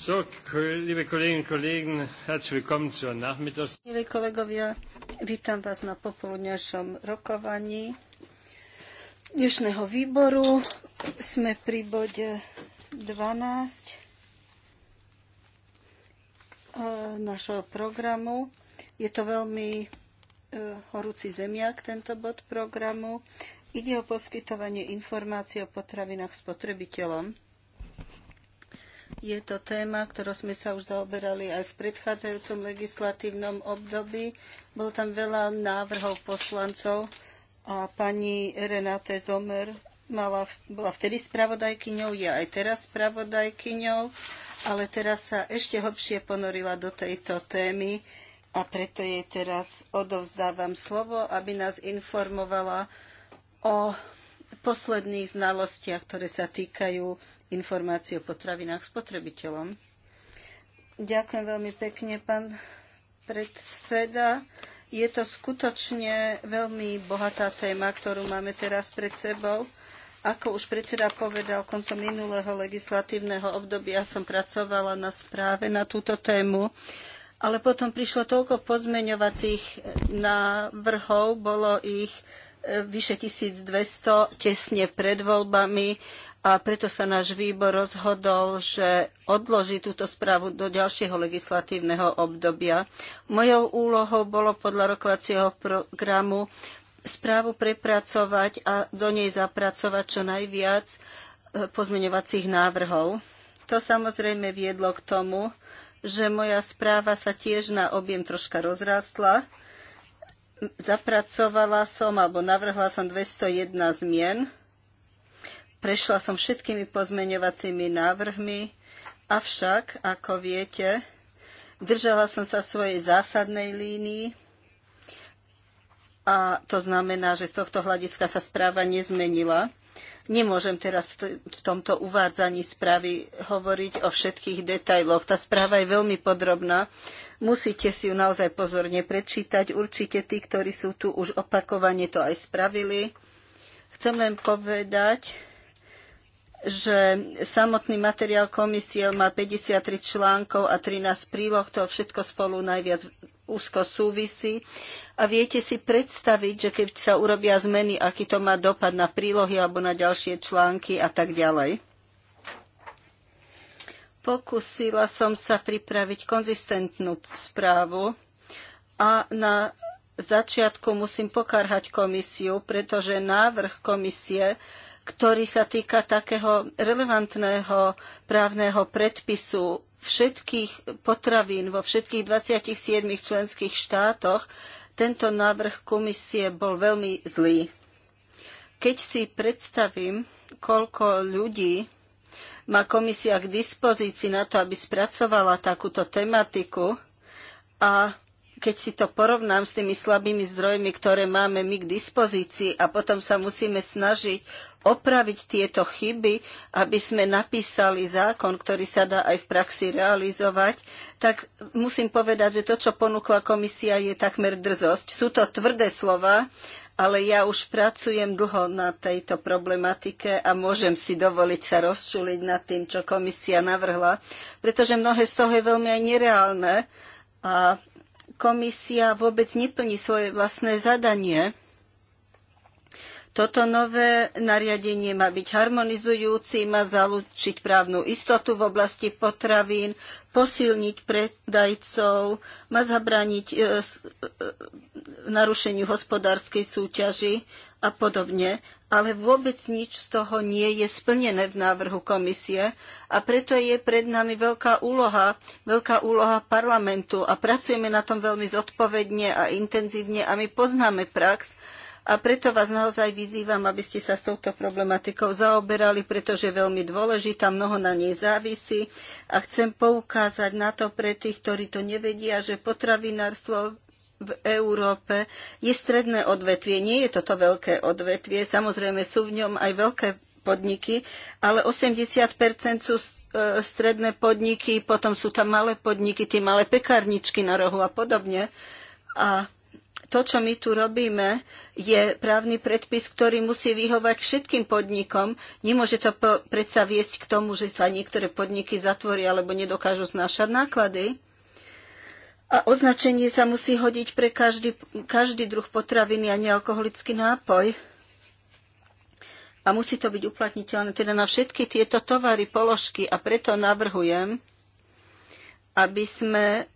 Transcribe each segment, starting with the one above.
So, liebe Kolleginnen und Kollegen, herzlich willkommen zur Nachmittags... Milí kolegovia, vítam vás na popoludňašom rokovaní dnešného výboru. Sme pri bode 12 e, našho programu. Je to veľmi e, horúci zemiak, tento bod programu. Ide o poskytovanie informácií o potravinách spotrebiteľom. Je to téma, ktorou sme sa už zaoberali aj v predchádzajúcom legislatívnom období. Bolo tam veľa návrhov poslancov a pani Renate Zomer mala, bola vtedy spravodajkyňou, je aj teraz spravodajkyňou, ale teraz sa ešte hlbšie ponorila do tejto témy a preto jej teraz odovzdávam slovo, aby nás informovala o posledných znalostiach, ktoré sa týkajú informácií o potravinách spotrebiteľom. Ďakujem veľmi pekne, pán predseda. Je to skutočne veľmi bohatá téma, ktorú máme teraz pred sebou. Ako už predseda povedal, koncom minulého legislatívneho obdobia som pracovala na správe na túto tému, ale potom prišlo toľko pozmeňovacích návrhov, bolo ich vyše 1200 tesne pred voľbami a preto sa náš výbor rozhodol, že odloží túto správu do ďalšieho legislatívneho obdobia. Mojou úlohou bolo podľa rokovacieho programu správu prepracovať a do nej zapracovať čo najviac e, pozmeňovacích návrhov. To samozrejme viedlo k tomu, že moja správa sa tiež na objem troška rozrástla zapracovala som alebo navrhla som 201 zmien. Prešla som všetkými pozmeňovacími návrhmi, avšak, ako viete, držala som sa svojej zásadnej línii a to znamená, že z tohto hľadiska sa správa nezmenila. Nemôžem teraz v tomto uvádzaní správy hovoriť o všetkých detailoch. Tá správa je veľmi podrobná. Musíte si ju naozaj pozorne prečítať. Určite tí, ktorí sú tu už opakovane, to aj spravili. Chcem len povedať, že samotný materiál komisie má 53 článkov a 13 príloh, to všetko spolu najviac úzko súvisí. A viete si predstaviť, že keď sa urobia zmeny, aký to má dopad na prílohy alebo na ďalšie články a tak ďalej. Pokúsila som sa pripraviť konzistentnú správu a na začiatku musím pokarhať komisiu, pretože návrh komisie ktorý sa týka takého relevantného právneho predpisu všetkých potravín vo všetkých 27 členských štátoch, tento návrh komisie bol veľmi zlý. Keď si predstavím, koľko ľudí má komisia k dispozícii na to, aby spracovala takúto tematiku a keď si to porovnám s tými slabými zdrojmi, ktoré máme my k dispozícii a potom sa musíme snažiť opraviť tieto chyby, aby sme napísali zákon, ktorý sa dá aj v praxi realizovať, tak musím povedať, že to, čo ponúkla komisia, je takmer drzosť. Sú to tvrdé slova, ale ja už pracujem dlho na tejto problematike a môžem si dovoliť sa rozčuliť nad tým, čo komisia navrhla, pretože mnohé z toho je veľmi aj nereálne a komisia vôbec neplní svoje vlastné zadanie. Toto nové nariadenie má byť harmonizujúci, má zalúčiť právnu istotu v oblasti potravín, posilniť predajcov, má zabrániť e, e, narušeniu hospodárskej súťaži a podobne ale vôbec nič z toho nie je splnené v návrhu komisie a preto je pred nami veľká úloha, veľká úloha parlamentu a pracujeme na tom veľmi zodpovedne a intenzívne a my poznáme prax a preto vás naozaj vyzývam, aby ste sa s touto problematikou zaoberali, pretože je veľmi dôležitá, mnoho na nej závisí a chcem poukázať na to pre tých, ktorí to nevedia, že potravinárstvo v Európe je stredné odvetvie. Nie je toto veľké odvetvie, samozrejme sú v ňom aj veľké podniky, ale 80% sú e, stredné podniky, potom sú tam malé podniky, tie malé pekárničky na rohu a podobne. A to, čo my tu robíme, je právny predpis, ktorý musí vyhovať všetkým podnikom. Nemôže to predsa viesť k tomu, že sa niektoré podniky zatvoria alebo nedokážu znášať náklady. A označenie sa musí hodiť pre každý, každý druh potraviny a nealkoholický nápoj. A musí to byť uplatniteľné teda na všetky tieto tovary, položky. A preto navrhujem, aby sme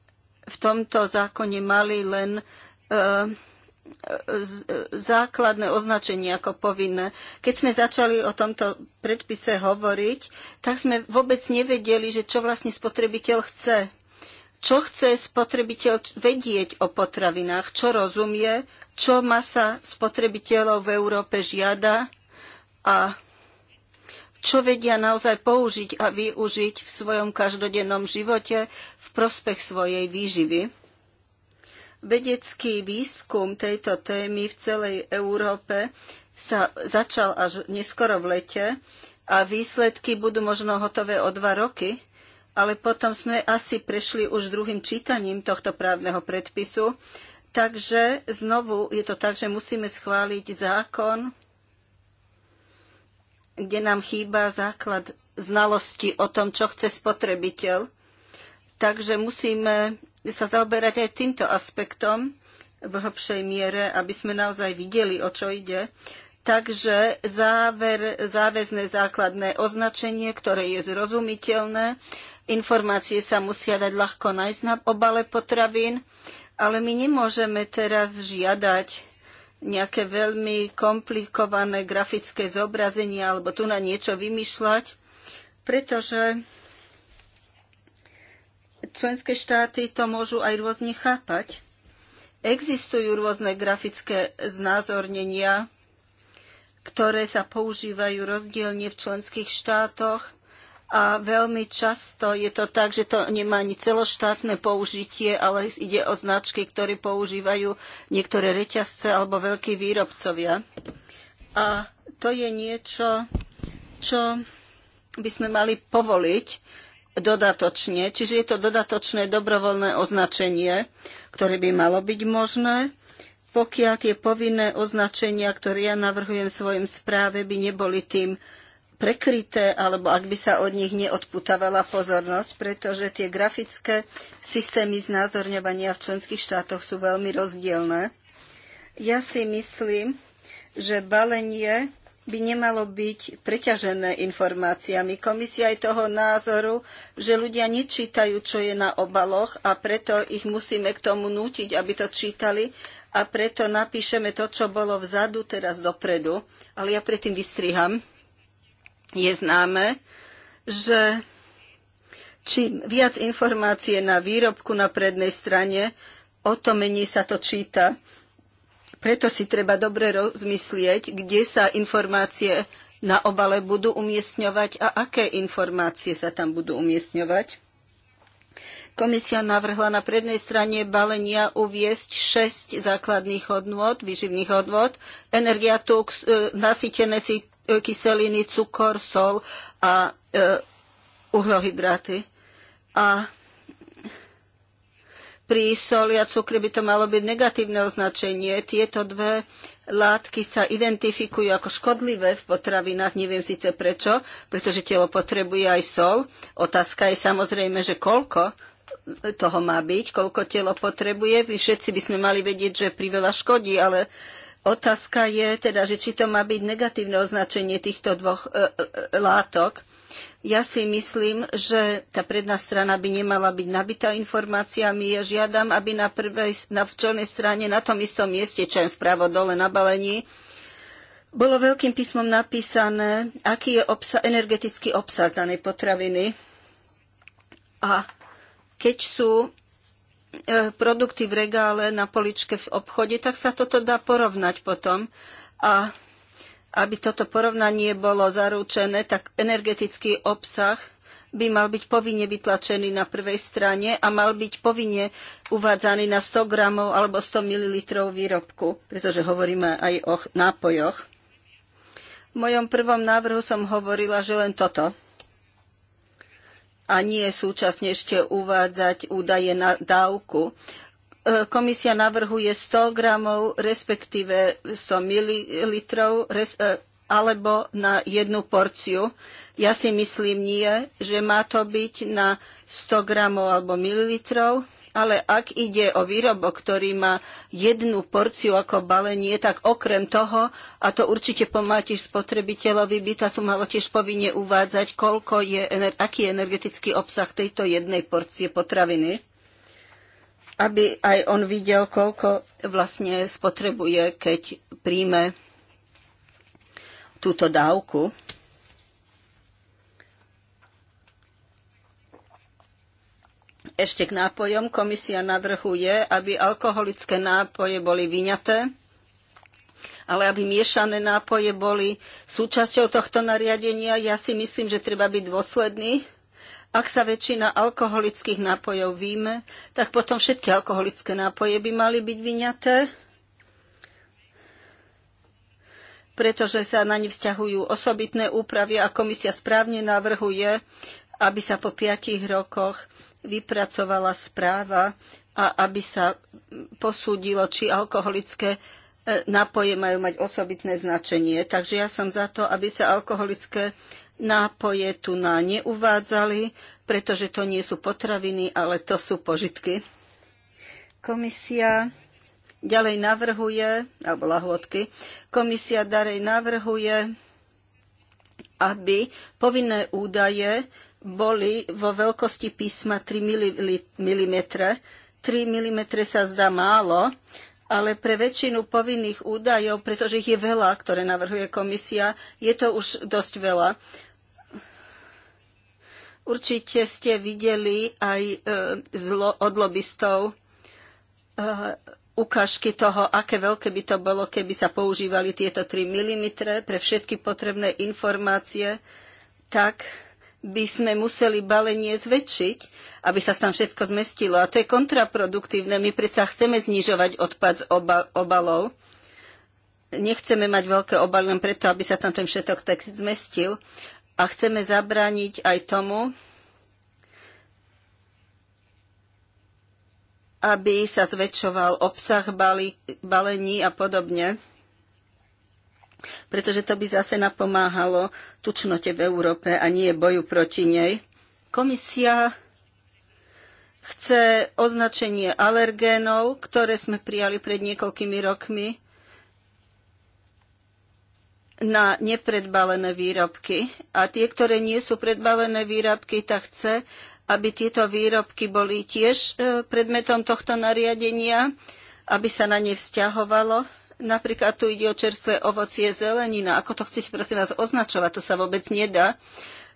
v tomto zákone mali len e, e základné označenie ako povinné. Keď sme začali o tomto predpise hovoriť, tak sme vôbec nevedeli, že čo vlastne spotrebiteľ chce čo chce spotrebiteľ vedieť o potravinách, čo rozumie, čo masa spotrebiteľov v Európe žiada a čo vedia naozaj použiť a využiť v svojom každodennom živote v prospech svojej výživy. Vedecký výskum tejto témy v celej Európe sa začal až neskoro v lete a výsledky budú možno hotové o dva roky ale potom sme asi prešli už druhým čítaním tohto právneho predpisu. Takže znovu je to tak, že musíme schváliť zákon, kde nám chýba základ znalosti o tom, čo chce spotrebiteľ. Takže musíme sa zaoberať aj týmto aspektom v hlbšej miere, aby sme naozaj videli, o čo ide. Takže záver, záväzne základné označenie, ktoré je zrozumiteľné, Informácie sa musia dať ľahko nájsť na obale potravín, ale my nemôžeme teraz žiadať nejaké veľmi komplikované grafické zobrazenia alebo tu na niečo vymýšľať, pretože členské štáty to môžu aj rôzne chápať. Existujú rôzne grafické znázornenia, ktoré sa používajú rozdielne v členských štátoch a veľmi často je to tak, že to nemá ani celoštátne použitie, ale ide o značky, ktoré používajú niektoré reťazce alebo veľkí výrobcovia. A to je niečo, čo by sme mali povoliť dodatočne. Čiže je to dodatočné dobrovoľné označenie, ktoré by malo byť možné pokiaľ tie povinné označenia, ktoré ja navrhujem v svojom správe, by neboli tým prekryté, alebo ak by sa od nich neodputávala pozornosť, pretože tie grafické systémy znázorňovania v členských štátoch sú veľmi rozdielne. Ja si myslím, že balenie by nemalo byť preťažené informáciami. Komisia je toho názoru, že ľudia nečítajú, čo je na obaloch a preto ich musíme k tomu nútiť, aby to čítali a preto napíšeme to, čo bolo vzadu, teraz dopredu. Ale ja predtým vystriham je známe, že čím viac informácie na výrobku na prednej strane, o to menej sa to číta. Preto si treba dobre rozmyslieť, kde sa informácie na obale budú umiestňovať a aké informácie sa tam budú umiestňovať. Komisia navrhla na prednej strane balenia uviesť 6 základných hodnôt, výživných hodnôt, energia, tuk, e, nasýtené kyseliny, cukor, sol a e, uhlohydráty. A pri soli a cukri by to malo byť negatívne označenie. Tieto dve látky sa identifikujú ako škodlivé v potravinách, neviem síce prečo, pretože telo potrebuje aj sol. Otázka je samozrejme, že koľko toho má byť, koľko telo potrebuje. My všetci by sme mali vedieť, že priveľa škodí, ale Otázka je teda, že či to má byť negatívne označenie týchto dvoch e, e, látok. Ja si myslím, že tá predná strana by nemala byť nabitá informáciami. Ja žiadam, aby na, prvej, na čelnej strane, na tom istom mieste, čo je vpravo dole na balení, bolo veľkým písmom napísané, aký je obsa- energetický obsah danej potraviny. A keď sú E, produkty v regále na poličke v obchode, tak sa toto dá porovnať potom. A aby toto porovnanie bolo zaručené, tak energetický obsah by mal byť povinne vytlačený na prvej strane a mal byť povinne uvádzaný na 100 gramov alebo 100 ml výrobku, pretože hovoríme aj o nápojoch. V mojom prvom návrhu som hovorila, že len toto a nie súčasne ešte uvádzať údaje na dávku. E, komisia navrhuje 100 gramov, respektíve 100 mililitrov, e, alebo na jednu porciu. Ja si myslím nie, že má to byť na 100 gramov alebo mililitrov ale ak ide o výrobok, ktorý má jednu porciu ako balenie, tak okrem toho, a to určite pomátiš spotrebiteľovi, by sa tu malo tiež povinne uvádzať, koľko je, aký je energetický obsah tejto jednej porcie potraviny aby aj on videl, koľko vlastne spotrebuje, keď príjme túto dávku. Ešte k nápojom. Komisia navrhuje, aby alkoholické nápoje boli vyňaté, ale aby miešané nápoje boli súčasťou tohto nariadenia. Ja si myslím, že treba byť dôsledný. Ak sa väčšina alkoholických nápojov výjme, tak potom všetky alkoholické nápoje by mali byť vyňaté, pretože sa na ne vzťahujú osobitné úpravy a komisia správne navrhuje, aby sa po piatich rokoch vypracovala správa a aby sa posúdilo, či alkoholické e, nápoje majú mať osobitné značenie. Takže ja som za to, aby sa alkoholické nápoje tu na neuvádzali, pretože to nie sú potraviny, ale to sú požitky. Komisia ďalej navrhuje, alebo lahôdky, komisia darej navrhuje, aby povinné údaje boli vo veľkosti písma 3 mm. 3 mm sa zdá málo, ale pre väčšinu povinných údajov, pretože ich je veľa, ktoré navrhuje komisia, je to už dosť veľa. Určite ste videli aj e, zlo, od lobbystov e, ukážky toho, aké veľké by to bolo, keby sa používali tieto 3 mm pre všetky potrebné informácie, tak by sme museli balenie zväčšiť, aby sa tam všetko zmestilo. A to je kontraproduktívne. My predsa chceme znižovať odpad z oba- obalov. Nechceme mať veľké obaly len preto, aby sa tam ten všetok text zmestil. A chceme zabrániť aj tomu, aby sa zväčšoval obsah balí, balení a podobne pretože to by zase napomáhalo tučnote v Európe a nie boju proti nej. Komisia chce označenie alergénov, ktoré sme prijali pred niekoľkými rokmi na nepredbalené výrobky. A tie, ktoré nie sú predbalené výrobky, tak chce, aby tieto výrobky boli tiež e, predmetom tohto nariadenia, aby sa na ne vzťahovalo Napríklad tu ide o čerstvé ovocie, zelenina. Ako to chcete, prosím vás, označovať? To sa vôbec nedá.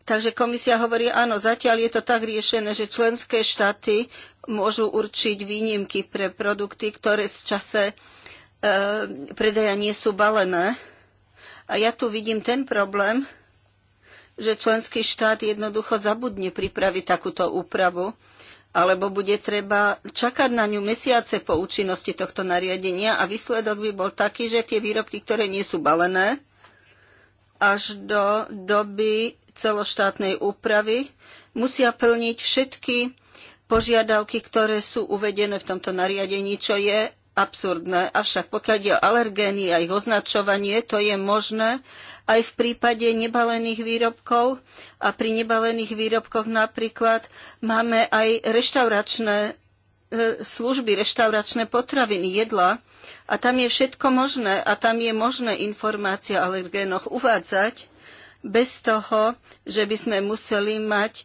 Takže komisia hovorí, áno, zatiaľ je to tak riešené, že členské štáty môžu určiť výnimky pre produkty, ktoré z čase e, predaja nie sú balené. A ja tu vidím ten problém, že členský štát jednoducho zabudne pripraviť takúto úpravu alebo bude treba čakať na ňu mesiace po účinnosti tohto nariadenia a výsledok by bol taký, že tie výrobky, ktoré nie sú balené, až do doby celoštátnej úpravy musia plniť všetky požiadavky, ktoré sú uvedené v tomto nariadení, čo je absurdné. Avšak pokiaľ je o alergény a ich označovanie, to je možné aj v prípade nebalených výrobkov. A pri nebalených výrobkoch napríklad máme aj reštauračné e, služby, reštauračné potraviny, jedla a tam je všetko možné a tam je možné informácia o alergénoch uvádzať bez toho, že by sme museli mať e,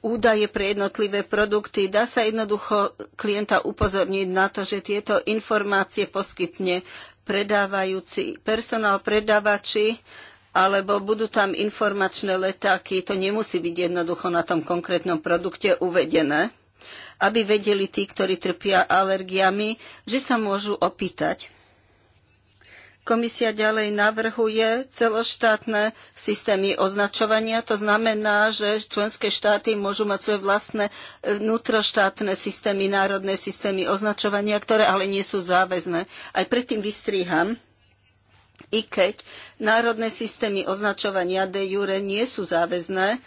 údaje pre jednotlivé produkty. Dá sa jednoducho klienta upozorniť na to, že tieto informácie poskytne predávajúci, personál predávači, alebo budú tam informačné letáky, to nemusí byť jednoducho na tom konkrétnom produkte uvedené, aby vedeli tí, ktorí trpia alergiami, že sa môžu opýtať Komisia ďalej navrhuje celoštátne systémy označovania. To znamená, že členské štáty môžu mať svoje vlastné vnútroštátne systémy, národné systémy označovania, ktoré ale nie sú záväzné. Aj predtým vystrieham, i keď národné systémy označovania de jure nie sú záväzné,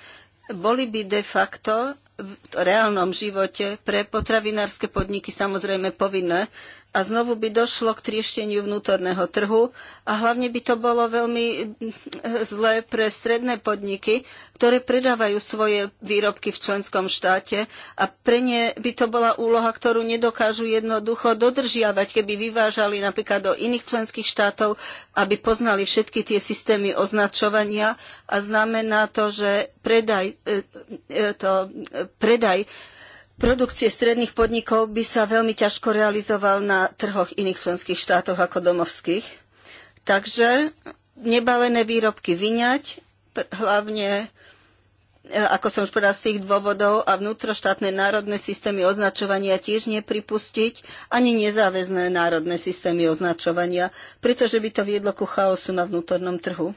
boli by de facto v reálnom živote pre potravinárske podniky samozrejme povinné a znovu by došlo k triešteniu vnútorného trhu a hlavne by to bolo veľmi eh, zlé pre stredné podniky, ktoré predávajú svoje výrobky v členskom štáte a pre ne by to bola úloha, ktorú nedokážu jednoducho dodržiavať, keby vyvážali napríklad do iných členských štátov, aby poznali všetky tie systémy označovania a znamená to, že predaj, eh, eh, to, predaj produkcie stredných podnikov by sa veľmi ťažko realizoval na trhoch iných členských štátoch ako domovských. Takže nebalené výrobky vyňať, hlavne e, ako som už povedal, z tých dôvodov a vnútroštátne národné systémy označovania tiež nepripustiť, ani nezáväzné národné systémy označovania, pretože by to viedlo ku chaosu na vnútornom trhu.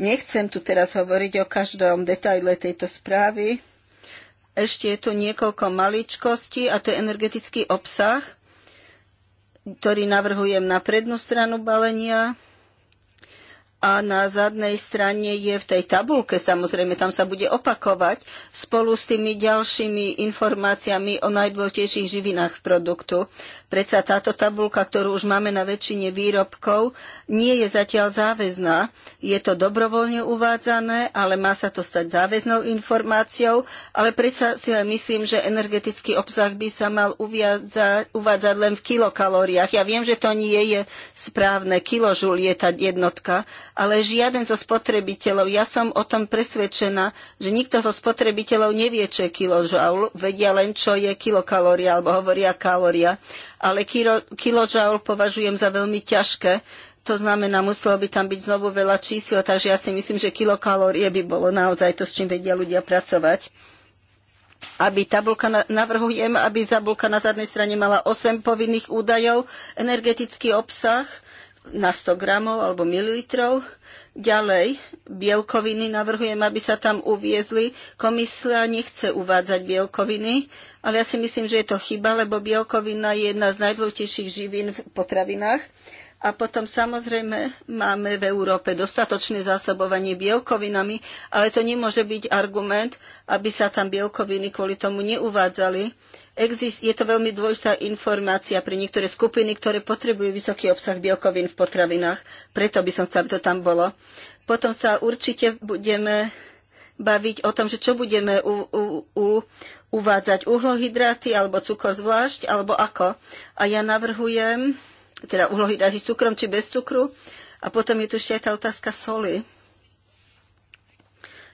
Nechcem tu teraz hovoriť o každom detaile tejto správy, ešte je tu niekoľko maličkostí a to je energetický obsah, ktorý navrhujem na prednú stranu balenia a na zadnej strane je v tej tabulke, samozrejme, tam sa bude opakovať spolu s tými ďalšími informáciami o najdôležitejších živinách produktu. Predsa táto tabulka, ktorú už máme na väčšine výrobkov, nie je zatiaľ záväzná. Je to dobrovoľne uvádzané, ale má sa to stať záväznou informáciou, ale predsa si len myslím, že energetický obsah by sa mal uviadza, uvádzať len v kilokalóriách. Ja viem, že to nie je správne. Kiložul je tá jednotka, ale žiaden zo spotrebiteľov, ja som o tom presvedčená, že nikto zo spotrebiteľov nevie, čo je kiložul. Vedia len, čo je kilokalória alebo hovoria kalória ale kilo, kilojoule považujem za veľmi ťažké. To znamená, muselo by tam byť znovu veľa čísil, takže ja si myslím, že kilokalórie by bolo naozaj to, s čím vedia ľudia pracovať. Aby tabulka, na, navrhujem, aby tabulka na zadnej strane mala 8 povinných údajov, energetický obsah na 100 gramov alebo mililitrov, Ďalej, bielkoviny navrhujem, aby sa tam uviezli. Komisia nechce uvádzať bielkoviny, ale ja si myslím, že je to chyba, lebo bielkovina je jedna z najdôležitejších živín v potravinách a potom samozrejme máme v Európe dostatočné zásobovanie bielkovinami, ale to nemôže byť argument, aby sa tam bielkoviny kvôli tomu neuvádzali. Exist, je to veľmi dôležitá informácia pre niektoré skupiny, ktoré potrebujú vysoký obsah bielkovín v potravinách. Preto by som chcela, aby to tam bolo. Potom sa určite budeme baviť o tom, že čo budeme u, u, u, uvádzať uhlohydráty alebo cukor zvlášť, alebo ako. A ja navrhujem, teda úlohy dať s cukrom či bez cukru. A potom je tu ešte aj tá otázka soli.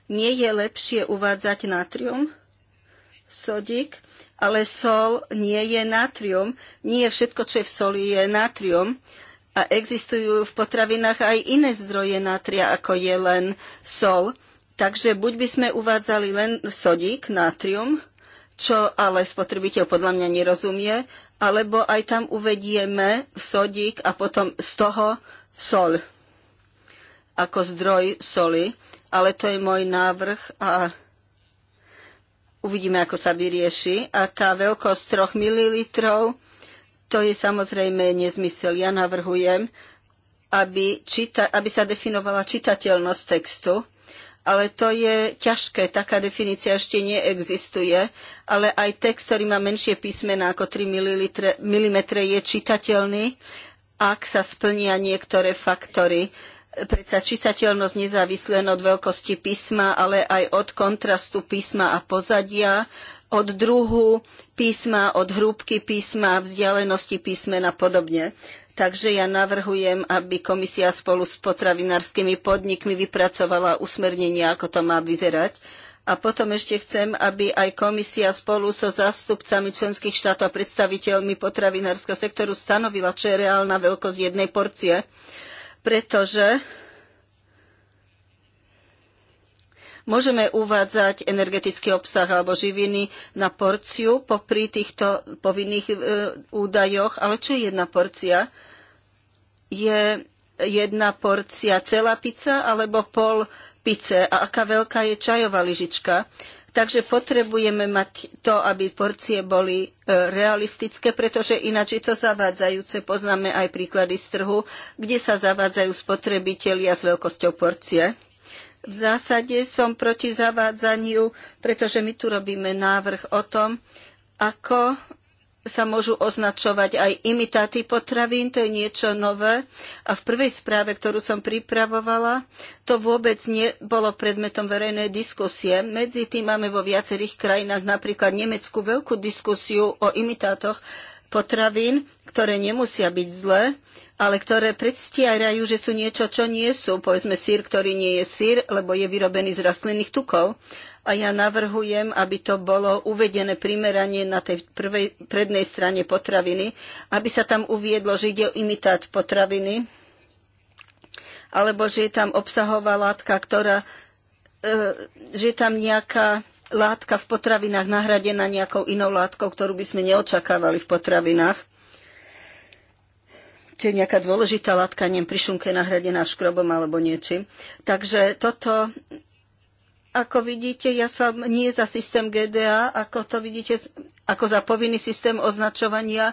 Nie je lepšie uvádzať natrium, sodík, ale sol nie je natrium. Nie všetko, čo je v soli, je natrium. A existujú v potravinách aj iné zdroje natria, ako je len sol. Takže buď by sme uvádzali len sodík, natrium, čo ale spotrebiteľ podľa mňa nerozumie, alebo aj tam uvedieme sodík a potom z toho sol ako zdroj soli, ale to je môj návrh a uvidíme, ako sa vyrieši. A tá veľkosť 3 ml, to je samozrejme nezmysel. Ja navrhujem, aby, čita- aby sa definovala čitateľnosť textu, ale to je ťažké, taká definícia ešte neexistuje, ale aj text, ktorý má menšie písmena ako 3 mm, je čitateľný, ak sa splnia niektoré faktory. Predsa čitateľnosť nezávisle od veľkosti písma, ale aj od kontrastu písma a pozadia, od druhu písma, od hrúbky písma, vzdialenosti písmena a podobne. Takže ja navrhujem, aby komisia spolu s potravinárskymi podnikmi vypracovala usmernenia, ako to má vyzerať. A potom ešte chcem, aby aj komisia spolu so zástupcami členských štátov a predstaviteľmi potravinárskeho sektoru stanovila, čo je reálna veľkosť jednej porcie. Pretože Môžeme uvádzať energetický obsah alebo živiny na porciu popri týchto povinných e, údajoch, ale čo je jedna porcia? Je jedna porcia celá pizza alebo pol pice a aká veľká je čajová lyžička? Takže potrebujeme mať to, aby porcie boli e, realistické, pretože ináč je to zavádzajúce. Poznáme aj príklady z trhu, kde sa zavádzajú spotrebitelia s veľkosťou porcie. V zásade som proti zavádzaniu, pretože my tu robíme návrh o tom, ako sa môžu označovať aj imitáty potravín, to je niečo nové. A v prvej správe, ktorú som pripravovala, to vôbec nebolo predmetom verejnej diskusie. Medzi tým máme vo viacerých krajinách, napríklad Nemecku, veľkú diskusiu o imitátoch potravín, ktoré nemusia byť zlé, ale ktoré predstierajú, že sú niečo, čo nie sú. Povedzme sír, ktorý nie je sír, lebo je vyrobený z rastlinných tukov. A ja navrhujem, aby to bolo uvedené primeranie na tej prvej, prednej strane potraviny, aby sa tam uviedlo, že ide o imitát potraviny, alebo že je tam obsahová látka, ktorá, e, že je tam nejaká látka v potravinách nahradená nejakou inou látkou, ktorú by sme neočakávali v potravinách či je nejaká dôležitá látka nem pri šunke nahradená škrobom alebo niečím. Takže toto, ako vidíte, ja som nie za systém GDA, ako to vidíte, ako za povinný systém označovania.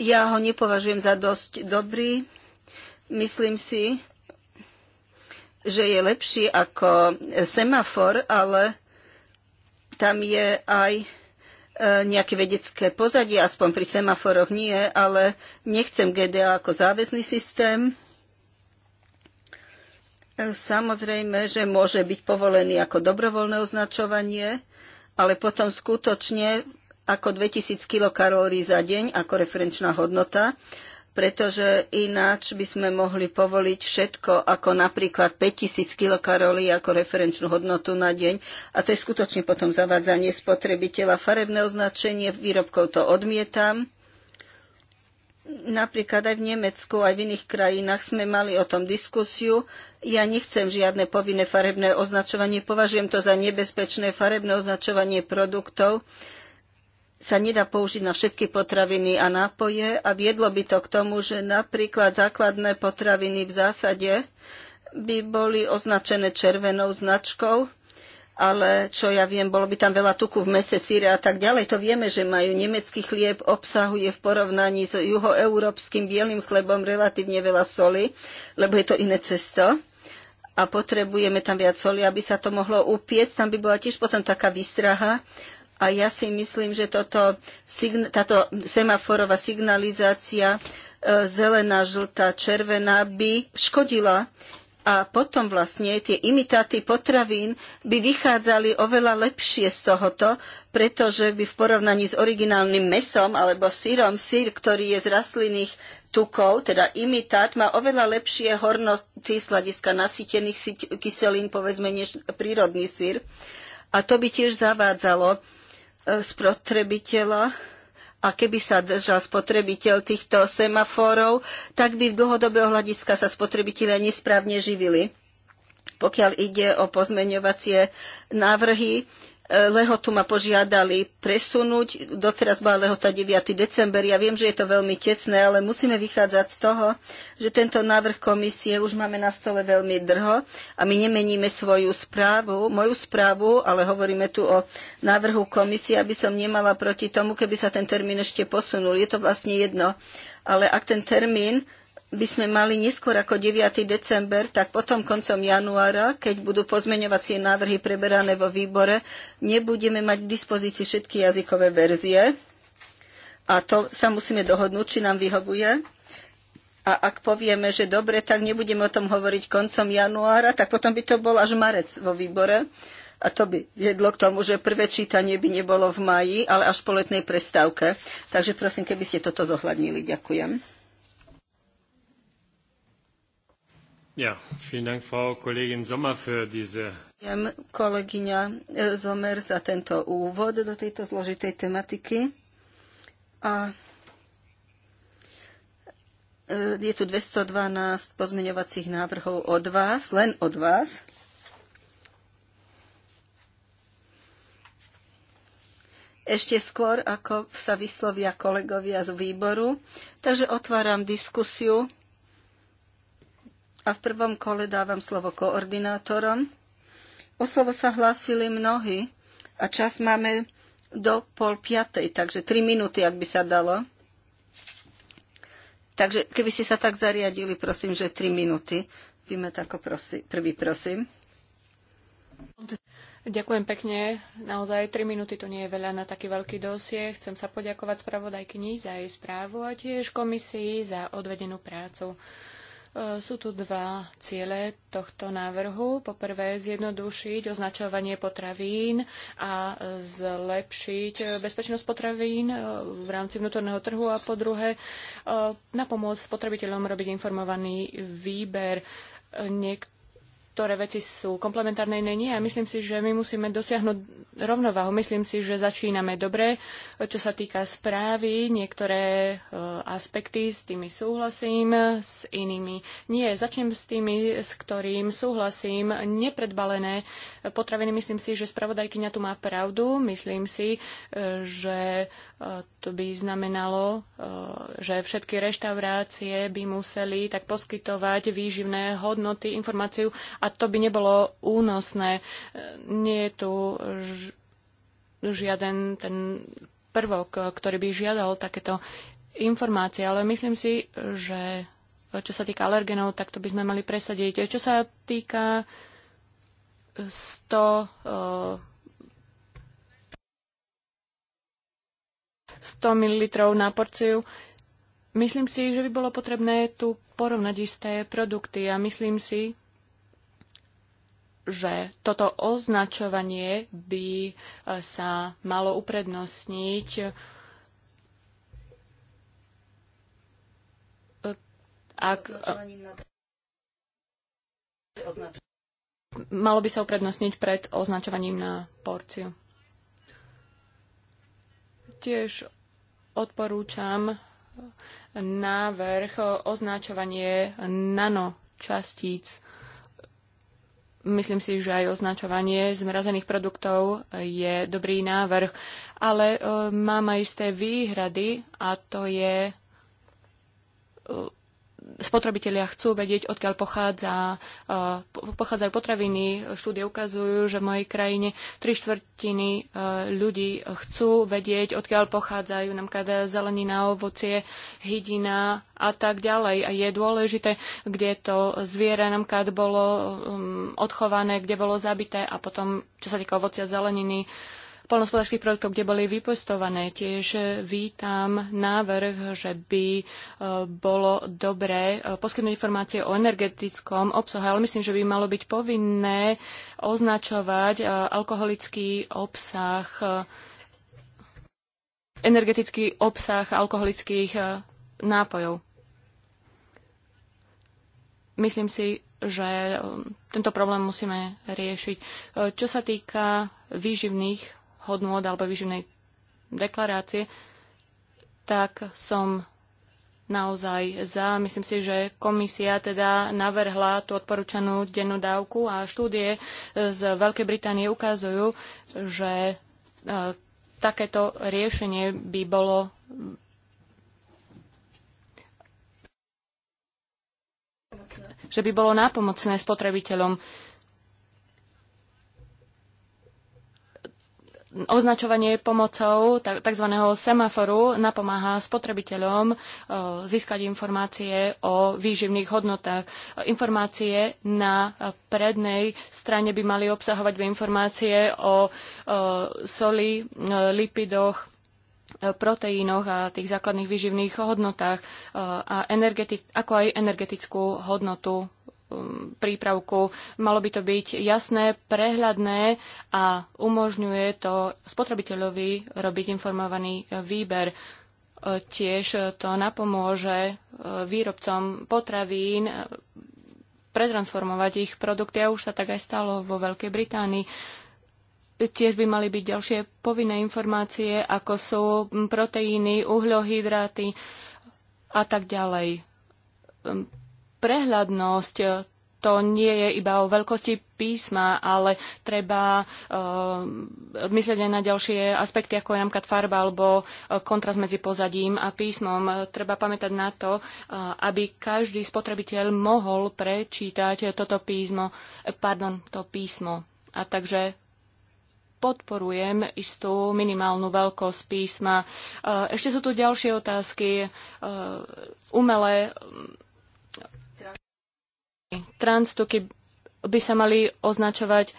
Ja ho nepovažujem za dosť dobrý. Myslím si, že je lepší ako semafor, ale tam je aj E, nejaké vedecké pozadie, aspoň pri semaforoch nie, ale nechcem GDA ako záväzný systém. E, samozrejme, že môže byť povolený ako dobrovoľné označovanie, ale potom skutočne ako 2000 kilokalórií za deň ako referenčná hodnota pretože ináč by sme mohli povoliť všetko, ako napríklad 5000 kilokarolí ako referenčnú hodnotu na deň. A to je skutočne potom zavádzanie spotrebiteľa. Farebné označenie výrobkov to odmietam. Napríklad aj v Nemecku, aj v iných krajinách sme mali o tom diskusiu. Ja nechcem žiadne povinné farebné označovanie, považujem to za nebezpečné farebné označovanie produktov, sa nedá použiť na všetky potraviny a nápoje a viedlo by to k tomu, že napríklad základné potraviny v zásade by boli označené červenou značkou, ale čo ja viem, bolo by tam veľa tuku v mese, síre a tak ďalej. To vieme, že majú nemecký chlieb, obsahuje v porovnaní s juhoeurópskym bielým chlebom relatívne veľa soli, lebo je to iné cesto a potrebujeme tam viac soli, aby sa to mohlo upiec. Tam by bola tiež potom taká výstraha, a ja si myslím, že toto, táto semaforová signalizácia e, zelená, žltá, červená by škodila a potom vlastne tie imitáty potravín by vychádzali oveľa lepšie z tohoto, pretože by v porovnaní s originálnym mesom alebo sírom, sír, ktorý je z rastlinných tukov, teda imitát, má oveľa lepšie hornoty z hľadiska nasýtených kyselín, povedzme, než prírodný sír. A to by tiež zavádzalo spotrebiteľa a keby sa držal spotrebiteľ týchto semaforov, tak by v dlhodobého hľadiska sa spotrebitelia nesprávne živili. Pokiaľ ide o pozmeňovacie návrhy, lehotu ma požiadali presunúť. Doteraz bola lehota 9. december. Ja viem, že je to veľmi tesné, ale musíme vychádzať z toho, že tento návrh komisie už máme na stole veľmi drho a my nemeníme svoju správu, moju správu, ale hovoríme tu o návrhu komisie, aby som nemala proti tomu, keby sa ten termín ešte posunul. Je to vlastne jedno. Ale ak ten termín by sme mali neskôr ako 9. december, tak potom koncom januára, keď budú pozmeňovacie návrhy preberané vo výbore, nebudeme mať k dispozícii všetky jazykové verzie. A to sa musíme dohodnúť, či nám vyhovuje. A ak povieme, že dobre, tak nebudeme o tom hovoriť koncom januára, tak potom by to bol až marec vo výbore. A to by viedlo k tomu, že prvé čítanie by nebolo v maji, ale až po letnej prestávke. Takže prosím, keby ste toto zohľadnili. Ďakujem. Ja, Dank, Frau Sommer, für diese... Ďakujem kolegyňa e, Zomer za tento úvod do tejto zložitej tematiky. A e, je tu 212 pozmeňovacích návrhov od vás, len od vás. Ešte skôr, ako sa vyslovia kolegovia z výboru. Takže otváram diskusiu a v prvom kole dávam slovo koordinátorom. O slovo sa hlásili mnohí a čas máme do pol piatej, takže tri minúty, ak by sa dalo. Takže keby ste sa tak zariadili, prosím, že tri minúty. Víme tako prosi, prvý, prosím. Ďakujem pekne. Naozaj 3 minúty to nie je veľa na taký veľký dosie. Chcem sa poďakovať spravodajkyni za jej správu a tiež komisii za odvedenú prácu. E, sú tu dva ciele tohto návrhu. Poprvé zjednodušiť označovanie potravín a zlepšiť bezpečnosť potravín e, v rámci vnútorného trhu a po druhé e, napomôcť spotrebiteľom robiť informovaný výber. Niekto niektoré veci sú komplementárne, iné nie. A myslím si, že my musíme dosiahnuť rovnováhu. Myslím si, že začíname dobre, čo sa týka správy. Niektoré uh, aspekty s tými súhlasím, s inými nie. Začnem s tými, s ktorým súhlasím. Nepredbalené potraviny, myslím si, že spravodajkyňa tu má pravdu. Myslím si, eh, že to by znamenalo, e, že všetky reštaurácie by museli tak poskytovať výživné hodnoty, informáciu a to by nebolo únosné. E, nie je tu žiaden ten prvok, ktorý by žiadal takéto informácie, ale myslím si, že čo sa týka alergenov, tak to by sme mali presadiť. Čo sa týka 100 100 ml na porciu. Myslím si, že by bolo potrebné tu porovnať isté produkty a myslím si, že toto označovanie by eh, sa malo uprednostniť eh, ak, eh, malo by sa uprednostniť pred označovaním na porciu. Tiež odporúčam návrh označovanie nanočastíc. Myslím si, že aj označovanie zmrazených produktov je dobrý návrh, ale e, mám aj isté výhrady a to je e, spotrebitelia chcú vedieť, odkiaľ pochádza, eh, pochádzajú potraviny. Štúdie ukazujú, že v mojej krajine tri štvrtiny eh, ľudí chcú vedieť, odkiaľ pochádzajú napríklad zelenina, ovocie, hydina a tak ďalej. A je dôležité, kde to zviera napríklad bolo mm, odchované, kde bolo zabité a potom, čo sa týka ovocia, zeleniny, polnospodárských projektov, kde boli vypestované. Tiež vítam návrh, že by e, bolo dobré e, poskytnúť informácie o energetickom obsahu, ale myslím, že by malo byť povinné označovať e, alkoholický obsah energetický obsah alkoholických nápojov. Myslím si, že tento problém musíme riešiť. Čo sa týka výživných hodnôt alebo vyživnej deklarácie, tak som naozaj za. Myslím si, že komisia teda navrhla tú odporúčanú dennú dávku a štúdie z Veľkej Británie ukazujú, že e, takéto riešenie by bolo že by bolo nápomocné spotrebiteľom. označovanie pomocou tzv. semaforu napomáha spotrebiteľom eh, získať informácie o výživných hodnotách. Informácie na eh, prednej strane by mali obsahovať informácie o eh, soli, lipidoch, proteínoch a tých základných výživných hodnotách a ako aj energetickú hodnotu Um, prípravku. Malo by to byť jasné, prehľadné a umožňuje to spotrebiteľovi robiť informovaný e, výber. E, tiež to napomôže e, výrobcom potravín pretransformovať ich produkty a už sa tak aj stalo vo Veľkej Británii tiež by mali byť ďalšie povinné informácie, ako sú proteíny, uhľohydráty a tak ďalej. Ehm, prehľadnosť to nie je iba o veľkosti písma, ale treba uh, myslieť aj na ďalšie aspekty, ako je napríklad farba alebo eh, kontrast medzi pozadím a písmom. Treba pamätať na to, uh, aby každý spotrebiteľ mohol prečítať toto písmo, pardon, to písmo. A takže podporujem istú minimálnu veľkosť písma. Uh, ešte sú tu ďalšie otázky. Umelé Transtuky by sa mali označovať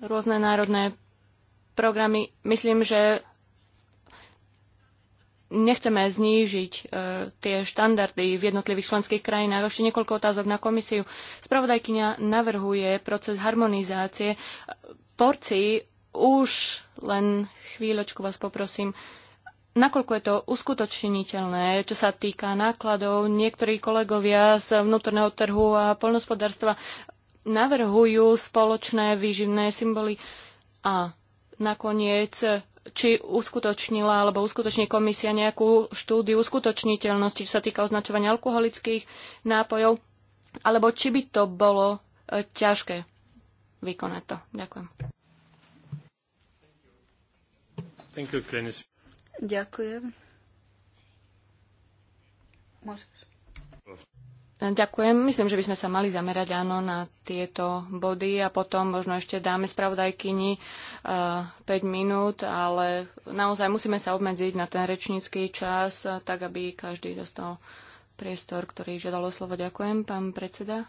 rôzne národné programy. Myslím, že nechceme znížiť e, tie štandardy v jednotlivých členských krajinách. Ešte niekoľko otázok na komisiu. Spravodajkyňa navrhuje proces harmonizácie porcií. Už len chvíľočku vás poprosím. E, nakoľko je to uskutočniteľné, čo sa týka nákladov. Niektorí kolegovia z vnútorného trhu a poľnospodárstva navrhujú spoločné výživné symboly a nakoniec či uskutočnila alebo uskutoční komisia nejakú štúdiu uskutočniteľnosti, čo sa týka označovania alkoholických nápojov, alebo či by to bolo e, ťažké vykonať to. Ďakujem. Thank you, Ďakujem. Môžeš. Ďakujem. Myslím, že by sme sa mali zamerať áno na tieto body a potom možno ešte dáme spravodajkyni uh, eh, 5 minút, ale naozaj musíme sa obmedziť na ten rečnícky čas, eh, tak aby každý dostal priestor, ktorý žiadalo slovo. Ďakujem, pán predseda.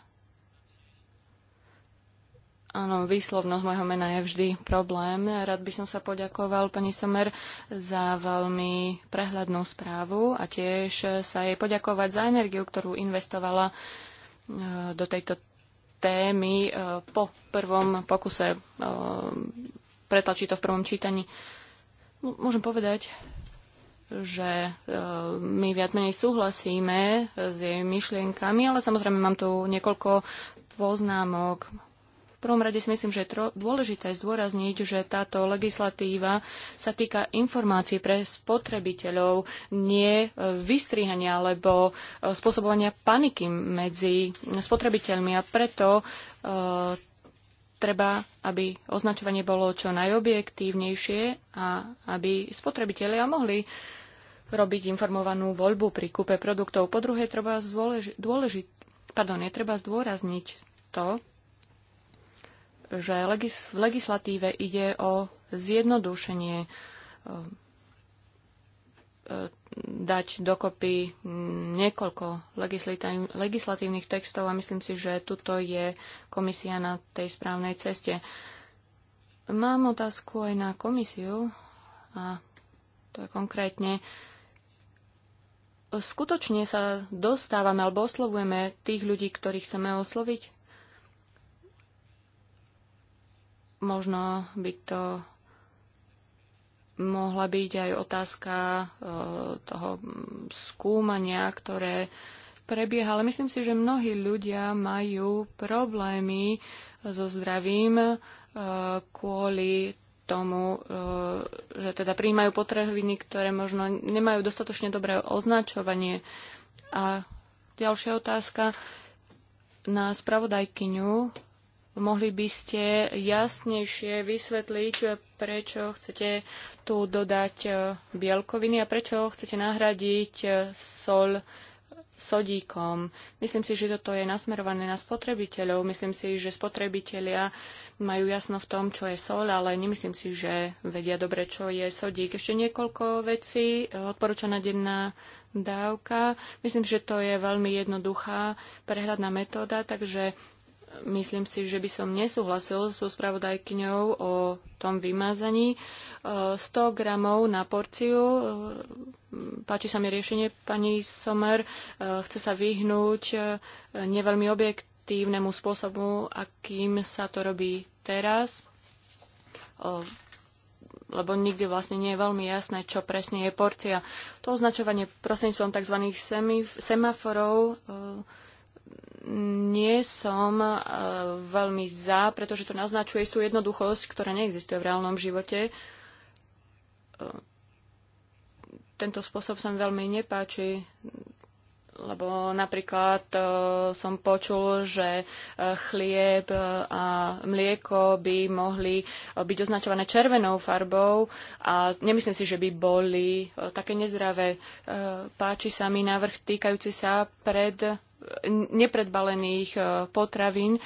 Áno, výslovnosť môjho mena je vždy problém. Rád by som sa poďakoval pani Somer za veľmi prehľadnú správu a tiež sa jej poďakovať za energiu, ktorú investovala e, do tejto témy e, po prvom pokuse e, pretlačiť to v prvom čítaní. Môžem povedať, že my viac menej súhlasíme s jej myšlienkami, ale samozrejme mám tu niekoľko poznámok prvom rade si myslím, že je dôležité zdôrazniť, že táto legislatíva sa týka informácií pre spotrebiteľov, nie e, vystrihania alebo e, spôsobovania paniky medzi spotrebiteľmi a preto e, treba, aby označovanie bolo čo najobjektívnejšie a aby spotrebitelia mohli robiť informovanú voľbu pri kúpe produktov. Po druhé, treba zdôleži- pardon, je treba zdôrazniť to, že legis- v legislatíve ide o zjednodušenie e, e, dať dokopy niekoľko legislatívnych textov a myslím si, že tuto je komisia na tej správnej ceste. Mám otázku aj na komisiu a to je konkrétne. Skutočne sa dostávame alebo oslovujeme tých ľudí, ktorých chceme osloviť? Možno by to mohla byť aj otázka e, toho skúmania, ktoré prebieha, ale myslím si, že mnohí ľudia majú problémy e, so zdravím e, kvôli tomu, že teda príjmajú potraviny, ktoré možno nemajú dostatočne dobré označovanie. A ďalšia otázka na spravodajkyňu Mohli by ste jasnejšie vysvetliť, prečo chcete tu dodať e, bielkoviny a prečo chcete nahradiť e, sol sodíkom. Myslím si, že toto je nasmerované na spotrebiteľov. Myslím si, že spotrebitelia majú jasno v tom, čo je sol, ale nemyslím si, že vedia dobre, čo je sodík. Ešte niekoľko vecí. Odporúčaná denná dávka. Myslím, že to je veľmi jednoduchá prehľadná metóda, takže myslím si, že by som nesúhlasil so spravodajkňou o tom vymazaní. 100 e, gramov na porciu. E, páči sa mi riešenie pani Somer. E, chce sa vyhnúť neveľmi objektívnemu spôsobu, akým sa to robí teraz. Lebo nikdy vlastne nie je veľmi jasné, čo presne je porcia. To označovanie prostredníctvom tzv. semaforov nie som e, veľmi za, pretože to naznačuje istú jednoduchosť, ktorá neexistuje v reálnom živote. E, tento spôsob sa mi veľmi nepáči, lebo napríklad e, som počul, že chlieb a mlieko by mohli byť označované červenou farbou a nemyslím si, že by boli také nezdravé. Páči sa mi návrh týkajúci sa pred nepredbalených e, potravín.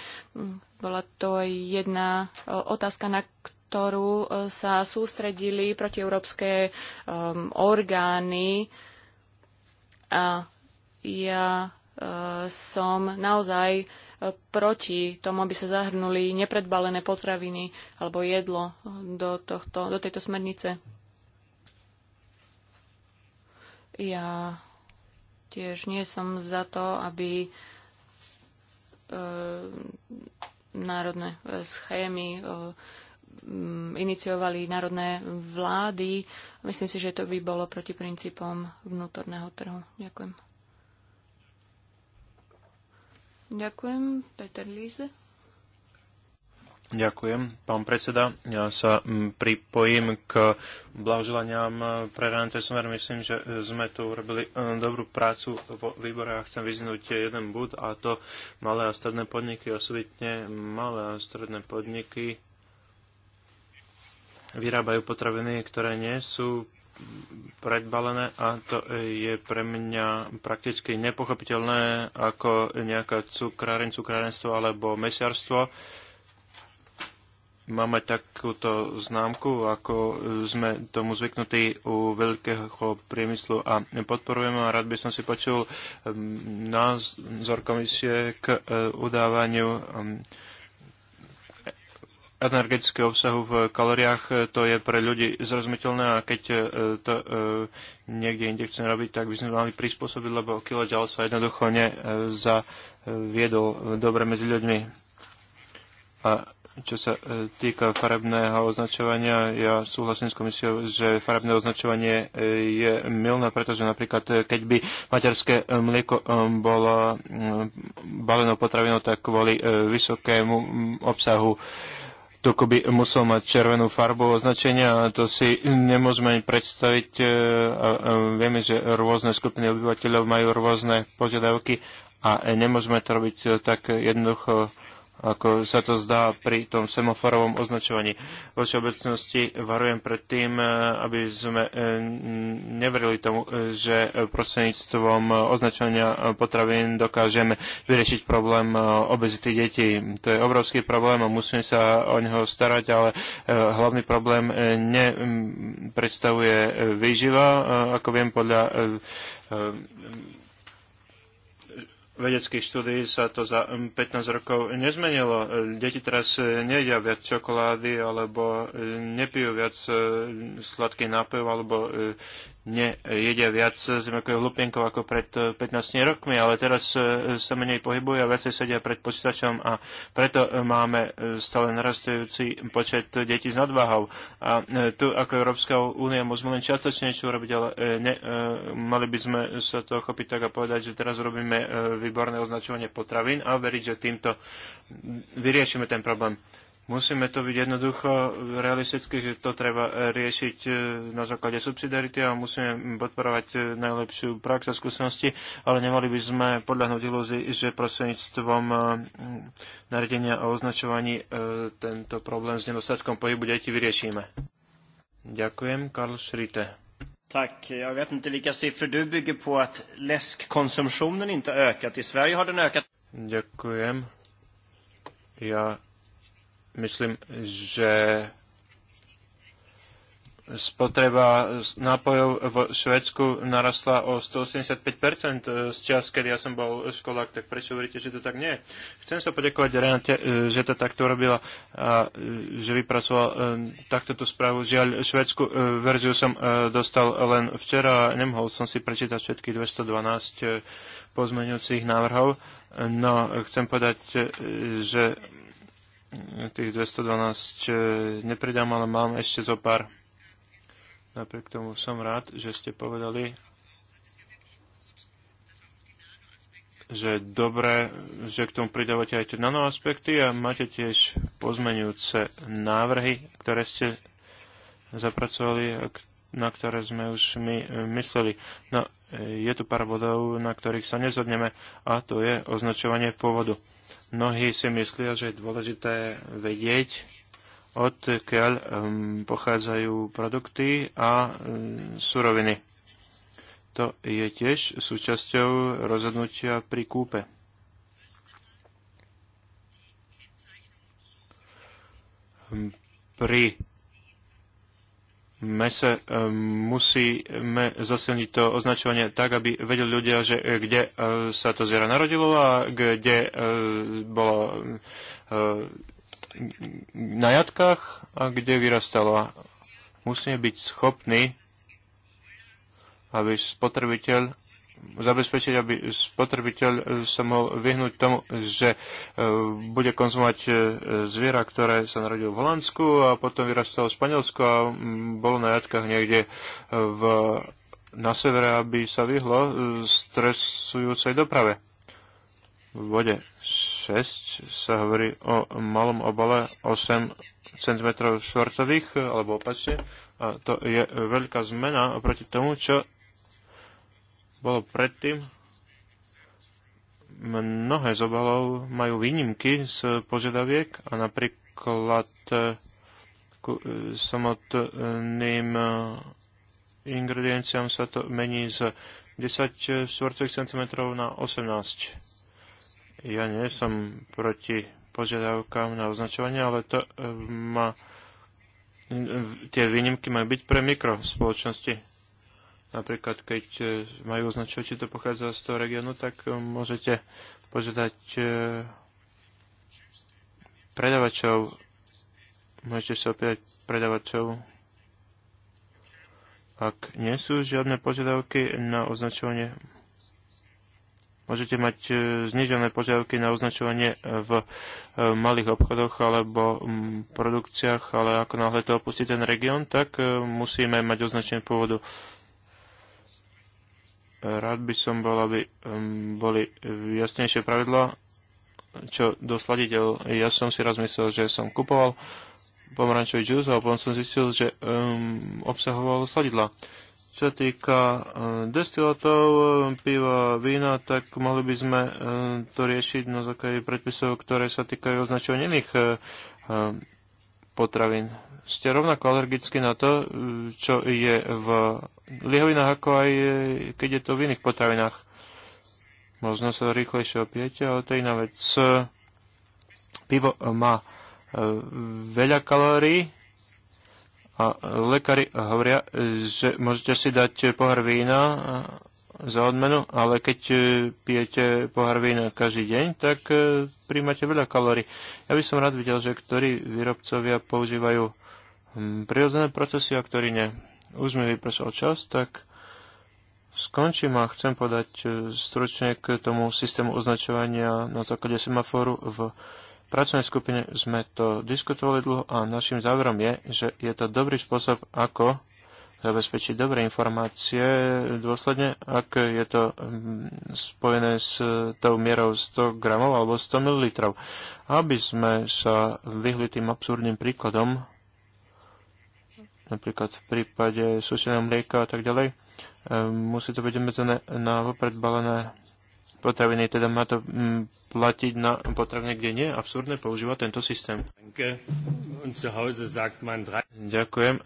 Bola to jedna e, otázka, na ktorú e, sa sústredili protieurópske orgány. A ja som naozaj proti tomu, aby sa zahrnuli nepredbalené potraviny alebo jedlo do, tohto, do tejto smernice. Ja Tiež nie som za to, aby e, národné e, schémy e, iniciovali národné vlády. Myslím si, že to by bolo proti princípom vnútorného trhu. Ďakujem. Ďakujem. Peter Líze. Ďakujem, pán predseda. Ja sa mm, pripojím k blahoželaniam pre Renate Smer. Myslím, že e, sme tu urobili e, dobrú prácu vo výbore a chcem vyzvinúť jeden bod a to malé a stredné podniky, osobitne malé a stredné podniky vyrábajú potraviny, ktoré nie sú predbalené a to je pre mňa prakticky nepochopiteľné ako nejaká cukráreň, cukrárenstvo alebo mesiarstvo máme takúto známku, ako sme tomu zvyknutí u veľkého priemyslu a podporujeme. a rád by som si počul um, názor komisie k uh, udávaniu um, energetického obsahu v kaloriách, to je pre ľudí zrozumiteľné a keď uh, to uh, niekde inde chceme robiť, tak by sme mali prispôsobiť, lebo kilojoule sa jednoducho neviedol dobre medzi ľuďmi. A čo sa e, týka farebného označovania, ja súhlasím s komisiou, že farebné označovanie e, je milné, pretože napríklad e, keď by materské mlieko bolo balenou potravinou, tak kvôli vysokému obsahu Toko by musel mať červenú farbu označenia a to si nemôžeme ani predstaviť. Vieme, že rôzne skupiny obyvateľov majú rôzne požiadavky a nemôžeme to robiť tak jednoducho ako sa to zdá pri tom semaforovom označovaní. Vo všeobecnosti varujem pred tým, e, aby sme e, neverili tomu, e, že prostredníctvom označovania potravín dokážeme vyriešiť problém obezity detí. To je obrovský problém a musíme sa o neho starať, ale hlavný problém nepredstavuje výživa. Ako viem, podľa vedeckých štúdií sa to za 15 rokov nezmenilo. E, deti teraz e, nejedia viac čokolády alebo e, nepijú viac sladký nápojov, alebo nejedia viac zemiakových hlupienkov ako pred 15 eh, rokmi, ale teraz eh, sa menej pohybujú a viacej sedia pred počítačom a preto eh, máme stále narastajúci počet detí s nadváhou. A tu ako Európska únia môžeme len čiastočne niečo urobiť, ale ne, mali by sme sa to chopiť tak a povedať, že teraz robíme výborné označovanie potravín a veriť, že týmto vyriešime ten problém. Musíme to byť jednoducho realisticky, že to treba e, riešiť e, na základe subsidiarity a musíme podporovať e, najlepšiu prax a skúsenosti, ale nemali by sme podľahnúť ilúzii, že prostredníctvom nariadenia o označovaní tento problém s nedostatkom pohybu detí vyriešime. Ďakujem, Karl Schrite. Tack. Jag vet inte vilka siffror du bygger på att läskkonsumtionen inte ökat. I Sverige har den ökat. Ďakujem. Ja myslím, že spotreba nápojov v Švedsku narastla o 185% z čas, kedy ja som bol školák, tak prečo hovoríte, že to tak nie je? Chcem sa poďakovať Renate, e, že to takto robila a e, že vypracoval e, takto tú správu. Žiaľ, švedskú verziu som dostal len včera a nemohol som si prečítať všetky 212 pozmeňujúcich návrhov. No, chcem povedať, že tých 212 e, nepridám, ale mám ešte zo pár. Napriek tomu som rád, že ste povedali, že dobre, že k tomu pridávate aj tie nanoaspekty a máte tiež pozmenujúce návrhy, ktoré ste zapracovali a na ktoré sme už my e, mysleli. No, e, je tu pár bodov, na ktorých sa nezhodneme a to je označovanie pôvodu. Mnohí si myslia, že je dôležité vedieť, odkiaľ pochádzajú produkty a suroviny. To je tiež súčasťou rozhodnutia pri kúpe. Pri mese e, musíme zasilniť to označovanie tak, aby vedeli ľudia, že e, kde e, sa to zviera narodilo a kde bolo na jatkách a kde vyrastalo. Musíme byť schopní, aby spotrebiteľ zabezpečiť, aby spotrebiteľ sa mohol vyhnúť tomu, že e, bude konzumovať e, zviera, ktoré sa narodilo v Holandsku a potom vyrastalo v Španielsku a mm, bolo na jatkách niekde e, v, na severe, aby sa vyhlo stresujúcej doprave. V bode 6 sa hovorí o malom obale 8 cm štvorcových, alebo opačne. A to je veľká zmena oproti tomu, čo bolo predtým, mnohé z obalov majú výnimky z požiadaviek a napríklad e, e, samotným e, ingredienciám sa to mení z 10 štvorcových cm na 18. Ja nie som proti požiadavkám na označovanie, ale to má, tie výnimky majú byť pre mikrospoločnosti Napríklad, keď e, majú označovať, či to pochádza z toho regiónu, tak e, môžete požiadať e, predavačov, môžete sa opäť predavačov, ak nie sú žiadne požiadavky na označovanie môžete mať znižené požiadavky na označovanie v malých obchodoch alebo produkciách, ale ako náhle to opustí ten región, tak musíme mať označenie pôvodu rád by som bol, aby boli jasnejšie pravidla, čo dosladiteľ. Ja som si raz myslel, že som kupoval pomarančový džús a potom som zistil, že um, obsahoval sladidla. Čo týka destilátov, piva, vína, tak mohli by sme to riešiť na základe predpisov, ktoré sa týkajú označovania iných potravín. Ste rovnako alergicky na to, e, čo je v liehovinách, ako aj e, keď je to v iných potravinách. Možno sa rýchlejšie opiete, ale to je iná vec. Pivo má e, veľa kalórií a lekári hovoria, že môžete si dať pohár vína za odmenu, ale keď e, pijete pohár vína každý deň, tak e, príjmate veľa kalórií. Ja by som rád videl, že ktorí výrobcovia používajú hm, prirodzené procesy a ktorí nie. Už mi vypršal čas, tak skončím a chcem podať e, stručne k tomu systému označovania na základe semaforu v pracovnej skupine sme to diskutovali dlho a našim záverom je, že je to dobrý spôsob, ako zabezpečiť dobré informácie dôsledne, ak je to mm, spojené s tou mierou 100 gramov alebo 100 ml. Aby sme sa vyhli tým absurdným príkladom, napríklad v prípade sušeného mlieka a tak ďalej, eh, musí to byť obmedzené na vopred balené potraviny, teda má to mm, platiť na potraviny, kde nie. Absurdné používať tento systém. Ďakujem. E,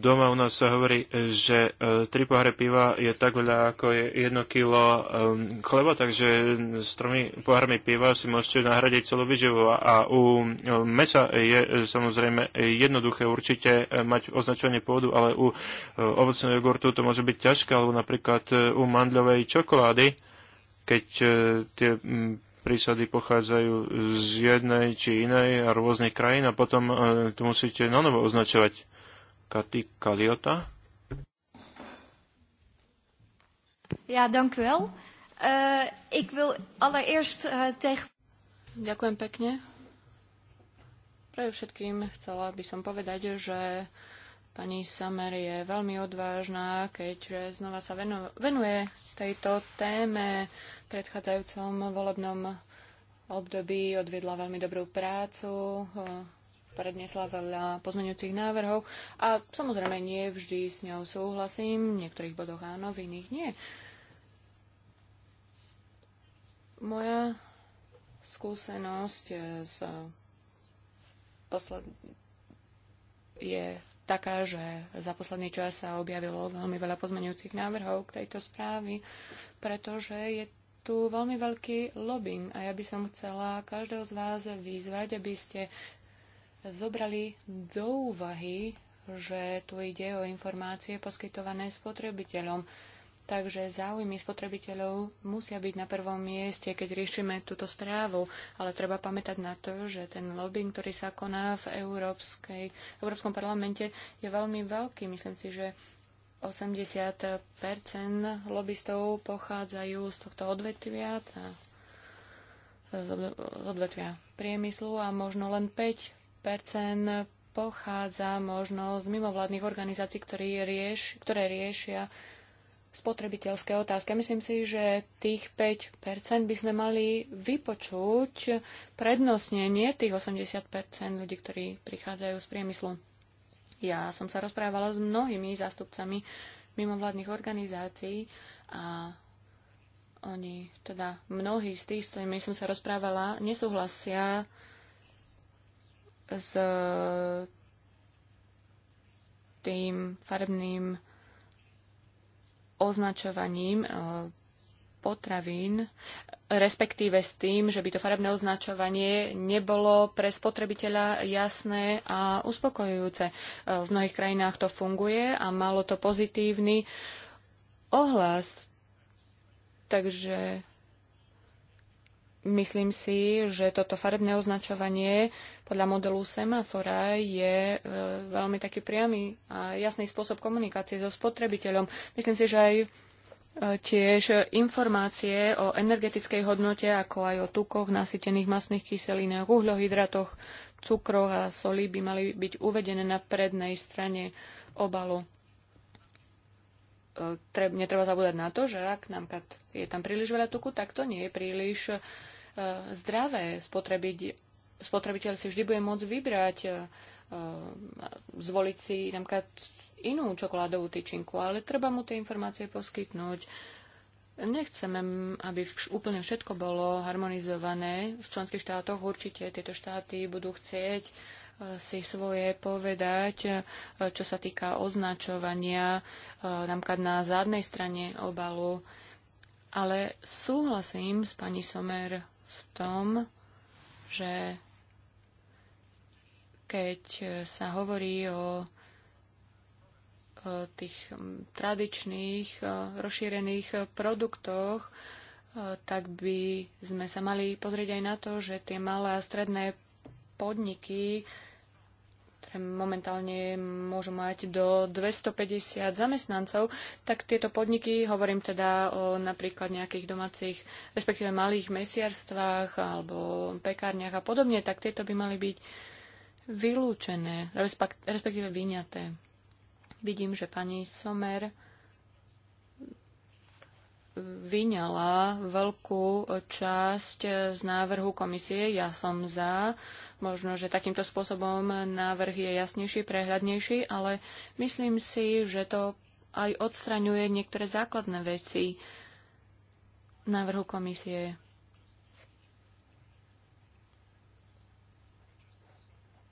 doma u nás sa hovorí, e, že e, tri poháre piva je tak veľa, ako je jedno kilo chleba, takže s tromi pohármi piva si môžete nahradiť celú vyživu. A u mesa je samozrejme jednoduché určite mať označenie pôdu, ale u ovocného jogurtu to môže byť ťažké, alebo napríklad u mandľovej čokolády keď e, tie prísady pochádzajú z jednej či inej a rôznych krajín a potom e, to musíte na novo označovať. Katy Kaliota? Ja, dank u wel. Uh, ik wil allereerst uh, tegen... Ďakujem pekne. Pre všetkým chcela by som povedať, že pani Samer je veľmi odvážna, keďže znova sa venuje tejto téme predchádzajúcom volebnom období odviedla veľmi dobrú prácu, e, predniesla veľa pozmeňujúcich návrhov a samozrejme nie vždy s ňou súhlasím, v niektorých bodoch áno, v iných nie. Moja skúsenosť z e, posled... je taká, že za posledný čas sa objavilo veľmi veľa pozmeňujúcich návrhov k tejto správy, pretože je tu veľmi veľký lobbying a ja by som chcela každého z vás vyzvať, aby ste zobrali do úvahy, že tu ide o informácie poskytované spotrebiteľom. Takže záujmy spotrebiteľov musia byť na prvom mieste, keď riešime túto správu, ale treba pamätať na to, že ten lobbying, ktorý sa koná v Európskej, Európskom parlamente, je veľmi veľký. Myslím si, že 80 lobbystov pochádzajú z tohto odvetvia, tá, e, z odvetvia priemyslu a možno len 5 pochádza možno z mimovládnych organizácií, ktoré, rieš, ktoré riešia spotrebiteľské otázky. Myslím si, že tých 5% by sme mali vypočuť prednostne, nie tých 80% ľudí, ktorí prichádzajú z priemyslu. Ja som sa rozprávala s mnohými zástupcami mimovládnych organizácií a oni, teda mnohí z tých, s ktorými som sa rozprávala, nesúhlasia s tým farebným označovaním eh, potravín respektíve s tým, že by to farebné označovanie nebolo pre spotrebiteľa jasné a uspokojujúce. E, v mnohých krajinách to funguje a malo to pozitívny ohlas. Takže myslím si, že toto farebné označovanie podľa modelu semafora je e, veľmi taký priamy a jasný spôsob komunikácie so spotrebiteľom. Myslím si, že aj tiež informácie o energetickej hodnote, ako aj o tukoch, nasytených masných kyselinách, uhľohydratoch, cukroch a soli by mali byť uvedené na prednej strane obalu. E, treb, netreba zabúdať na to, že ak nám je tam príliš veľa tuku, tak to nie je príliš uh, zdravé. Spotrebiť, spotrebiteľ si vždy bude môcť vybrať, uh, zvoliť si napríklad inú čokoládovú tyčinku, ale treba mu tie informácie poskytnúť. Nechceme, aby vš- úplne všetko bolo harmonizované. V členských štátoch určite tieto štáty budú chcieť e, si svoje povedať, e, čo sa týka označovania e, napríklad na zadnej strane obalu. Ale súhlasím s pani Somer v tom, že keď sa hovorí o tých mm, tradičných e, rozšírených produktoch, e, tak by sme sa mali pozrieť aj na to, že tie malé a stredné podniky ktoré momentálne môžu mať do 250 zamestnancov, tak tieto podniky, hovorím teda o napríklad nejakých domácich, respektíve malých mesiarstvách alebo pekárniach a podobne, tak tieto by mali byť vylúčené, respektíve vyňaté. Vidím, že pani Somer vyňala veľkú časť z návrhu komisie. Ja som za. Možno, že takýmto spôsobom návrh je jasnejší, prehľadnejší, ale myslím si, že to aj odstraňuje niektoré základné veci návrhu komisie.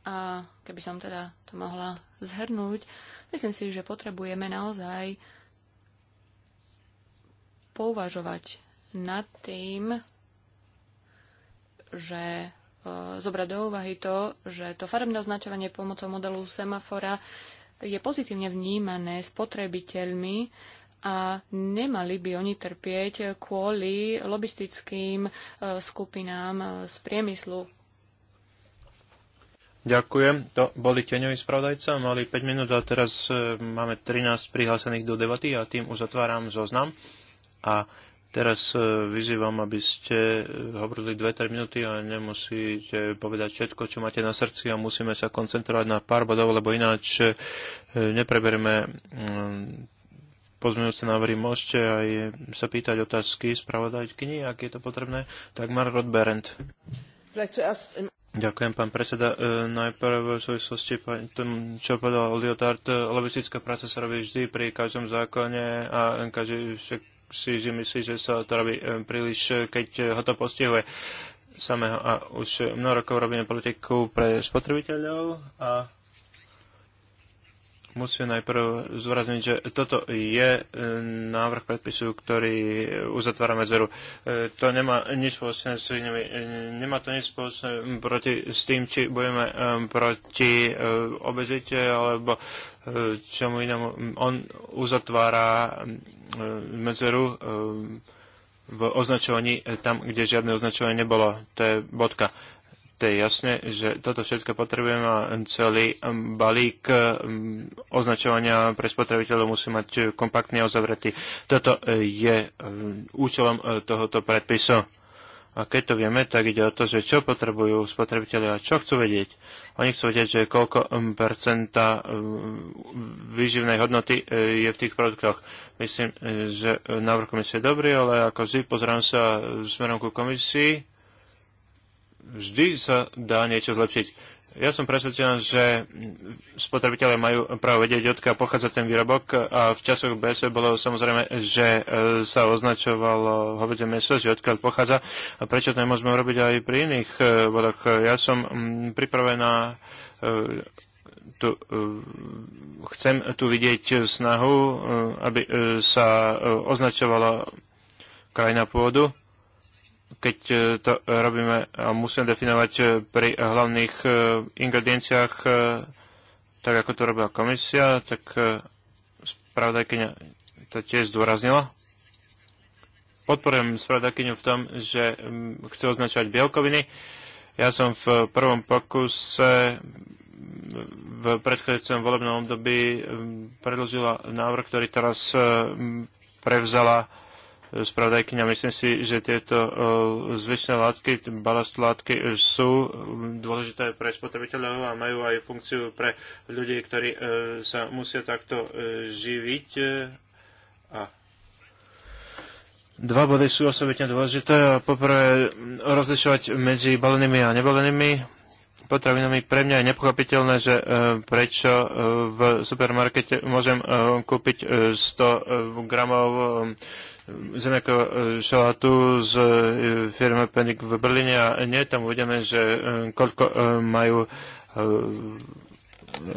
A keby som teda to mohla zhrnúť, Myslím si, že potrebujeme naozaj pouvažovať nad tým, že e, zobrať do úvahy to, že to farebné označovanie pomocou modelu semafora je pozitívne vnímané spotrebiteľmi a nemali by oni trpieť kvôli lobistickým e, skupinám z priemyslu. Ďakujem. To boli tieňoví spravodajca, mali 5 minút a teraz e, máme 13 prihlásených do debaty a tým uzatváram zoznam. A teraz e, vyzývam, aby ste e, hovorili 2-3 minúty a nemusíte povedať všetko, čo máte na srdci a musíme sa koncentrovať na pár bodov, lebo ináč nepreberieme pozmeňujúce návrhy. Môžete aj sa pýtať otázky spravodajkyni, ak je to potrebné. Tak Mar Rodberend. Ďakujem, pán predseda. E, najprv v súvislosti tom, čo povedal Liotard, e, lobistická práca sa robí vždy pri každom zákone a každý si vždy myslí, že sa to robí e, príliš, keď ho to postihuje samého. A už mnoho rokov robíme politiku pre spotrebiteľov a musím najprv zvrazniť, že toto je e, návrh predpisu, ktorý uzatvára medzeru. E, to nemá nič spoločné s inými. E, nemá to nič spoločné proti, s tým, či budeme proti obezite alebo čomu inému. On uzatvára medzeru v označovaní tam, kde žiadne označovanie nebolo. To je bodka to je jasné, že toto všetko potrebujeme a celý um, balík um, označovania pre spotrebiteľov musí mať uh, kompaktne ozavretý. Toto uh, je um, účelom uh, tohoto predpisu. A keď to vieme, tak ide o to, že čo potrebujú spotrebitelia, čo chcú vedieť. Oni chcú vedieť, že koľko percenta výživnej hodnoty je v tých produktoch. Myslím, že návrh komisie je dobrý, ale ako vždy pozerám sa smerom ku komisii vždy sa dá niečo zlepšiť. Ja som presvedčený, že spotrebitelia majú právo vedieť, odkiaľ pochádza ten výrobok a v časoch BS bolo samozrejme, že e, sa označovalo hovedzie meso, že odkiaľ pochádza a prečo to nemôžeme robiť aj pri iných vodoch. E, ja som pripravená e, tu, chcem tu vidieť snahu, aby sa označovala krajina pôdu keď e, to robíme a musíme definovať e, pri hlavných e, ingredienciách, tak ako to robila komisia, tak spravodajkyňa to tiež zdôraznila. Podporujem spravodajkyňu v tom, že chce označovať bielkoviny. Ja som v prvom pokuse v predchádzajúcom volebnom období predložila návrh, ktorý teraz prevzala spravodajkyňa. Myslím si, že tieto e, zvyšné látky, balast látky sú e, dôležité pre spotrebiteľov a majú aj funkciu pre ľudí, ktorí e, sa musia takto živiť. A Dva body sú osobitne dôležité. Poprvé, rozlišovať medzi balenými a nebalenými potravinami. Pre mňa je nepochopiteľné, že prečo v supermarkete môžem kúpiť 100 gramov šala e, tu z e, firmy Penik v Berlíne a nie, tam uvedené, že e, koľko majú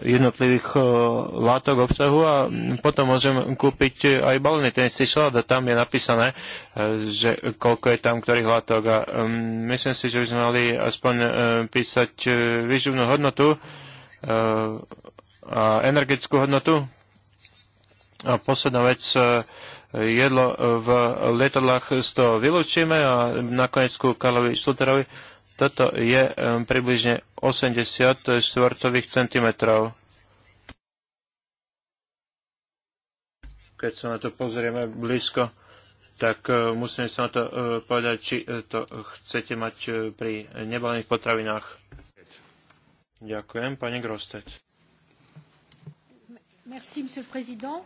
jednotlivých látok obsahu a potom môžem kúpiť aj balený ten istý šalát a tam je napísané, že koľko je tam ktorých látok a myslím si, že by sme mali aspoň písať výživnú hodnotu a energetickú hodnotu. A posledná vec, jedlo v letadlách z toho vylúčime a nakoniec ku Karlovi Šluterovi toto je približne 80 štvorcových centimetrov. Keď sa na to pozrieme blízko, tak e, musíme sa na to e, povedať, či e, to chcete mať pri nebalených potravinách. Ďakujem, pani Grostet. Merci, monsieur le président.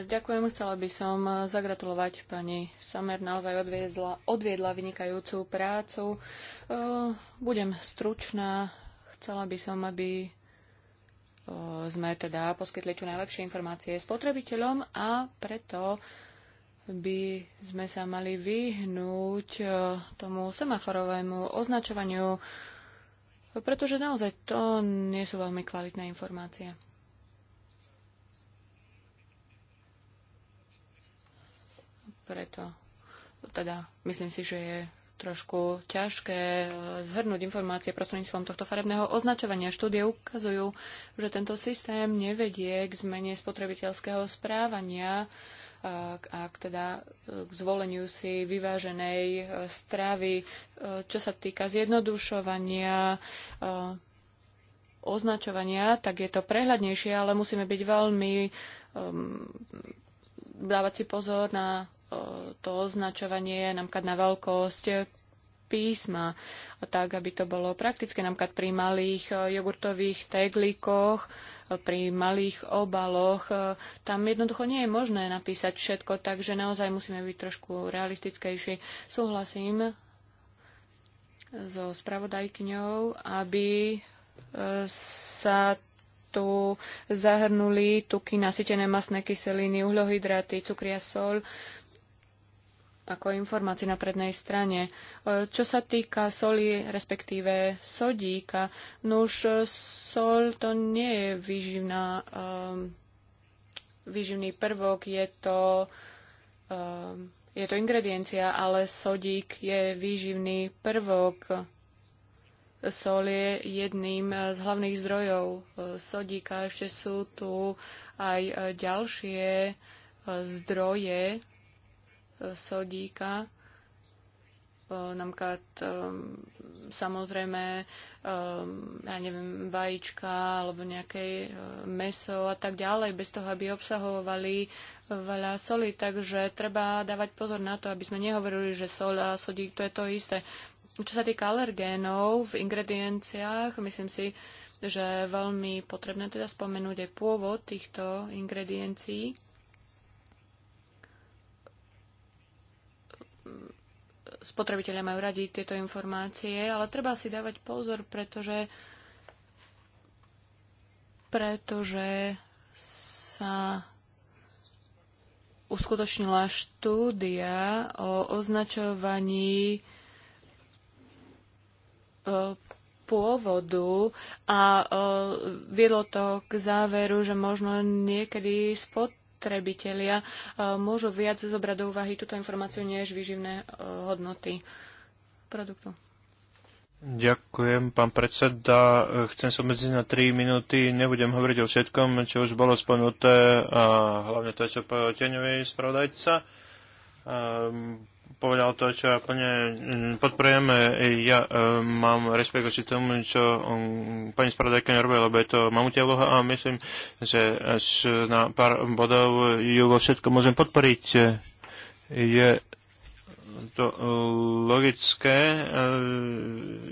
Ďakujem, chcela by som euh, zagratulovať pani Sommer naozaj odviedla, odviedla vynikajúcu prácu. Uh, budem stručná, chcela by som, aby uh, sme teda poskytli čo najlepšie informácie spotrebiteľom a preto by sme sa mali vyhnúť uh, tomu semaforovému označovaniu pretože naozaj to nie sú veľmi kvalitné informácie. Preto teda myslím si, že je trošku ťažké eh, zhrnúť informácie prostredníctvom tohto farebného označovania. Štúdie ukazujú, že tento systém nevedie k zmene spotrebiteľského správania a k teda eh, k zvoleniu si vyváženej eh, stravy, eh, čo sa týka zjednodušovania označovania, tak je to prehľadnejšie, ale musíme byť veľmi ehm, dávať si pozor na to označovanie, napríklad na veľkosť písma, tak aby to bolo praktické, napríklad pri malých jogurtových teglíkoch pri malých obaloch. E, tam jednoducho nie je možné napísať všetko, takže naozaj musíme byť trošku realistickejší. Súhlasím so spravodajkňou, aby e, sa tu zahrnuli tuky, nasytené masné kyseliny, uhlohydráty, cukria, sol. Uh, ako informácie na prednej strane. E, čo sa týka soli, respektíve sodíka, no už e, sol to nie je výživná, um, výživný prvok, je to, um, je to ingrediencia, ale sodík je výživný prvok. Sol je jedným z hlavných zdrojov sodíka. Ešte sú tu aj ďalšie zdroje sodíka. Napríklad samozrejme, ja neviem, vajíčka alebo nejaké meso a tak ďalej, bez toho, aby obsahovali veľa soli. Takže treba dávať pozor na to, aby sme nehovorili, že sol a sodík to je to isté. Čo sa týka alergénov v ingredienciách, myslím si, že je veľmi potrebné teda spomenúť aj pôvod týchto ingrediencií. spotrebitelia majú radi tieto informácie, ale treba si dávať pozor, pretože pretože sa uskutočnila štúdia o označovaní e, pôvodu a e, viedlo to k záveru, že možno niekedy spod spotrebitelia e, môžu viac zobrať do úvahy túto informáciu než výživné e, hodnoty produktu. Ďakujem, pán predseda. Chcem sa medzi na 3 minúty. Nebudem hovoriť o všetkom, čo už bolo spomenuté, a hlavne to, čo povedal teňový spravodajca. Um, povedal to, čo ja plne mm, podporujem. Ja e, mám rešpekt voči tomu, čo um, pani spravodajka nerobí, lebo je to mamutia vloha a myslím, že až na pár bodov ju vo všetko môžem podporiť. Je to e, logické e,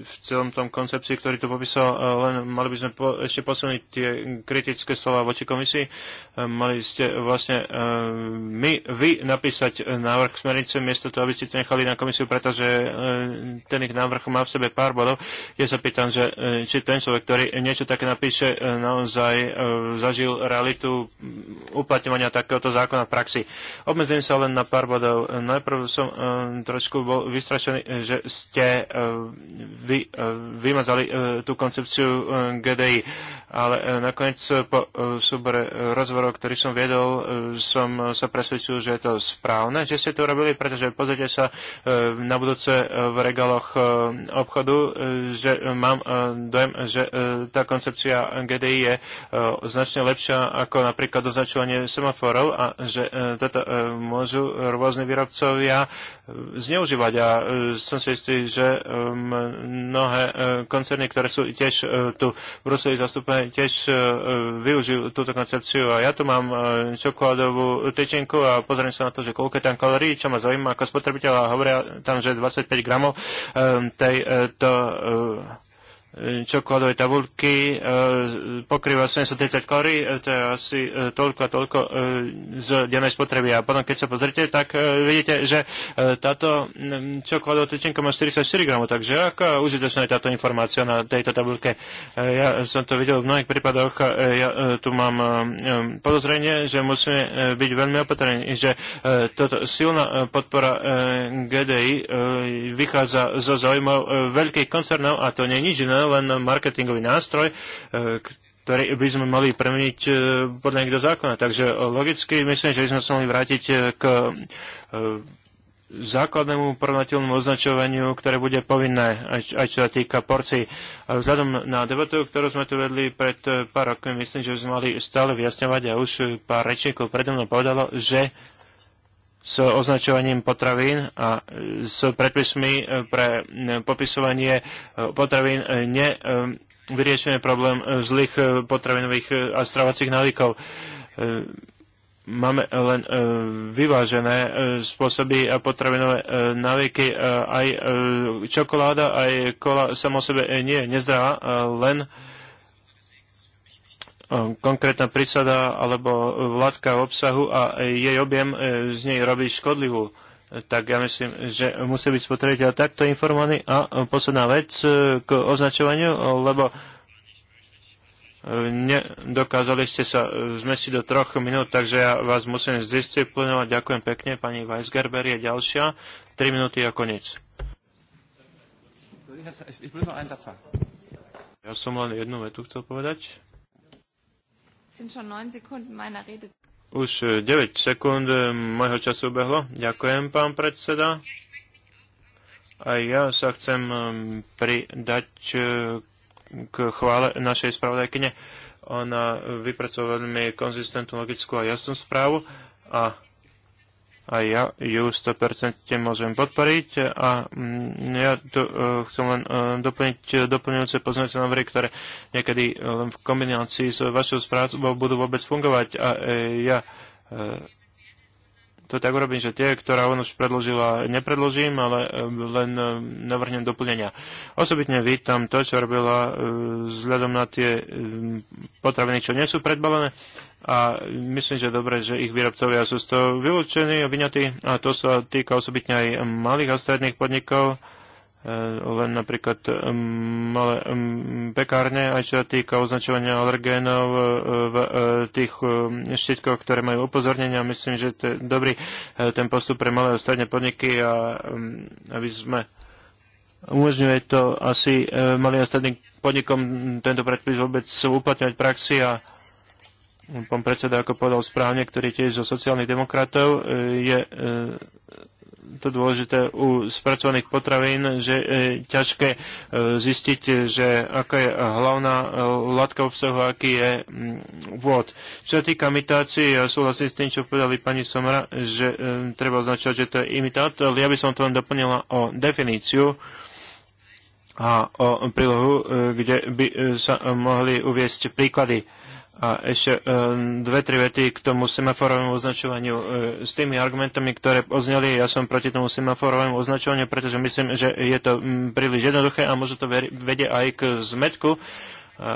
v celom tom koncepcii, ktorý tu popísal, e, len mali by sme po, ešte posilniť tie kritické slova voči komisii. Mali ste vlastne my, vy napísať návrh smernice, miesto toho, aby ste to nechali na komisiu, pretože ten ich návrh má v sebe pár bodov. Ja sa pýtam, že či ten človek, ktorý niečo také napíše, naozaj zažil realitu uplatňovania takéhoto zákona v praxi. Obmedzím sa len na pár bodov. Najprv som trošku bol vystrašený, eh, že ste eh, vy, eh, vymazali tú koncepciu GDI. Ale nakoniec po súbore rozhovorov, ktorý som viedol, som sa presvedčil, že je to správne, že ste to urobili, pretože pozrite sa na budúce v regaloch obchodu, že mám dojem, že tá koncepcia GDI je značne lepšia ako napríklad označovanie semaforov a že toto môžu rôzne výrobcovia zneužívať a e, som si istý, že e, mnohé e, koncerny, ktoré sú tiež tu v Bruseli zastúpené, tiež využijú túto koncepciu a ja tu mám čokoládovú tyčinku a pozriem sa na to, že koľko je tam kalórií, čo ma zaujíma ako spotrebiteľ a hovoria tam, že 25 gramov tejto E, čokoládovej tabulky e, pokrýva 730 kalórií, e, to je asi toľko a toľko z dennej spotreby. A potom, keď sa pozrite, tak vidíte, že táto čokoládová tyčinka má 44 gramov, takže ako užitočná je táto informácia na tejto tabulke. Ja som to videl v mnohých prípadoch, ja tu mám podozrenie, že musíme byť veľmi opatrení, že toto silná podpora GDI vychádza zo zaujímav veľkých koncernov a to nie je nič iného, len marketingový nástroj, e, ktorý by sme mali premeniť e, podľa niekto zákona. Takže e, logicky myslím, že by sme sa mali vrátiť k základnému porovnateľnému označovaniu, ktoré bude povinné, aj čo sa týka porcií. Vzhľadom na debatu, ktorú sme tu vedli pred pár rokmi, myslím, že by sme mali stále vyjasňovať a už pár rečníkov predo mnou povedalo, že s označovaním potravín a s predpismi e, pre e, popisovanie e, potravín ne vyriešime problém zlých potravinových a stravacích návykov máme len vyvážené spôsoby a potravinové návyky. aj čokoláda, aj kola samo sebe nie je nezdravá, len Ehm, konkrétna prísada alebo vládka obsahu a jej objem e, z nej robí škodlivú e, tak ja myslím, že musí byť spotrebiteľ takto informovaný. A e, posledná vec k označovaniu, lebo nedokázali ste sa zmestiť do troch minút, takže ja vás musím zdisciplinovať. Ďakujem pekne, pani Weisgerber je ďalšia. Tri minúty a koniec. Ja som len jednu vetu chcel povedať. Už 9 eh, sekúnd eh, môjho času ubehlo. Ďakujem, pán predseda. A ja sa chcem eh, pridať k chvále našej spravodajkyne. Ona vypracovala veľmi konzistentnú, logickú a jasnú správu a a ja ju 100% môžem podporiť a mm, ja tu e, chcem len e, doplniť doplňujúce poznávce návrhy, ktoré niekedy e, len v kombinácii s vašou správou budú vôbec fungovať a ja to tak urobím, že tie, ktorá on už predložila, nepredložím, ale len navrhnem doplnenia. Osobitne vítam to, čo robila vzhľadom na tie potraviny, čo nie sú predbalené a myslím, že dobre, že ich výrobcovia sú z toho vylúčení a vyňatí a to sa týka osobitne aj malých a stredných podnikov, e, len napríklad e, malé e, pekárne, aj čo sa týka označovania alergénov v tých štítkoch, ktoré majú upozornenia. Myslím, že to je dobrý ten postup pre malé a stredné podniky a aby sme umožňuje to asi malým a stredným podnikom tento predpis vôbec uplatňovať praxi a pán predseda, ako povedal správne, ktorý tiež zo sociálnych demokratov, e, je e, to dôležité u spracovaných potravín, že je ťažké e, zistiť, že aká je hlavná látka obsahu, aký je mm, vôd. Čo sa týka imitácií, ja súhlasím s tým, čo povedali pani Somra, že treba označovať, že to je imitát, ale ja by som to len doplnila o definíciu a o prílohu, kde by sa mohli uviesť príklady a ešte e, dve, tri vety k tomu semaforovému označovaniu. E, s tými argumentami, ktoré ozneli, ja som proti tomu semaforovému označovaniu, pretože myslím, že je to príliš jednoduché a možno to vedie aj k zmetku E,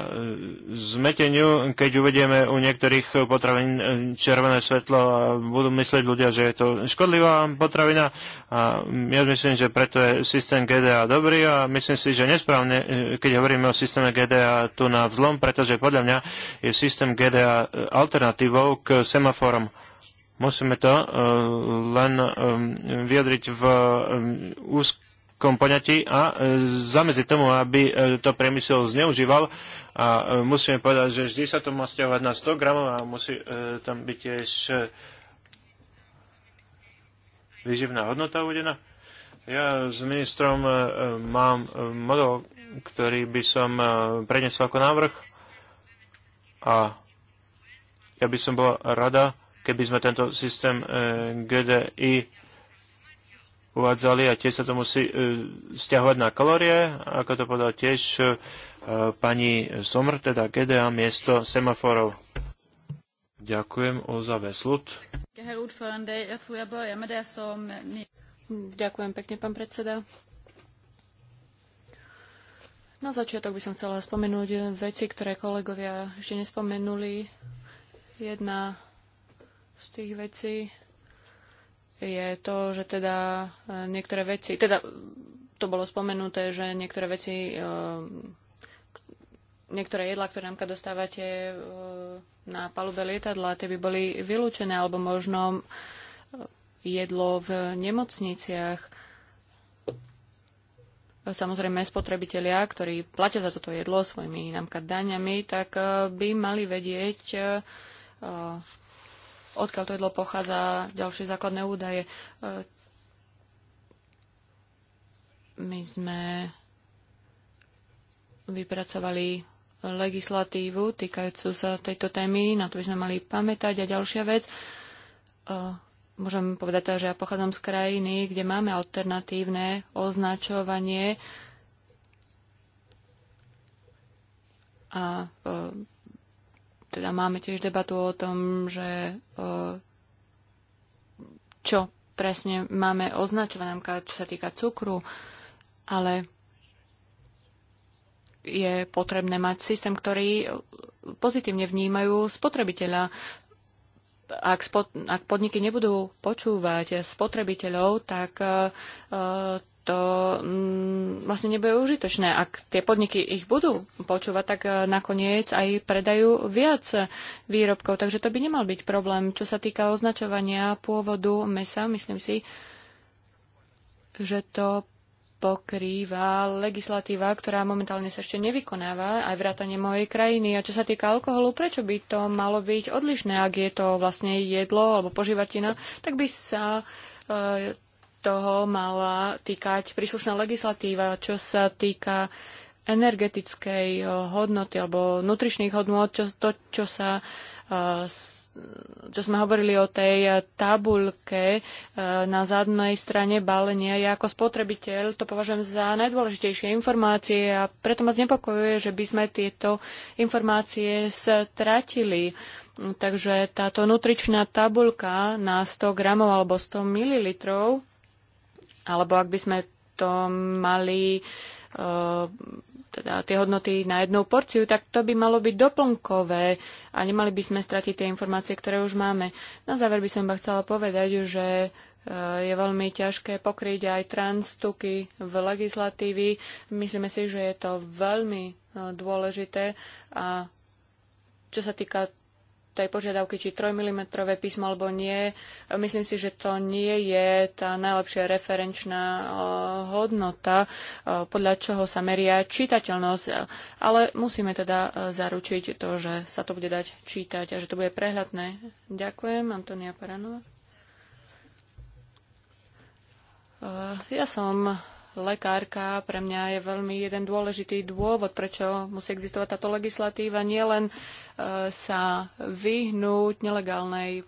zmeteniu, keď uvedieme u niektorých potravín e, červené svetlo a budú myslieť ľudia, že je to škodlivá potravina. A ja myslím, že preto je systém GDA dobrý a myslím si, že nesprávne, e, keď hovoríme o systéme GDA tu na vzlom, pretože podľa mňa je systém GDA alternatívou k semaforom. Musíme to len vyjadriť v úzkom širokom poňatí a e, zamedziť tomu, aby e, to priemysel zneužíval. A e, musíme povedať, že vždy sa to má stiahovať na 100 gramov a musí tam byť tiež výživná hodnota uvedená. Ja s ministrom mám model, ktorý by som prednesol ako návrh a ja by som bola rada, keby sme tento systém GDI uvádzali a tiež sa to musí stiahovať e, na kalórie, ako to povedal tiež e, pani Somr, teda GDA miesto semaforov. Ďakujem za Veslut. Ďakujem pekne, pán predseda. Na začiatok by som chcela spomenúť veci, ktoré kolegovia ešte nespomenuli. Jedna z tých vecí je to, že teda e, niektoré veci, teda to bolo spomenuté, že niektoré veci, e, niektoré jedlá, ktoré nám dostávate e, na palube lietadla, tie by boli vylúčené, alebo možno jedlo v nemocniciach. Samozrejme, spotrebitelia, ktorí platia za toto jedlo svojimi námka daňami, tak by mali vedieť, odkiaľ to jedlo pochádza, ďalšie základné údaje. E, my sme vypracovali legislatívu týkajúcu sa tejto témy, na to by sme mali pamätať. A ďalšia vec, e, môžem povedať, že ja pochádzam z krajiny, kde máme alternatívne označovanie a e, teda máme tiež debatu o tom, že e, čo presne máme označované, čo sa týka cukru, ale je potrebné mať systém, ktorý pozitívne vnímajú spotrebiteľa. Ak, ak podniky nebudú počúvať spotrebiteľov, tak uh, to mm, vlastne nebude užitočné. Ak tie podniky ich budú počúvať, tak eh, nakoniec aj predajú viac eh, výrobkov, takže to by nemal byť problém. Čo sa týka označovania pôvodu mesa, myslím si, že to pokrýva legislatíva, ktorá momentálne sa ešte nevykonáva, aj vrátane mojej krajiny. A čo sa týka alkoholu, prečo by to malo byť odlišné, ak je to vlastne jedlo alebo požívatina, tak by sa e, toho mala týkať príslušná legislatíva, čo sa týka energetickej eh, hodnoty alebo nutričných hodnot, čo, to, čo sa eh, čo sme hovorili o tej eh, tabulke na zadnej strane balenia. Ja ako spotrebiteľ to považujem za najdôležitejšie informácie a preto ma znepokojuje, že by sme tieto informácie stratili. Takže táto nutričná tabulka na 100 gramov alebo 100 mililitrov alebo ak by sme to mali e, teda tie hodnoty na jednu porciu, tak to by malo byť doplnkové a nemali by sme stratiť tie informácie, ktoré už máme. Na záver by som iba chcela povedať, že e, je veľmi ťažké pokryť aj transtuky v legislatívy. Myslíme si, že je to veľmi e, dôležité a čo sa týka tej požiadavky, či 3 mm písmo alebo nie. Myslím si, že to nie je tá najlepšia referenčná e, hodnota, e, podľa čoho sa meria čitateľnosť, ale musíme teda e, zaručiť to, že sa to bude dať čítať a že to bude prehľadné. Ďakujem, Antonia Paranova. Ja som lekárka, pre mňa je veľmi jeden dôležitý dôvod, prečo musí existovať táto legislatíva. nielen e, sa vyhnúť nelegálnej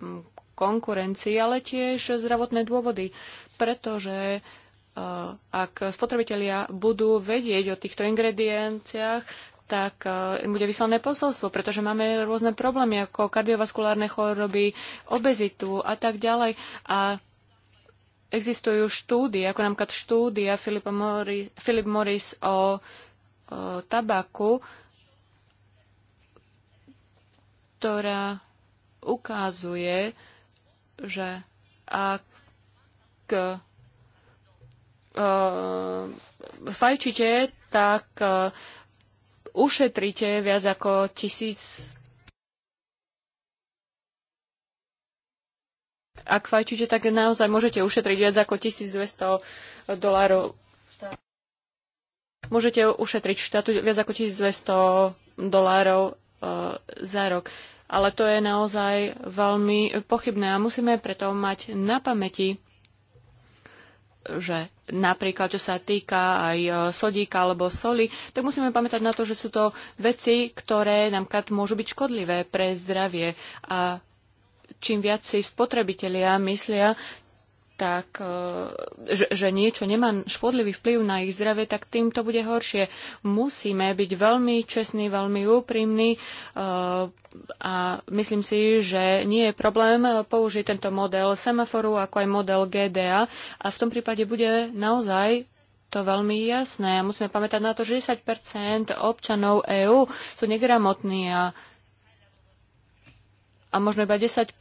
konkurencii, ale tiež zdravotné dôvody, pretože e, ak spotrebitelia budú vedieť o týchto ingredienciách, tak e, im bude vyslané posolstvo, pretože máme rôzne problémy ako kardiovaskulárne choroby, obezitu a tak ďalej. A existujú štúdie, ako napríklad štúdia Philip Morris, Morris o, o tabaku, ktorá ukazuje, že ak e, fajčite, tak e, ušetríte viac ako tisíc ak fajčíte, tak naozaj môžete ušetriť viac ako 1200 dolárov. Môžete ušetriť štátu viac ako 1200 dolárov e, za rok. Ale to je naozaj veľmi pochybné a musíme preto mať na pamäti, že napríklad čo sa týka aj e, sodíka alebo soli, tak musíme pamätať na to, že sú to veci, ktoré nám môžu byť škodlivé pre zdravie. A čím viac si spotrebitelia myslia, tak, e, že, že niečo nemá škodlivý vplyv na ich zdravie, tak tým to bude horšie. Musíme byť veľmi čestní, veľmi úprimní e, a myslím si, že nie je problém použiť tento model semaforu ako aj model GDA a v tom prípade bude naozaj to veľmi jasné. Musíme pamätať na to, že 10 občanov EÚ sú negramotní a a možno iba 10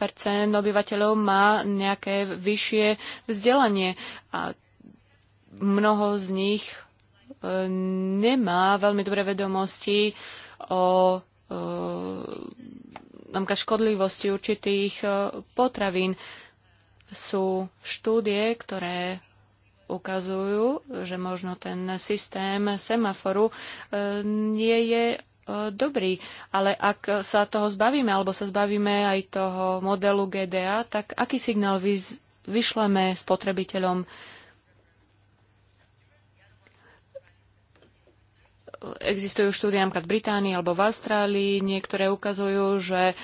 obyvateľov má nejaké vyššie vzdelanie a mnoho z nich e, nemá veľmi dobré vedomosti o e, škodlivosti určitých e, potravín. Sú štúdie, ktoré ukazujú, že možno ten systém semaforu nie je dobrý. Ale ak sa toho zbavíme, alebo sa zbavíme aj toho modelu GDA, tak aký signál vy, vyšleme spotrebiteľom? Existujú štúdie napríklad v Británii alebo v Austrálii, niektoré ukazujú, že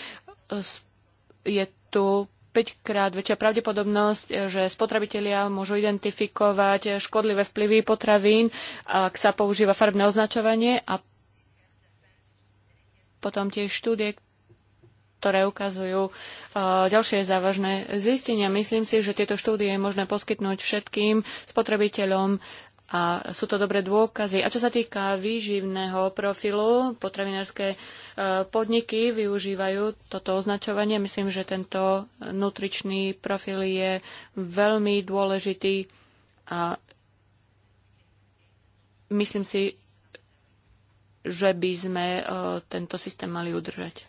je tu 5 krát väčšia pravdepodobnosť, že spotrebitelia môžu identifikovať škodlivé vplyvy potravín, ak sa používa farbné označovanie a potom tie štúdie, ktoré ukazujú uh, ďalšie závažné zistenia. Myslím si, že tieto štúdie je možné poskytnúť všetkým spotrebiteľom a sú to dobré dôkazy. A čo sa týka výživného profilu, potravinárske uh, podniky využívajú toto označovanie. Myslím, že tento nutričný profil je veľmi dôležitý a myslím si, že by sme e, tento systém mali udržať.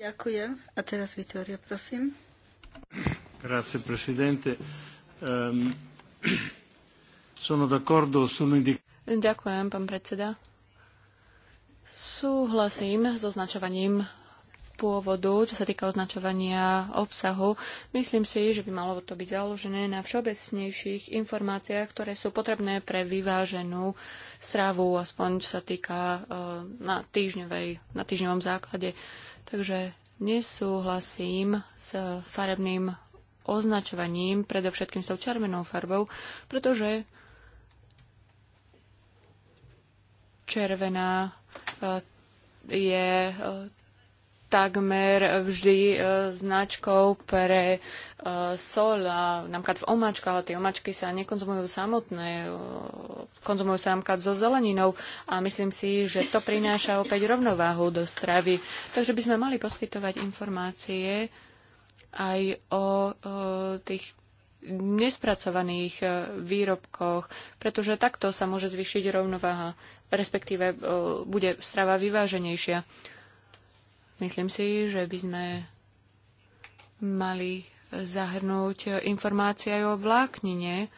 Ďakujem. A teraz Vitória, prosím. Grazie, presidente. Um, sono d'accordo sono sull'indicazione. Ďakujem, pán predseda. Súhlasím so značovaním pôvodu, čo sa týka označovania obsahu. Myslím si, že by malo to byť založené na všeobecnejších informáciách, ktoré sú potrebné pre vyváženú stravu, aspoň čo sa týka e, na, týždňovej, na týždňovom základe. Takže nesúhlasím s farebným označovaním, predovšetkým s tou červenou farbou, pretože červená e, je e, takmer vždy e, značkou pre e, sol a napríklad v omáčkach, ale tie omáčky sa nekonzumujú samotné, e, konzumujú sa napríklad so zeleninou a myslím si, že to prináša opäť rovnováhu do stravy. Takže by sme mali poskytovať informácie aj o, tých nespracovaných výrobkoch, pretože takto sa môže zvýšiť rovnováha, respektíve bude strava vyváženejšia. Myslím si, že by sme mali zahrnúť informácie aj o vláknine,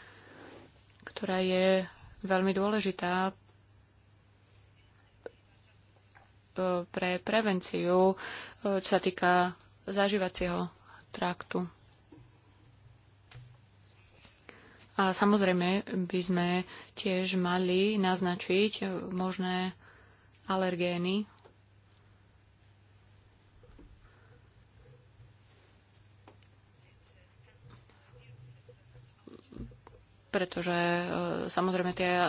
ktorá je veľmi dôležitá e, pre prevenciu, e, čo sa týka zažívacieho traktu. A samozrejme by sme tiež mali naznačiť možné alergény, pretože e, samozrejme tie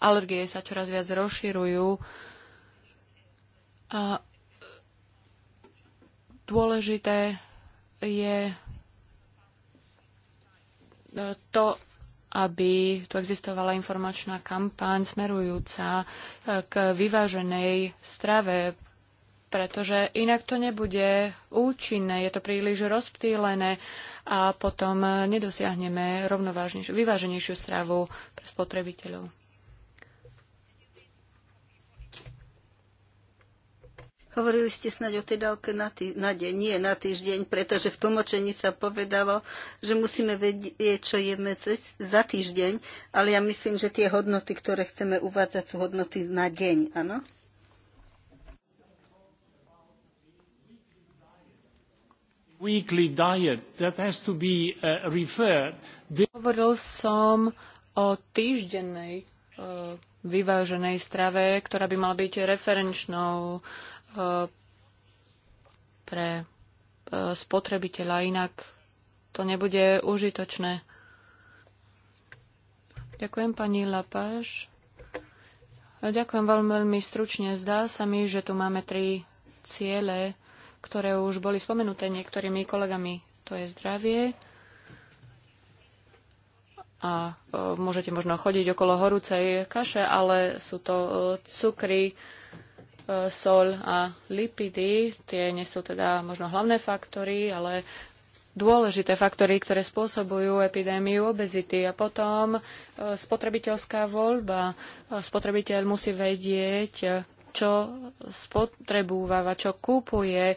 alergie sa čoraz viac rozširujú. A dôležité je e, to, aby tu existovala informačná kampaň smerujúca e, k vyváženej strave pretože inak to nebude účinné, je to príliš rozptýlené a potom nedosiahneme rovnovážnejšiu, vyváženejšiu stravu pre spotrebiteľov. Hovorili ste snáď o tej dávke na, tý, na deň, nie na týždeň, pretože v tlmočení sa povedalo, že musíme vedieť, čo jeme cez, za týždeň, ale ja myslím, že tie hodnoty, ktoré chceme uvádzať, sú hodnoty na deň, áno? weekly diet that has to be uh, referred. Hovoril som o týždennej uh, vyváženej strave, ktorá by mala byť referenčnou uh, pre uh, spotrebiteľa, inak to nebude užitočné. Ďakujem pani Lapáš. Ďakujem veľmi, veľmi stručne. Zdá sa mi, že tu máme tri ciele ktoré už boli spomenuté niektorými kolegami. To je zdravie. A e, môžete možno chodiť okolo horúcej kaše, ale sú to e, cukry, e, sol a lipidy. Tie nie sú teda možno hlavné faktory, ale dôležité faktory, ktoré spôsobujú epidémiu obezity. A potom spotrebiteľská voľba. Spotrebiteľ musí vedieť, čo spotrebúva, čo kúpuje. E,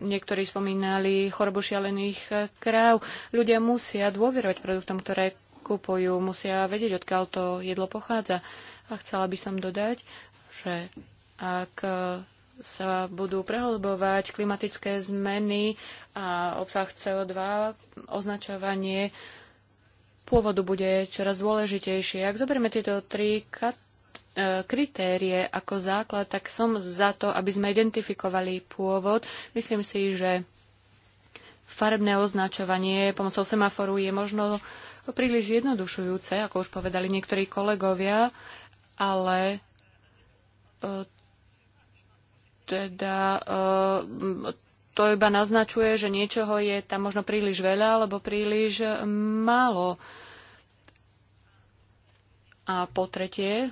niektorí spomínali chorobu šialených e, kráv. Ľudia musia dôverovať produktom, ktoré kupujú, musia vedieť, odkiaľ to jedlo pochádza. A chcela by som dodať, že ak e, sa budú prehlbovať klimatické zmeny a obsah CO2, označovanie pôvodu bude čoraz dôležitejšie. Ak zoberieme tieto tri kat- kritérie ako základ, tak som za to, aby sme identifikovali pôvod. Myslím si, že farebné označovanie pomocou semaforu je možno príliš zjednodušujúce, ako už povedali niektorí kolegovia, ale e, teda e, to iba naznačuje, že niečoho je tam možno príliš veľa alebo príliš málo. A po tretie,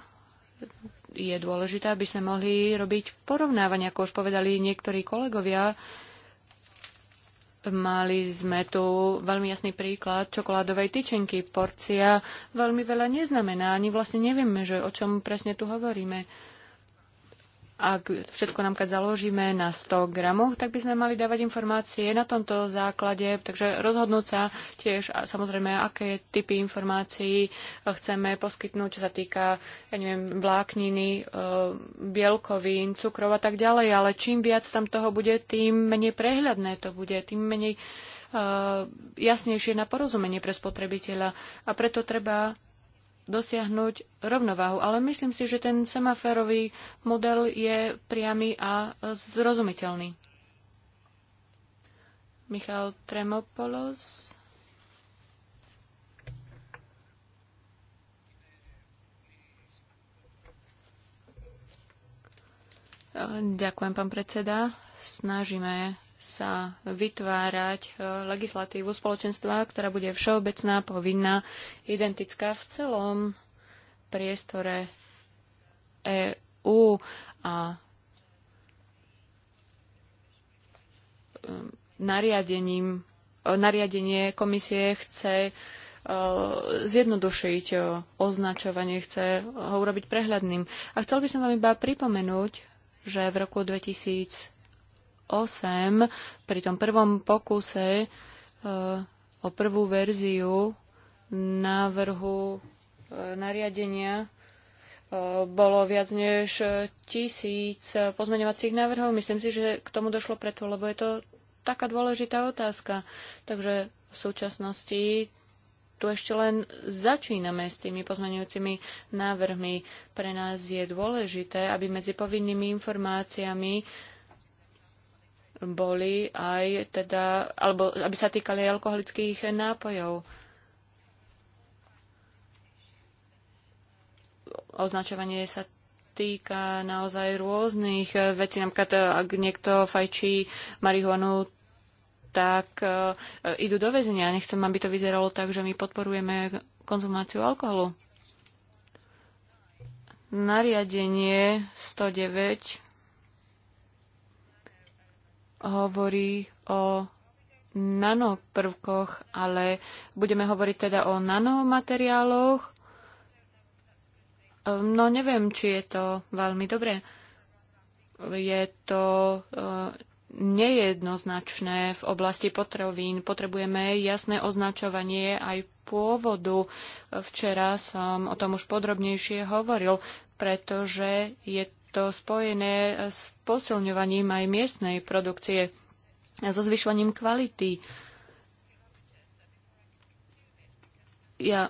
je dôležité, aby sme mohli robiť porovnávania, ako už povedali niektorí kolegovia. Mali sme tu veľmi jasný príklad čokoládovej tyčinky. Porcia veľmi veľa neznamená. Ani vlastne nevieme, že o čom presne tu hovoríme ak všetko nám keď založíme na 100 gramoch, tak by sme mali dávať informácie na tomto základe, takže rozhodnúť sa tiež samozrejme, aké typy informácií e, chceme poskytnúť, čo sa týka, ja neviem, vlákniny, e, bielkovín, cukrov a tak ďalej, ale čím viac tam toho bude, tým menej prehľadné to bude, tým menej e, jasnejšie na porozumenie pre spotrebiteľa. A preto treba dosiahnuť rovnováhu. Ale myslím si, že ten semaférový model je priamy a zrozumiteľný. Michal Tremopolos. Ďakujem, pán predseda. Snažíme sa vytvárať e, legislatívu spoločenstva, ktorá bude všeobecná, povinná, identická v celom priestore EÚ a e, nariadením, e, nariadenie komisie chce zjednodušiť označovanie, chce ho urobiť prehľadným. A chcel by som vám iba pripomenúť, že v roku 2000 pri tom prvom pokuse e, o prvú verziu návrhu e, nariadenia e, bolo viac než tisíc pozmeňovacích návrhov. Myslím si, že k tomu došlo preto, lebo je to taká dôležitá otázka. Takže v súčasnosti tu ešte len začíname s tými pozmeňujúcimi návrhmi. Pre nás je dôležité, aby medzi povinnými informáciami boli aj teda, alebo aby sa týkali alkoholických nápojov. Označovanie sa týka naozaj rôznych vecí. Napríklad, ak niekto fajčí marihuanu, tak e, idú do väzenia. Nechcem, aby to vyzeralo tak, že my podporujeme konzumáciu alkoholu. Nariadenie 109 hovorí o nanoprvkoch, ale budeme hovoriť teda o nanomateriáloch. Ehm, no neviem, či je to veľmi dobré. Je to eh, nejednoznačné v oblasti potravín. Potrebujeme jasné označovanie aj pôvodu. Včera som o tom už podrobnejšie hovoril, pretože je to spojené s posilňovaním aj miestnej produkcie a so zvyšovaním kvality. Ja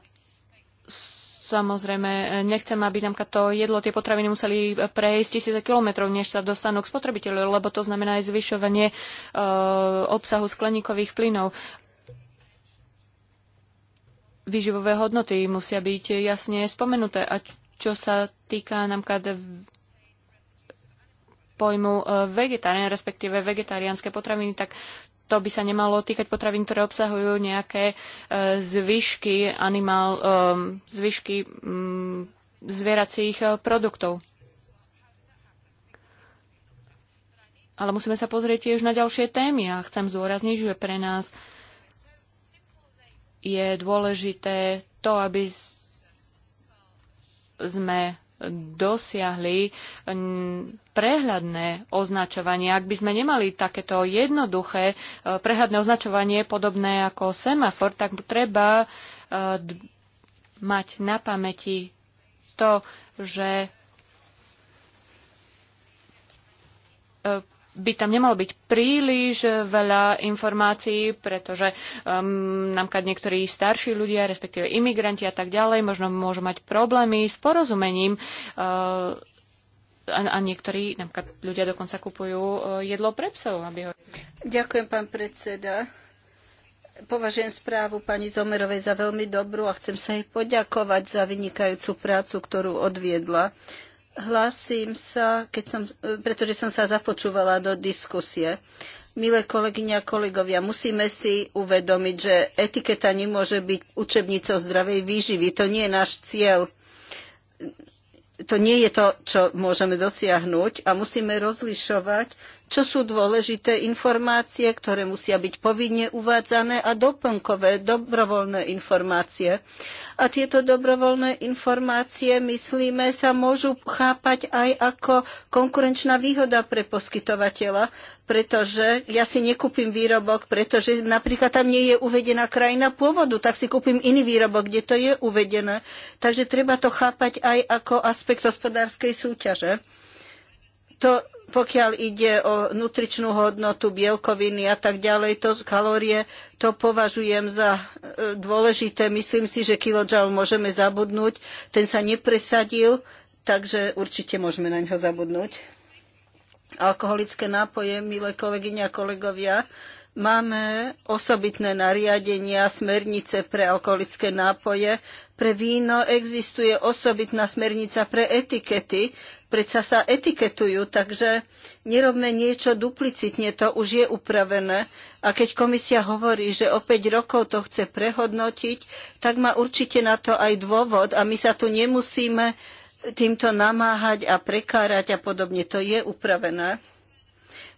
samozrejme nechcem, aby nám to jedlo, tie potraviny museli prejsť tisíce kilometrov, než sa dostanú k spotrebiteľu, lebo to znamená aj zvyšovanie e, obsahu skleníkových plynov. Výživové hodnoty musia byť jasne spomenuté. A čo sa týka nám pojmu e, vegetarián, respektíve vegetariánske potraviny, tak to by sa nemalo týkať potravín, ktoré obsahujú nejaké e, zvyšky animál, e, zvyšky mm, zvieracích produktov. Ale musíme sa pozrieť tiež na ďalšie témy a chcem zdôrazniť, že pre nás je dôležité to, aby sme dosiahli prehľadné označovanie. Ak by sme nemali takéto jednoduché e, prehľadné označovanie, podobné ako semafor, tak treba e, mať na pamäti to, že e, by tam nemalo byť príliš veľa informácií, pretože um, napríklad niektorí starší ľudia, respektíve imigranti a tak ďalej, možno môžu mať problémy s porozumením. Uh, a, a niektorí, napríklad ľudia dokonca kupujú uh, jedlo pre psov. Aby ho... Ďakujem, pán predseda. Považujem správu pani Zomerovej za veľmi dobrú a chcem sa jej poďakovať za vynikajúcu prácu, ktorú odviedla. Hlasím sa, keď som, pretože som sa započúvala do diskusie. Milé kolegyne a kolegovia, musíme si uvedomiť, že etiketa nemôže byť učebnicou zdravej výživy. To nie je náš cieľ. To nie je to, čo môžeme dosiahnuť a musíme rozlišovať čo sú dôležité informácie, ktoré musia byť povinne uvádzané a doplnkové dobrovoľné informácie. A tieto dobrovoľné informácie, myslíme, sa môžu chápať aj ako konkurenčná výhoda pre poskytovateľa, pretože ja si nekúpim výrobok, pretože napríklad tam nie je uvedená krajina pôvodu, tak si kúpim iný výrobok, kde to je uvedené. Takže treba to chápať aj ako aspekt hospodárskej súťaže. To pokiaľ ide o nutričnú hodnotu, bielkoviny a tak ďalej, to kalórie, to považujem za e, dôležité. Myslím si, že kilojoule môžeme zabudnúť. Ten sa nepresadil, takže určite môžeme na ňo zabudnúť. Alkoholické nápoje, milé kolegyne a kolegovia, máme osobitné nariadenia, smernice pre alkoholické nápoje. Pre víno existuje osobitná smernica pre etikety predsa sa etiketujú, takže nerobme niečo duplicitne, to už je upravené. A keď komisia hovorí, že o 5 rokov to chce prehodnotiť, tak má určite na to aj dôvod a my sa tu nemusíme týmto namáhať a prekárať a podobne. To je upravené.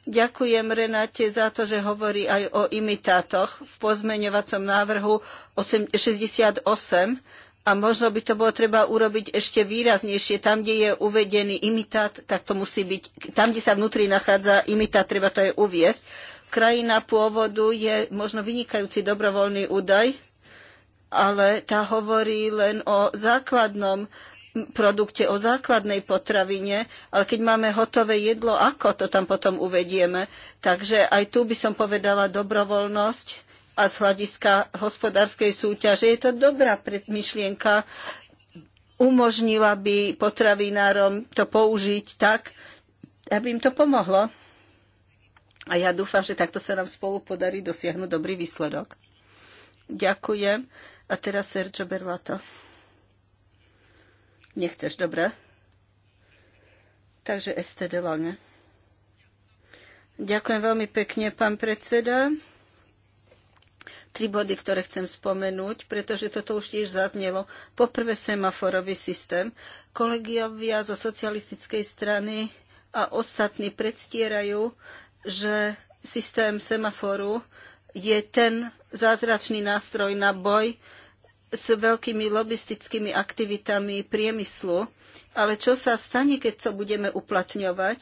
Ďakujem Renate za to, že hovorí aj o imitátoch v pozmeňovacom návrhu 68 a možno by to bolo treba urobiť ešte výraznejšie. Tam, kde je uvedený imitát, tak to musí byť, tam, kde sa vnútri nachádza imitát, treba to aj uviesť. Krajina pôvodu je možno vynikajúci dobrovoľný údaj, ale tá hovorí len o základnom produkte, o základnej potravine, ale keď máme hotové jedlo, ako to tam potom uvedieme? Takže aj tu by som povedala dobrovoľnosť a z hľadiska hospodárskej súťaže. Je to dobrá myšlienka, umožnila by potravinárom to použiť tak, aby im to pomohlo. A ja dúfam, že takto sa nám spolu podarí dosiahnuť dobrý výsledok. Ďakujem. A teraz Sergio Berlato. Nechceš, dobre? Takže STD Lange. Ďakujem veľmi pekne, pán predseda tri body, ktoré chcem spomenúť, pretože toto už tiež zaznelo. Poprvé semaforový systém. Kolegiovia zo socialistickej strany a ostatní predstierajú, že systém semaforu je ten zázračný nástroj na boj s veľkými lobistickými aktivitami priemyslu. Ale čo sa stane, keď to budeme uplatňovať?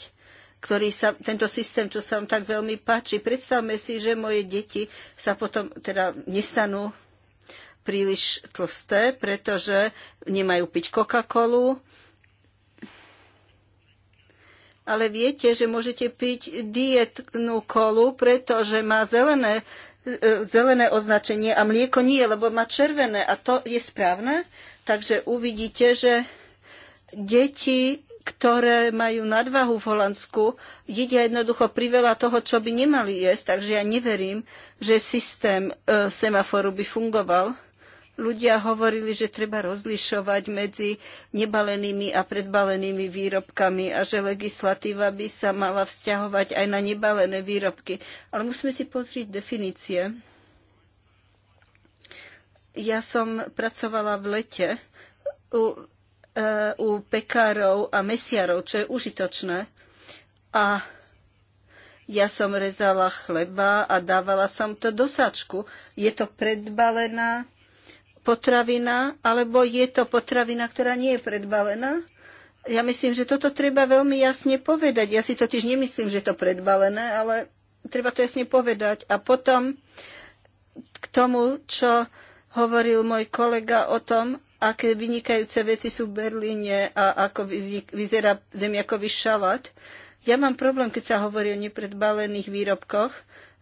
ktorý sa, tento systém, čo sa vám tak veľmi páči. Predstavme si, že moje deti sa potom teda nestanú príliš tlsté, pretože nemajú piť Coca-Colu, ale viete, že môžete piť dietnú kolu, pretože má zelené, e, zelené označenie a mlieko nie, lebo má červené a to je správne. Takže uvidíte, že deti ktoré majú nadvahu v Holandsku, jedia jednoducho priveľa toho, čo by nemali jesť, takže ja neverím, že systém e, semaforu by fungoval. Ľudia hovorili, že treba rozlišovať medzi nebalenými a predbalenými výrobkami a že legislatíva by sa mala vzťahovať aj na nebalené výrobky. Ale musíme si pozrieť definície. Ja som pracovala v lete u E, u pekárov a mesiarov, čo je užitočné. A ja som rezala chleba a dávala som to do sačku. Je to predbalená potravina, alebo je to potravina, ktorá nie je predbalená? Ja myslím, že toto treba veľmi jasne povedať. Ja si totiž nemyslím, že je to predbalené, ale treba to jasne povedať. A potom k tomu, čo hovoril môj kolega o tom, aké vynikajúce veci sú v Berlíne a ako vyzerá zemiakový šalát. Ja mám problém, keď sa hovorí o nepredbalených výrobkoch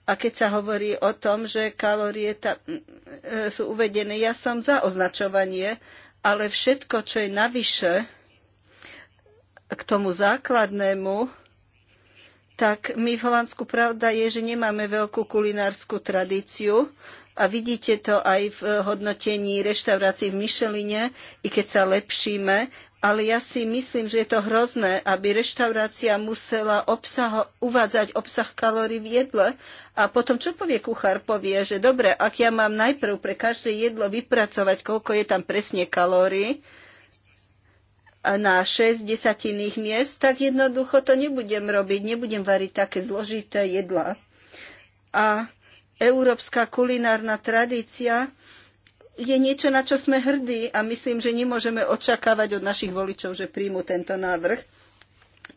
a keď sa hovorí o tom, že kalórie ta, mm, e, sú uvedené. Ja som za označovanie, ale všetko, čo je navyše k tomu základnému, tak my v Holandsku pravda je, že nemáme veľkú kulinárskú tradíciu a vidíte to aj v eh, hodnotení reštaurácií v Mišeline, i keď sa lepšíme, ale ja si myslím, že je to hrozné, aby reštaurácia musela obsah, uvádzať obsah kalórií v jedle a potom čo povie kuchár? Povie, že dobre, ak ja mám najprv pre každé jedlo vypracovať, koľko je tam presne kalórií na 6 desatinných miest, tak jednoducho to nebudem robiť, nebudem variť také zložité jedla. A európska kulinárna tradícia je niečo, na čo sme hrdí a myslím, že nemôžeme očakávať od našich voličov, že príjmu tento návrh.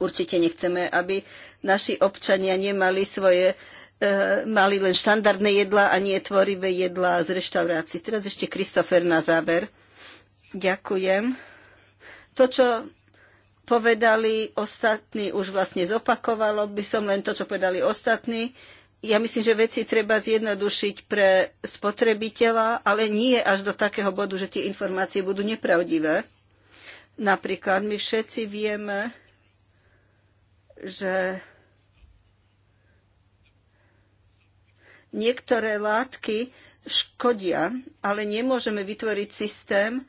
Určite nechceme, aby naši občania nemali svoje e, mali len štandardné jedlá a nie tvorivé jedlá z reštaurácií. Teraz ešte Kristofer na záver. Ďakujem. To, čo povedali ostatní, už vlastne zopakovalo by som len to, čo povedali ostatní ja myslím, že veci treba zjednodušiť pre spotrebiteľa, ale nie až do takého bodu, že tie informácie budú nepravdivé. Napríklad my všetci vieme, že niektoré látky škodia, ale nemôžeme vytvoriť systém,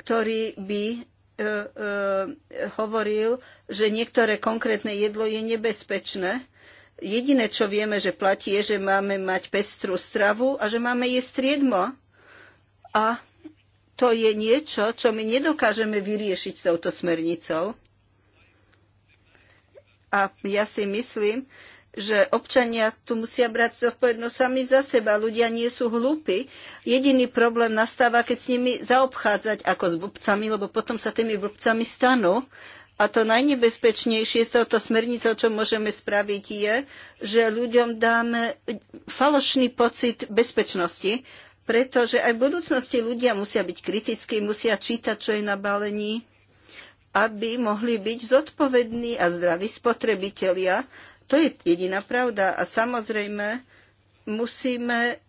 ktorý by e, e, hovoril, že niektoré konkrétne jedlo je nebezpečné. Jediné, čo vieme, že platí, je, že máme mať pestrú stravu a že máme jesť striedmo. A to je niečo, čo my nedokážeme vyriešiť s touto smernicou. A ja si myslím, že občania tu musia brať zodpovednosť sami za seba. Ľudia nie sú hlúpi. Jediný problém nastáva, keď s nimi zaobchádzať ako s blbcami, lebo potom sa tými blbcami stanú. A to najnebezpečnejšie s touto smernicou, čo môžeme spraviť, je, že ľuďom dáme falošný pocit bezpečnosti, pretože aj v budúcnosti ľudia musia byť kritickí, musia čítať, čo je na balení, aby mohli byť zodpovední a zdraví spotrebitelia. To je jediná pravda. A samozrejme, musíme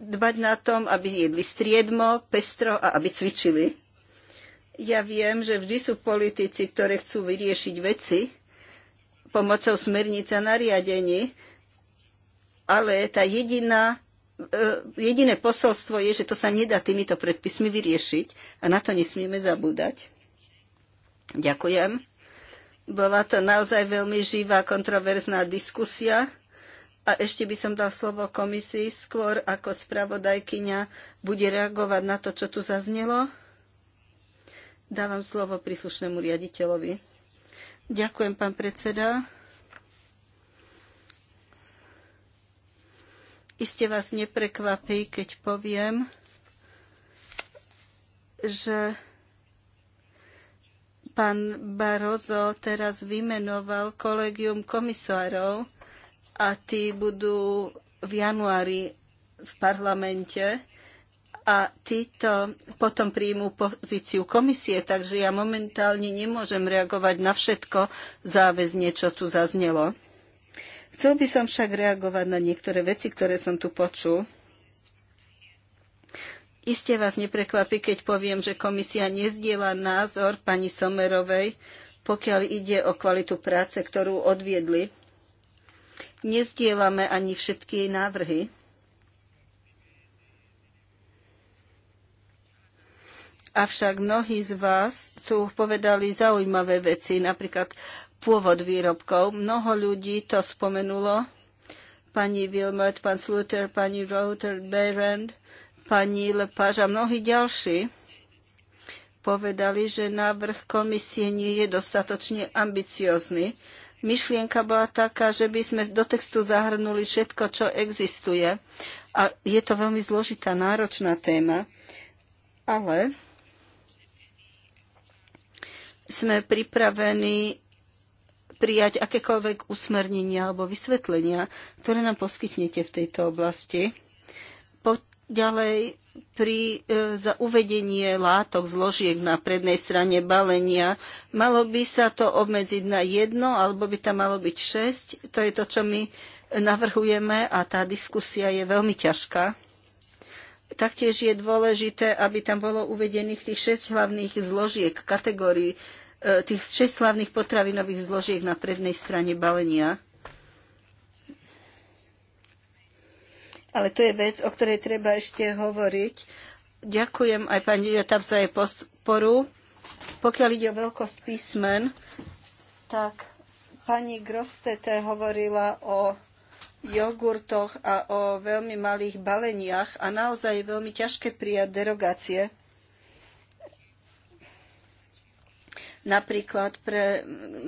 dbať na tom, aby jedli striedmo, pestro a aby cvičili. Ja viem, že vždy sú politici, ktoré chcú vyriešiť veci pomocou smernica nariadení, ale tá jediná, e, jediné posolstvo je, že to sa nedá týmito predpismi vyriešiť a na to nesmieme zabúdať. Ďakujem. Bola to naozaj veľmi živá, kontroverzná diskusia. A ešte by som dal slovo komisii skôr, ako spravodajkyňa bude reagovať na to, čo tu zaznelo. Dávam slovo príslušnému riaditeľovi. Ďakujem, pán predseda. Iste vás neprekvapí, keď poviem, že pán Barozo teraz vymenoval kolegium komisárov a tí budú v januári v parlamente a títo potom príjmú pozíciu komisie, takže ja momentálne nemôžem reagovať na všetko záväzne, čo tu zaznelo. Chcel by som však reagovať na niektoré veci, ktoré som tu počul. Iste vás neprekvapí, keď poviem, že komisia nezdiela názor pani Somerovej, pokiaľ ide o kvalitu práce, ktorú odviedli. Nezdielame ani všetky jej návrhy. Avšak mnohí z vás tu povedali zaujímavé veci, napríklad pôvod výrobkov. Mnoho ľudí to spomenulo. Pani Wilmert, pán Sluter, pani Rother, Berend, pani Lepáž a mnohí ďalší povedali, že návrh komisie nie je dostatočne ambiciózny. Myšlienka bola taká, že by sme do textu zahrnuli všetko, čo existuje. A je to veľmi zložitá, náročná téma. Ale sme pripravení prijať akékoľvek usmernenia alebo vysvetlenia, ktoré nám poskytnete v tejto oblasti. Po, ďalej pri, e, za uvedenie látok zložiek na prednej strane balenia. Malo by sa to obmedziť na jedno, alebo by tam malo byť šesť. To je to, čo my navrhujeme a tá diskusia je veľmi ťažká. Taktiež je dôležité, aby tam bolo uvedených tých šesť hlavných zložiek, kategórií, E, tých šest slavných potravinových zložiek na prednej strane balenia. Ale to je vec, o ktorej treba ešte hovoriť. Ďakujem aj pani Jatab za jej podporu. Pokiaľ ide o veľkosť písmen, tak pani Grostete hovorila o jogurtoch a o veľmi malých baleniach a naozaj je veľmi ťažké prijať derogácie Napríklad pre,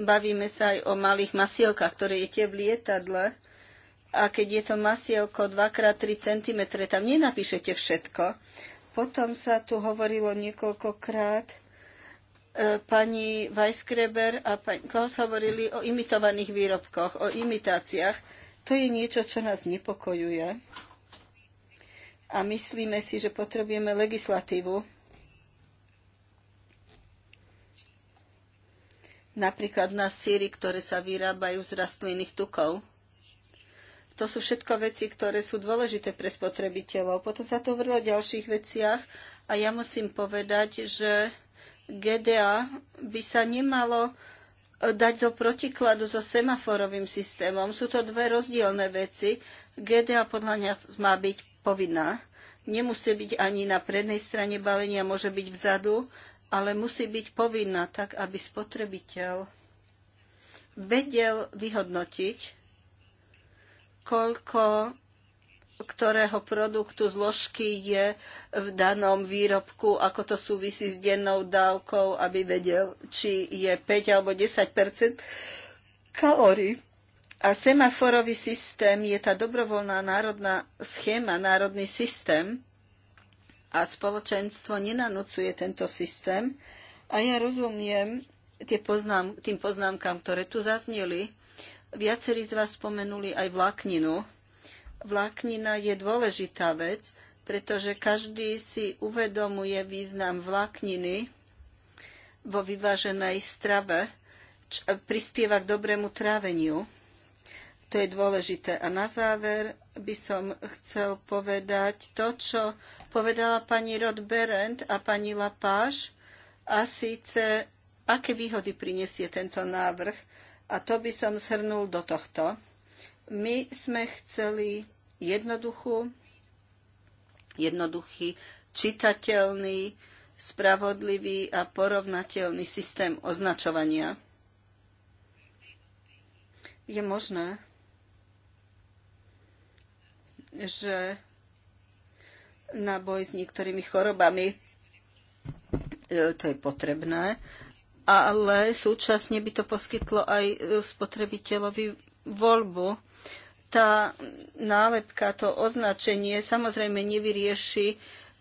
bavíme sa aj o malých masielkách, ktoré je tie v lietadle. A keď je to masielko 2x3 cm, tam nenapíšete všetko. Potom sa tu hovorilo niekoľkokrát, e, pani Weisgreber a pani Klaus hovorili o imitovaných výrobkoch, o imitáciách. To je niečo, čo nás nepokojuje. A myslíme si, že potrebujeme legislatívu, napríklad na síry, ktoré sa vyrábajú z rastlinných tukov. To sú všetko veci, ktoré sú dôležité pre spotrebiteľov. Potom sa to hovorilo o ďalších veciach a ja musím povedať, že GDA by sa nemalo e, dať do protikladu so semaforovým systémom. Sú to dve rozdielne veci. GDA podľa mňa má byť povinná. Nemusí byť ani na prednej strane balenia, môže byť vzadu ale musí byť povinná tak, aby spotrebiteľ vedel vyhodnotiť, koľko ktorého produktu zložky je v danom výrobku, ako to súvisí s dennou dávkou, aby vedel, či je 5 alebo 10 kalórií. A semaforový systém je tá dobrovoľná národná schéma, národný systém, a spoločenstvo nenanocuje tento systém. A ja rozumiem tie poznám, tým poznámkam, ktoré tu zazneli. Viacerí z vás spomenuli aj vlákninu. Vláknina je dôležitá vec, pretože každý si uvedomuje význam vlákniny vo vyváženej strave, prispieva k dobrému tráveniu. To je dôležité. A na záver by som chcel povedať to, čo povedala pani Rod Berend a pani Lapáš, a síce, aké výhody prinesie tento návrh. A to by som zhrnul do tohto. My sme chceli jednoduchú, jednoduchý, čitateľný, spravodlivý a porovnateľný systém označovania. Je možné, že na boj s niektorými chorobami e, to je potrebné, ale súčasne by to poskytlo aj e, spotrebiteľovi voľbu. Tá nálepka, to označenie samozrejme nevyrieši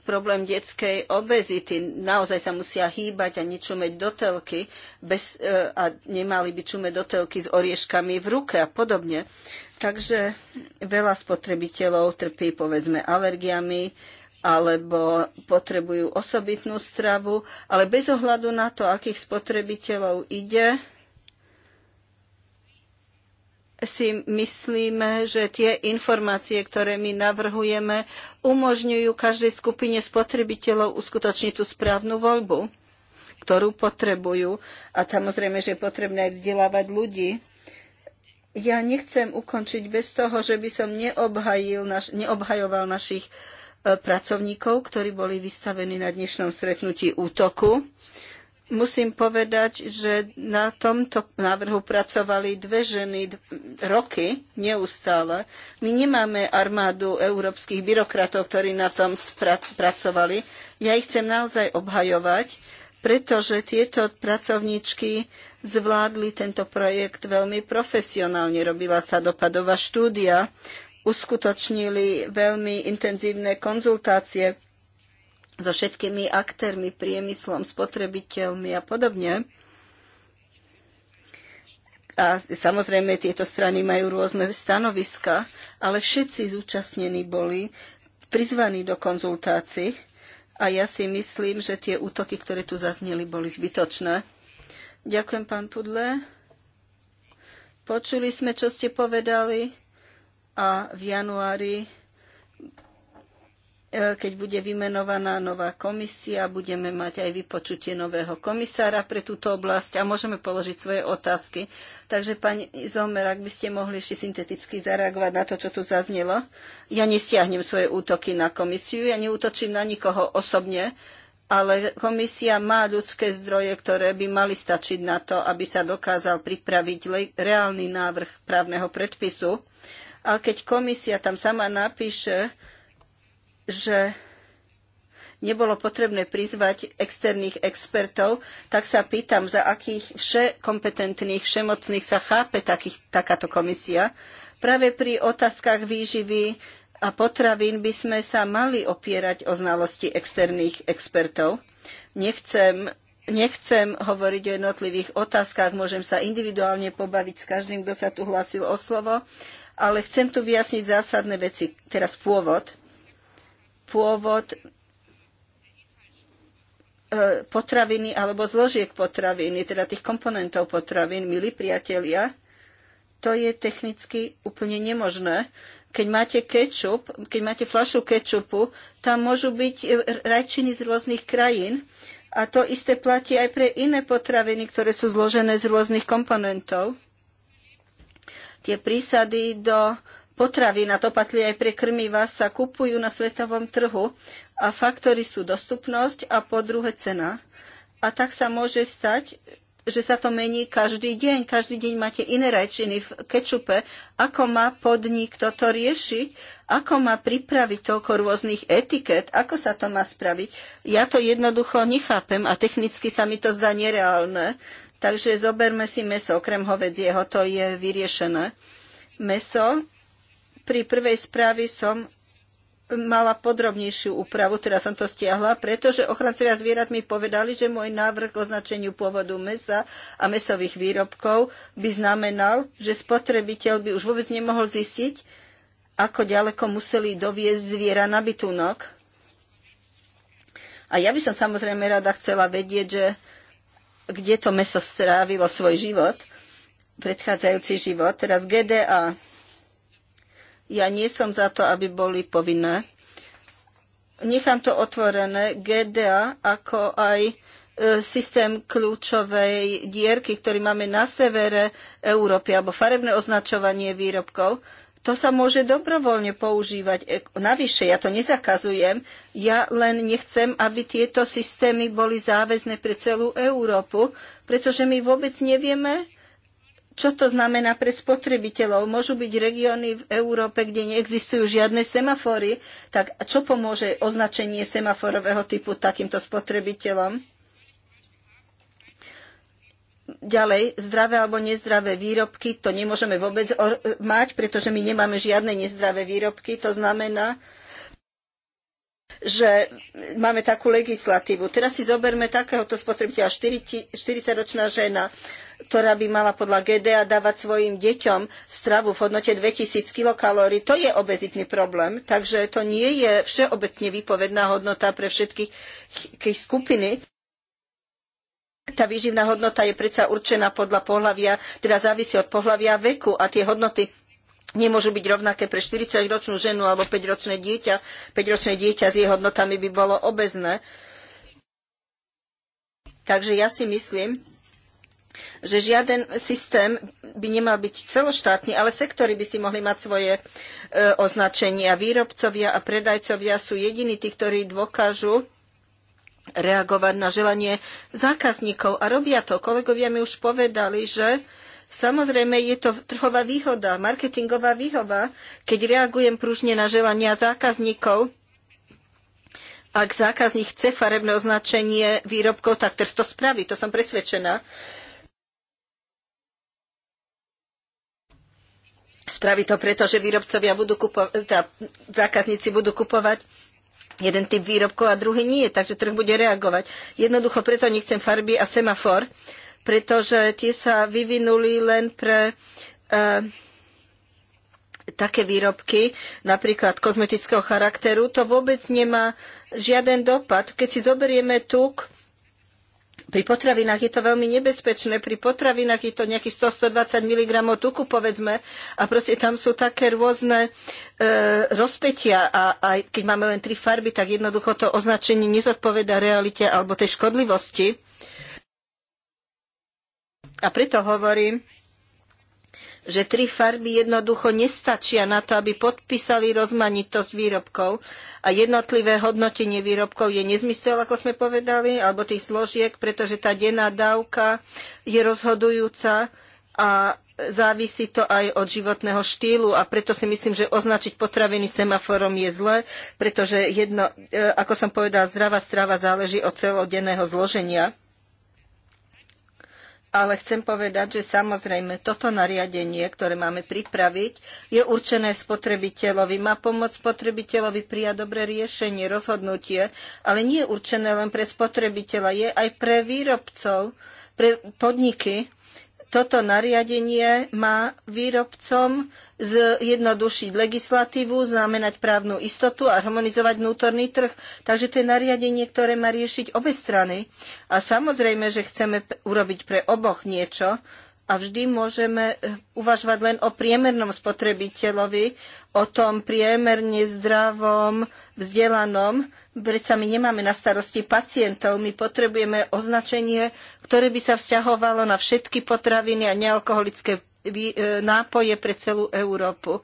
problém detskej obezity. Naozaj sa musia hýbať a nečumeť do telky bez, e, a nemali by čumeť do telky s orieškami v ruke a podobne. Takže veľa spotrebiteľov trpí povedzme alergiami alebo potrebujú osobitnú stravu, ale bez ohľadu na to, akých spotrebiteľov ide, si myslíme, že tie informácie, ktoré my navrhujeme, umožňujú každej skupine spotrebiteľov uskutočniť tú správnu voľbu, ktorú potrebujú. A samozrejme, že je potrebné aj vzdelávať ľudí. Ja nechcem ukončiť bez toho, že by som naš, neobhajoval našich e, pracovníkov, ktorí boli vystavení na dnešnom stretnutí útoku. Musím povedať, že na tomto návrhu pracovali dve ženy roky, neustále. My nemáme armádu európskych byrokratov, ktorí na tom pracovali. Ja ich chcem naozaj obhajovať, pretože tieto pracovníčky zvládli tento projekt veľmi profesionálne. Robila sa dopadová štúdia, uskutočnili veľmi intenzívne konzultácie so všetkými aktérmi, priemyslom, spotrebiteľmi a podobne. A samozrejme tieto strany majú rôzne stanoviska, ale všetci zúčastnení boli prizvaní do konzultácií a ja si myslím, že tie útoky, ktoré tu zazneli, boli zbytočné. Ďakujem, pán Pudle. Počuli sme, čo ste povedali a v januári E, keď bude vymenovaná nová komisia, budeme mať aj vypočutie nového komisára pre túto oblasť a môžeme položiť svoje otázky. Takže, pani Zomer, ak by ste mohli ešte synteticky zareagovať na to, čo tu zaznelo. Ja nestiahnem svoje útoky na komisiu, ja neútočím na nikoho osobne, ale komisia má ľudské zdroje, ktoré by mali stačiť na to, aby sa dokázal pripraviť reálny návrh právneho predpisu. A keď komisia tam sama napíše, že nebolo potrebné prizvať externých expertov, tak sa pýtam, za akých všekompetentných, všemocných sa chápe takých, takáto komisia. Práve pri otázkach výživy a potravín by sme sa mali opierať o znalosti externých expertov. Nechcem, nechcem hovoriť o jednotlivých otázkach, môžem sa individuálne pobaviť s každým, kto sa tu hlásil o slovo, ale chcem tu vyjasniť zásadné veci. Teraz pôvod pôvod e, potraviny alebo zložiek potraviny, teda tých komponentov potravín, milí priatelia, to je technicky úplne nemožné. Keď máte kečup, keď máte flašu kečupu, tam môžu byť e, rajčiny z rôznych krajín a to isté platí aj pre iné potraviny, ktoré sú zložené z rôznych komponentov. Tie prísady do potravy na to patrí aj pre krmiva, sa kupujú na svetovom trhu a faktory sú dostupnosť a po druhé cena. A tak sa môže stať, že sa to mení každý deň. Každý deň máte iné rajčiny v kečupe. Ako má podnik toto riešiť? Ako má pripraviť toľko rôznych etiket? Ako sa to má spraviť? Ja to jednoducho nechápem a technicky sa mi to zdá nereálne. Takže zoberme si meso, okrem hovedzieho, to je vyriešené. Meso pri prvej správe som mala podrobnejšiu úpravu, teda som to stiahla, pretože ochrancovia zvierat mi povedali, že môj návrh k označeniu pôvodu mesa a mesových výrobkov by znamenal, že spotrebiteľ by už vôbec nemohol zistiť, ako ďaleko museli doviezť zviera na bytunok. A ja by som samozrejme rada chcela vedieť, že kde to meso strávilo svoj život, predchádzajúci život, teraz GDA ja nie som za to, aby boli povinné. Nechám to otvorené. GDA ako aj e, systém kľúčovej dierky, ktorý máme na severe Európy, alebo farebné označovanie výrobkov, to sa môže dobrovoľne používať. E, navyše, ja to nezakazujem, ja len nechcem, aby tieto systémy boli záväzne pre celú Európu, pretože my vôbec nevieme, čo to znamená pre spotrebiteľov? Môžu byť regióny v Európe, kde neexistujú žiadne semafory, tak čo pomôže označenie semaforového typu takýmto spotrebiteľom? Ďalej, zdravé alebo nezdravé výrobky, to nemôžeme vôbec mať, pretože my nemáme žiadne nezdravé výrobky. To znamená, že máme takú legislatívu. Teraz si zoberme takéhoto spotrebiteľa, 40-ročná žena, ktorá by mala podľa GDA dávať svojim deťom stravu v hodnote 2000 kilokalórií, to je obezitný problém. Takže to nie je všeobecne výpovedná hodnota pre všetky skupiny. Tá výživná hodnota je predsa určená podľa pohlavia, teda závisí od pohlavia veku a tie hodnoty nemôžu byť rovnaké pre 40-ročnú ženu alebo 5-ročné dieťa. 5-ročné dieťa s jej hodnotami by bolo obezné. Takže ja si myslím, že žiaden systém by nemal byť celoštátny, ale sektory by si mohli mať svoje e, označenia. Výrobcovia a predajcovia sú jediní tí, ktorí dokážu reagovať na želanie zákazníkov. A robia to. Kolegovia mi už povedali, že Samozrejme, je to trhová výhoda, marketingová výhoda, keď reagujem pružne na želania zákazníkov. Ak zákazník chce farebné označenie výrobkov, tak trh to spraví, to som presvedčená. Spraví to preto, že výrobcovia budú kupovať, teda zákazníci budú kupovať jeden typ výrobkov a druhý nie, takže trh bude reagovať. Jednoducho preto nechcem farby a semafor, pretože tie sa vyvinuli len pre e, také výrobky, napríklad kozmetického charakteru, to vôbec nemá žiaden dopad. Keď si zoberieme tuk, pri potravinách je to veľmi nebezpečné. Pri potravinách je to nejakých 100-120 mg tuku, povedzme. A proste tam sú také rôzne e, rozpetia. A aj keď máme len tri farby, tak jednoducho to označenie nezodpoveda realite alebo tej škodlivosti. A preto hovorím, že tri farby jednoducho nestačia na to, aby podpísali rozmanitosť výrobkov a jednotlivé hodnotenie výrobkov je nezmysel, ako sme povedali, alebo tých zložiek, pretože tá denná dávka je rozhodujúca a závisí to aj od životného štýlu a preto si myslím, že označiť potraviny semaforom je zlé, pretože jedno, e, ako som povedala, zdravá strava záleží od celodenného zloženia ale chcem povedať, že samozrejme toto nariadenie, ktoré máme pripraviť, je určené spotrebiteľovi. Má pomôcť spotrebiteľovi prijať dobré riešenie, rozhodnutie, ale nie je určené len pre spotrebiteľa, je aj pre výrobcov, pre podniky, toto nariadenie má výrobcom zjednodušiť legislatívu, znamenať právnu istotu a harmonizovať vnútorný trh. Takže to je nariadenie, ktoré má riešiť obe strany. A samozrejme, že chceme urobiť pre oboch niečo, a vždy môžeme eh, uvažovať len o priemernom spotrebiteľovi, o tom priemerne zdravom, vzdelanom. Predsa my nemáme na starosti pacientov, my potrebujeme označenie, ktoré by sa vzťahovalo na všetky potraviny a nealkoholické eh, nápoje pre celú Európu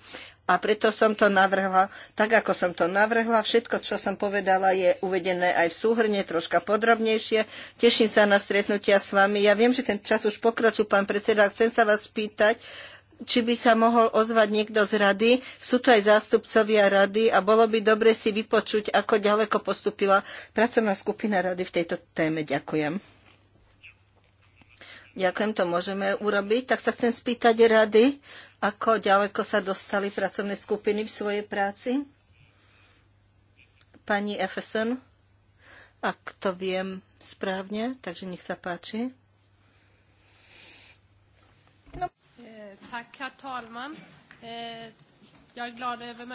a preto som to navrhla tak, ako som to navrhla. Všetko, čo som povedala, je uvedené aj v súhrne, troška podrobnejšie. Teším sa na stretnutia s vami. Ja viem, že ten čas už pokračuje, pán predseda. Chcem sa vás spýtať, či by sa mohol ozvať niekto z rady. Sú tu aj zástupcovia rady a bolo by dobre si vypočuť, ako ďaleko postupila pracovná skupina rady v tejto téme. Ďakujem. Ďakujem, to môžeme urobiť. Tak sa chcem spýtať rady, ako ďaleko sa dostali pracovné skupiny v svojej práci? Pani Efeson, ak to viem správne, takže nech sa páči. No. Eh, tak, talman. Eh, jag glad över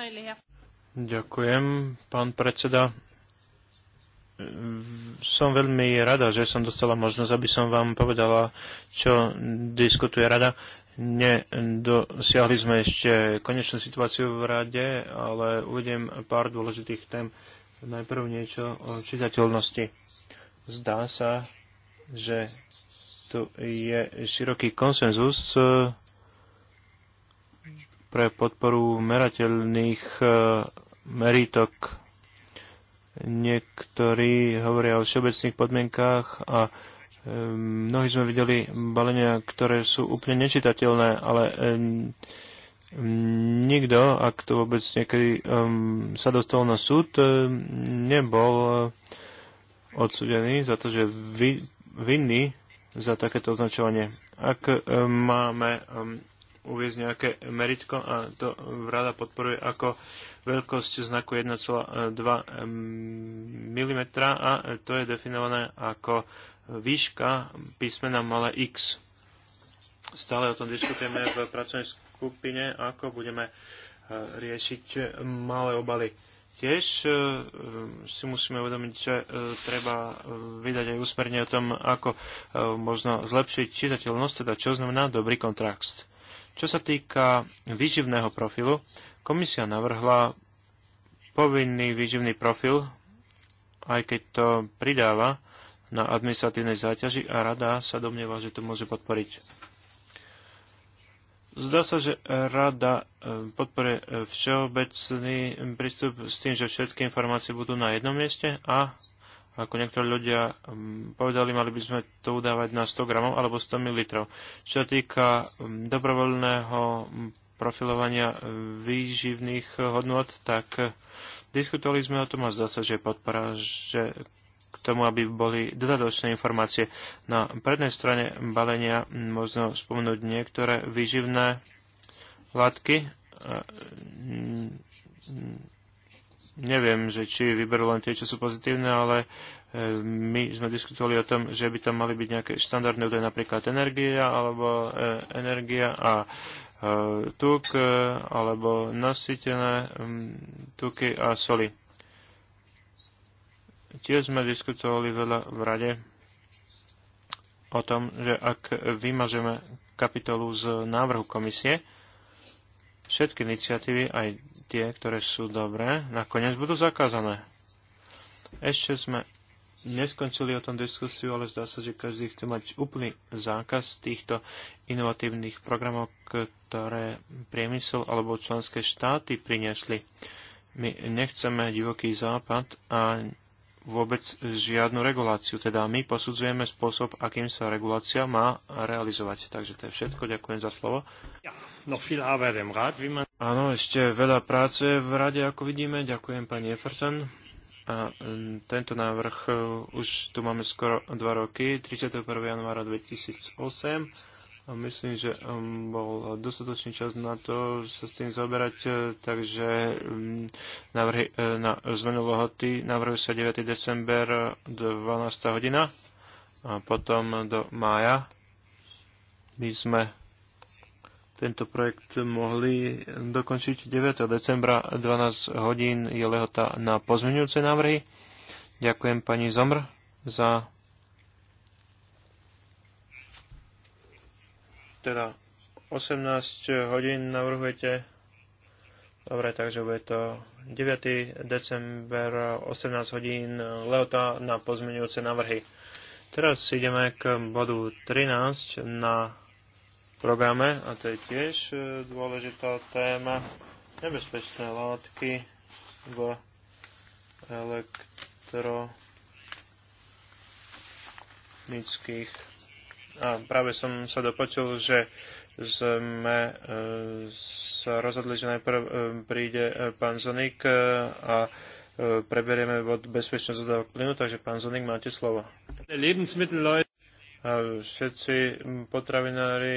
Ďakujem, pán predseda. Som veľmi rada, že som dostala možnosť, aby som vám povedala, čo diskutuje rada. Nedosiahli sme ešte konečnú situáciu v rade, ale uvediem pár dôležitých tém. Najprv niečo o čitateľnosti. Zdá sa, že tu je široký konsenzus e, pre podporu merateľných e, meritok. Niektorí hovoria o všeobecných podmienkách a Ehm, mnohí sme videli balenia, ktoré sú úplne nečitateľné, ale ehm, ehm, nikto, ak to vôbec niekedy um, sa dostal na súd, nebol eh, odsudený za to, že vy, vinný za takéto označovanie. Ak um, máme um, uviezť nejaké meritko, a to rada podporuje ako veľkosť znaku 1,2 eh, mm a to je definované ako výška písmena malé x. Stále o tom diskutujeme v pracovnej skupine, ako budeme e, riešiť malé obaly. Tiež e, si musíme uvedomiť, že e, treba vydať aj úsmerne o tom, ako možno zlepšiť čitateľnosť, teda čo znamená dobrý kontrakt. Čo sa týka výživného profilu, komisia navrhla povinný výživný profil, aj keď to pridáva na administratívnej záťaži a rada sa domnieva, že to môže podporiť. Zdá sa, že rada e, podporuje e, všeobecný prístup s tým, že všetky informácie budú na jednom mieste a ako niektorí ľudia povedali, mali by sme to udávať na 100 gramov alebo 100 ml. Čo sa týka dobrovoľného profilovania e, výživných hodnot, tak diskutovali sme o tom a zdá sa, že podpora, že k tomu, aby boli dodatočné informácie. Na prednej strane balenia možno spomenúť niektoré výživné látky. Neviem, že či vyberú len tie, čo sú pozitívne, ale e, my sme diskutovali o tom, že by tam mali byť nejaké štandardné údaje, napríklad energia alebo e, energia a e, tuk alebo nasýtené tuky a soli. Tiež sme diskutovali veľa v rade o tom, že ak vymažeme kapitolu z návrhu komisie, všetky iniciatívy, aj tie, ktoré sú dobré, nakoniec budú zakázané. Ešte sme neskončili o tom diskusiu, ale zdá sa, že každý chce mať úplný zákaz týchto inovatívnych programov, ktoré priemysel alebo členské štáty priniesli. My nechceme divoký západ a vôbec žiadnu reguláciu. Teda my posudzujeme spôsob, akým sa regulácia má realizovať. Takže to je všetko. Ďakujem za slovo. No Áno, ešte veľa práce v rade, ako vidíme. Ďakujem pani Jefferson. A tento návrh e, už tu máme skoro dva roky, 31. januára 2008 Myslím, že um, bol dostatočný čas na to sa s tým zaoberať, e, takže um, navrhy e, na zmenu lohoty navrhuje sa 9. december 12. hodina a potom do mája by sme tento projekt mohli dokončiť 9. decembra 12 hodín je lehota na pozmeňujúce návrhy. Ďakujem pani Zomr za teda 18 hodín navrhujete. Dobre, takže bude to 9. december 18 hodín Leota na pozmeňujúce navrhy. Teraz ideme k bodu 13 na programe a to je tiež e, dôležitá téma nebezpečné látky v elektronických a práve som sa dopočul, že sme e, sa rozhodli, že najprv e, príde e, pán Zonik a preberieme od bezpečnosť dodávok plynu, takže pán Zonik, máte slovo. Všetci potravinári,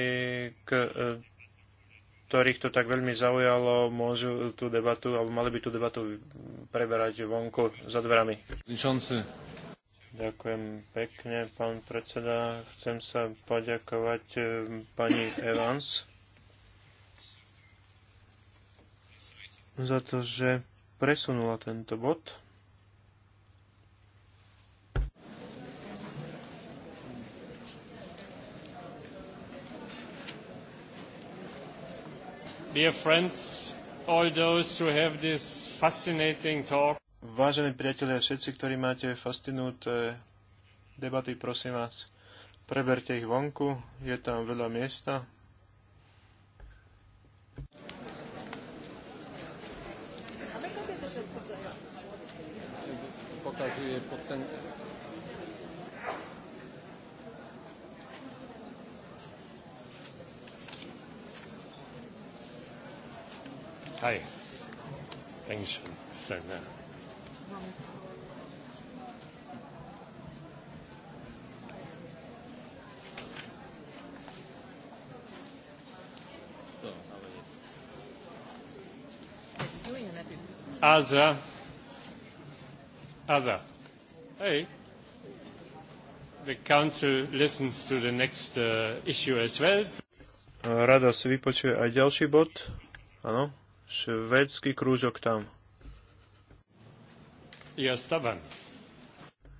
ktorých to tak veľmi zaujalo, môžu tú debatu, alebo mali by tú debatu preberať vonku za dverami. Ďakujem pekne, pán predseda. Chcem sa poďakovať e, pani Evans za to, že presunula tento bod. Dear friends, all those who have this fascinating talk. Vážení priatelia, všetci, ktorí máte fascinujúce debaty, prosím vás, preberte ich vonku, je tam veľa miesta. Pokazuje pod ten Hi. Thanks for saying that other other hey the council listens to the next uh, issue as well Rada si vypočuje aj ďalší bod. Áno. Švédsky krúžok tam.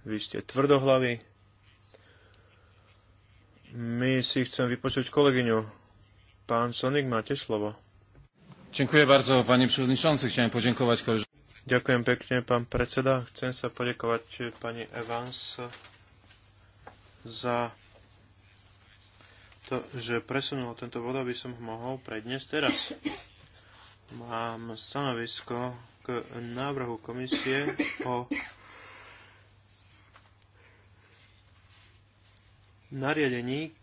Vy ste tvrdohlaví. My si chcem vypočuť kolegyňu. Pán Sonik, máte slovo. Ďakujem bardzo, pani przewodniczący. Chciałem podziękować koleżankom. Ďakujem pekne, pán predseda. Chcem sa podiekovať eh, pani Evans za to, že presunul tento bod, aby som ho mohol predniesť teraz. Mám stanovisko k návrhu komisie o nariadení,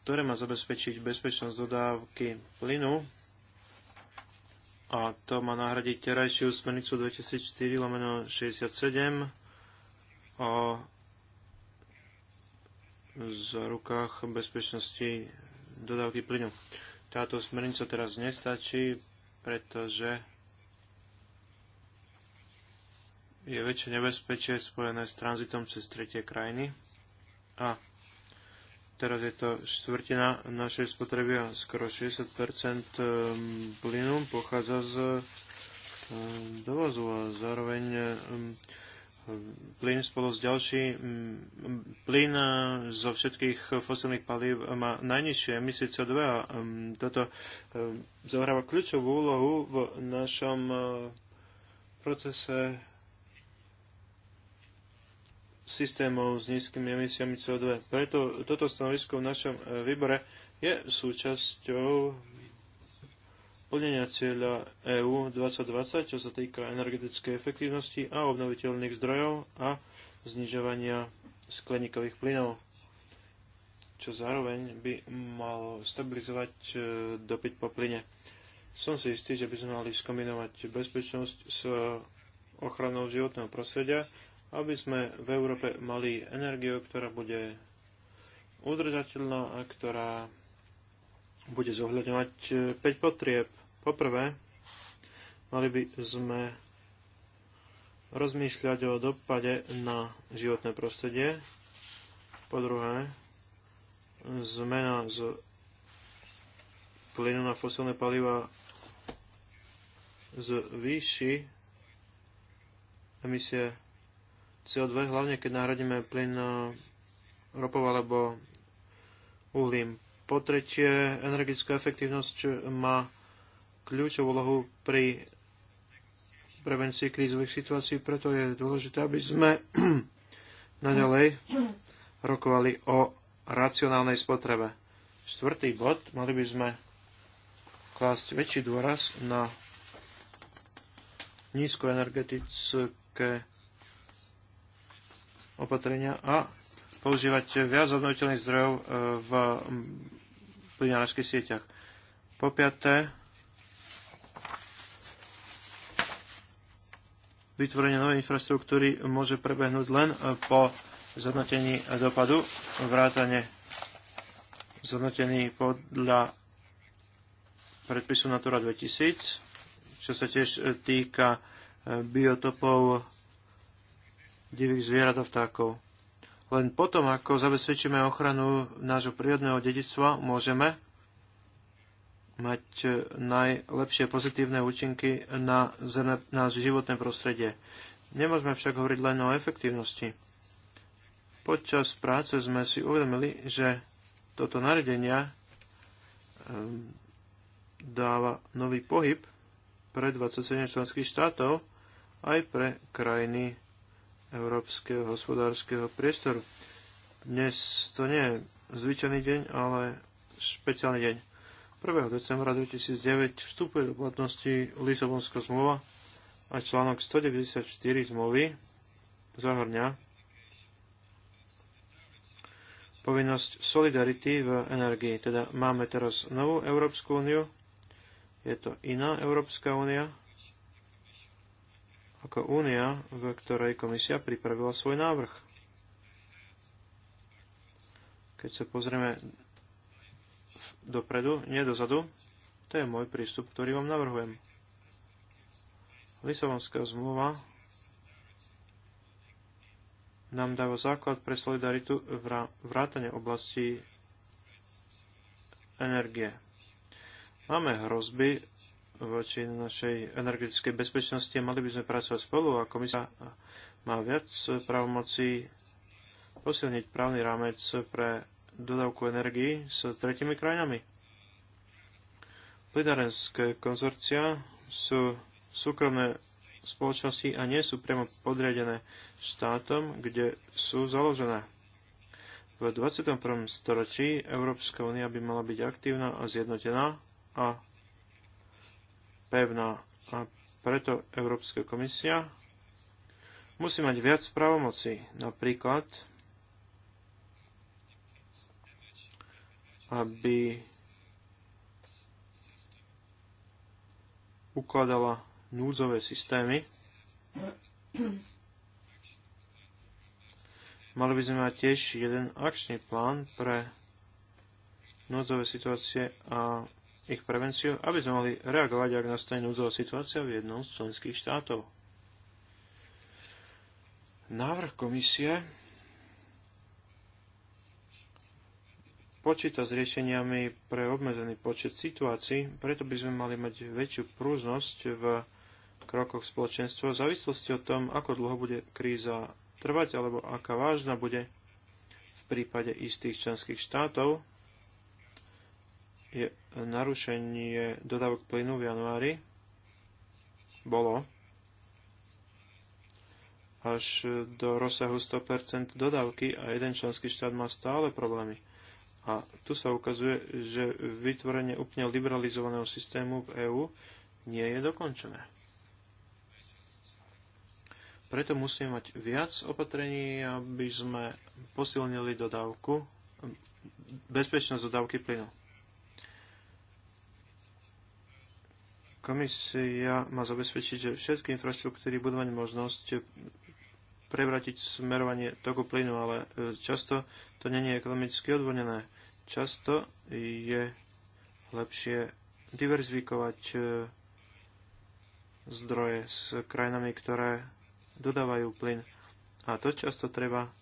ktoré má zabezpečiť bezpečnosť dodávky plynu a to má nahradiť terajšiu smernicu 2004-67 o zárukách bezpečnosti dodávky plynu. Táto smernica teraz nestačí, pretože je väčšie nebezpečie spojené s tranzitom cez tretie krajiny. A teraz je to štvrtina našej spotreby a skoro 60 ehm, plynu pochádza z ehm, dovozu a zároveň ehm, plyn spolu s ďalší, plyn e, zo všetkých fosilných palív má najnižšie emisie CO2 a toto zohráva kľúčovú úlohu v našom e, procese systémov s nízkymi emisiami CO2. Preto toto stanovisko v našom e, výbore je súčasťou plnenia cieľa EU 2020, čo sa týka energetickej efektívnosti a obnoviteľných zdrojov a znižovania skleníkových plynov, čo zároveň by malo stabilizovať e, dopyt po plyne. Som si istý, že by sme mali skombinovať bezpečnosť s ochranou životného prostredia, aby sme v Európe mali energiu, ktorá bude udržateľná a ktorá bude zohľadňovať 5 e, potrieb. Poprvé, mali by sme rozmýšľať o dopade na životné prostredie. Po druhé, zmena z plynu na fosilné paliva z výši emisie CO2, hlavne keď nahradíme plyn e, ropov alebo uhlím. Po tretie, energetická efektívnosť má kľúčovú úlohu pri prevencii krízových situácií, preto je dôležité, aby sme naďalej rokovali o racionálnej spotrebe. Štvrtý bod, mali by sme klásť väčší dôraz na nízkoenergetické opatrenia a používať viac obnoviteľných zdrojov e, v plinárskych sieťach. Po piaté, vytvorenie novej infraštruktúry môže prebehnúť len e, po zhodnotení dopadu, vrátane zhodnotení podľa predpisu Natura 2000, čo sa tiež e, týka biotopov divých zvierat a vtákov. Len potom, ako zabezpečíme ochranu nášho prírodného dedictva, môžeme mať eh, najlepšie pozitívne účinky na, zeme, na životné prostredie. Nemôžeme však hovoriť len o efektívnosti. Počas práce sme si uvedomili, že toto naredenia eh, dáva nový pohyb pre 27 členských štátov aj pre krajiny európskeho hospodárskeho priestoru. Dnes to nie je zvyčajný deň, ale špeciálny deň. 1. decembra 2009 vstupuje do platnosti Lisabonská zmluva a článok 194 zmluvy zahrňa povinnosť solidarity v energii. Teda máme teraz novú Európsku úniu, je to iná Európska únia, ako únia, v ktorej komisia pripravila svoj návrh. Keď sa pozrieme dopredu, nie dozadu, to je môj prístup, ktorý vám navrhujem. Lisabonská zmluva nám dáva základ pre solidaritu vrátane oblasti energie. Máme hrozby voči našej energetickej bezpečnosti a mali by sme pracovať spolu a komisia má viac právomocí posilniť právny rámec pre dodávku energii s tretimi krajinami. Plynárenské konzorcia sú súkromné spoločnosti a nie sú priamo podriadené štátom, kde sú založené. V 21. storočí Európska únia by mala byť aktívna a zjednotená a pevná. A preto Európska komisia musí mať viac pravomocí. Napríklad, aby ukladala núdzové systémy. Mali by sme mať tiež jeden akčný plán pre núdzové situácie a ich prevenciu, aby sme mohli reagovať, ak nastane núdzová situácia v jednom z členských štátov. Návrh komisie počíta s riešeniami pre obmedzený počet situácií, preto by sme mali mať väčšiu prúžnosť v krokoch spoločenstva v závislosti od tom, ako dlho bude kríza trvať alebo aká vážna bude v prípade istých členských štátov je narušenie dodávok plynu v januári bolo až do rozsahu 100% dodávky a jeden členský štát má stále problémy. A tu sa ukazuje, že vytvorenie úplne liberalizovaného systému v EÚ nie je dokončené. Preto musíme mať viac opatrení, aby sme posilnili dodávku, bezpečnosť dodávky plynu. Komisia má zabezpečiť, že všetky infraštruktúry budú mať možnosť prevratiť smerovanie toku plynu, ale e, často to není ekonomicky odvodené. Často je lepšie diverzifikovať e, zdroje s krajinami, ktoré dodávajú plyn. A to často treba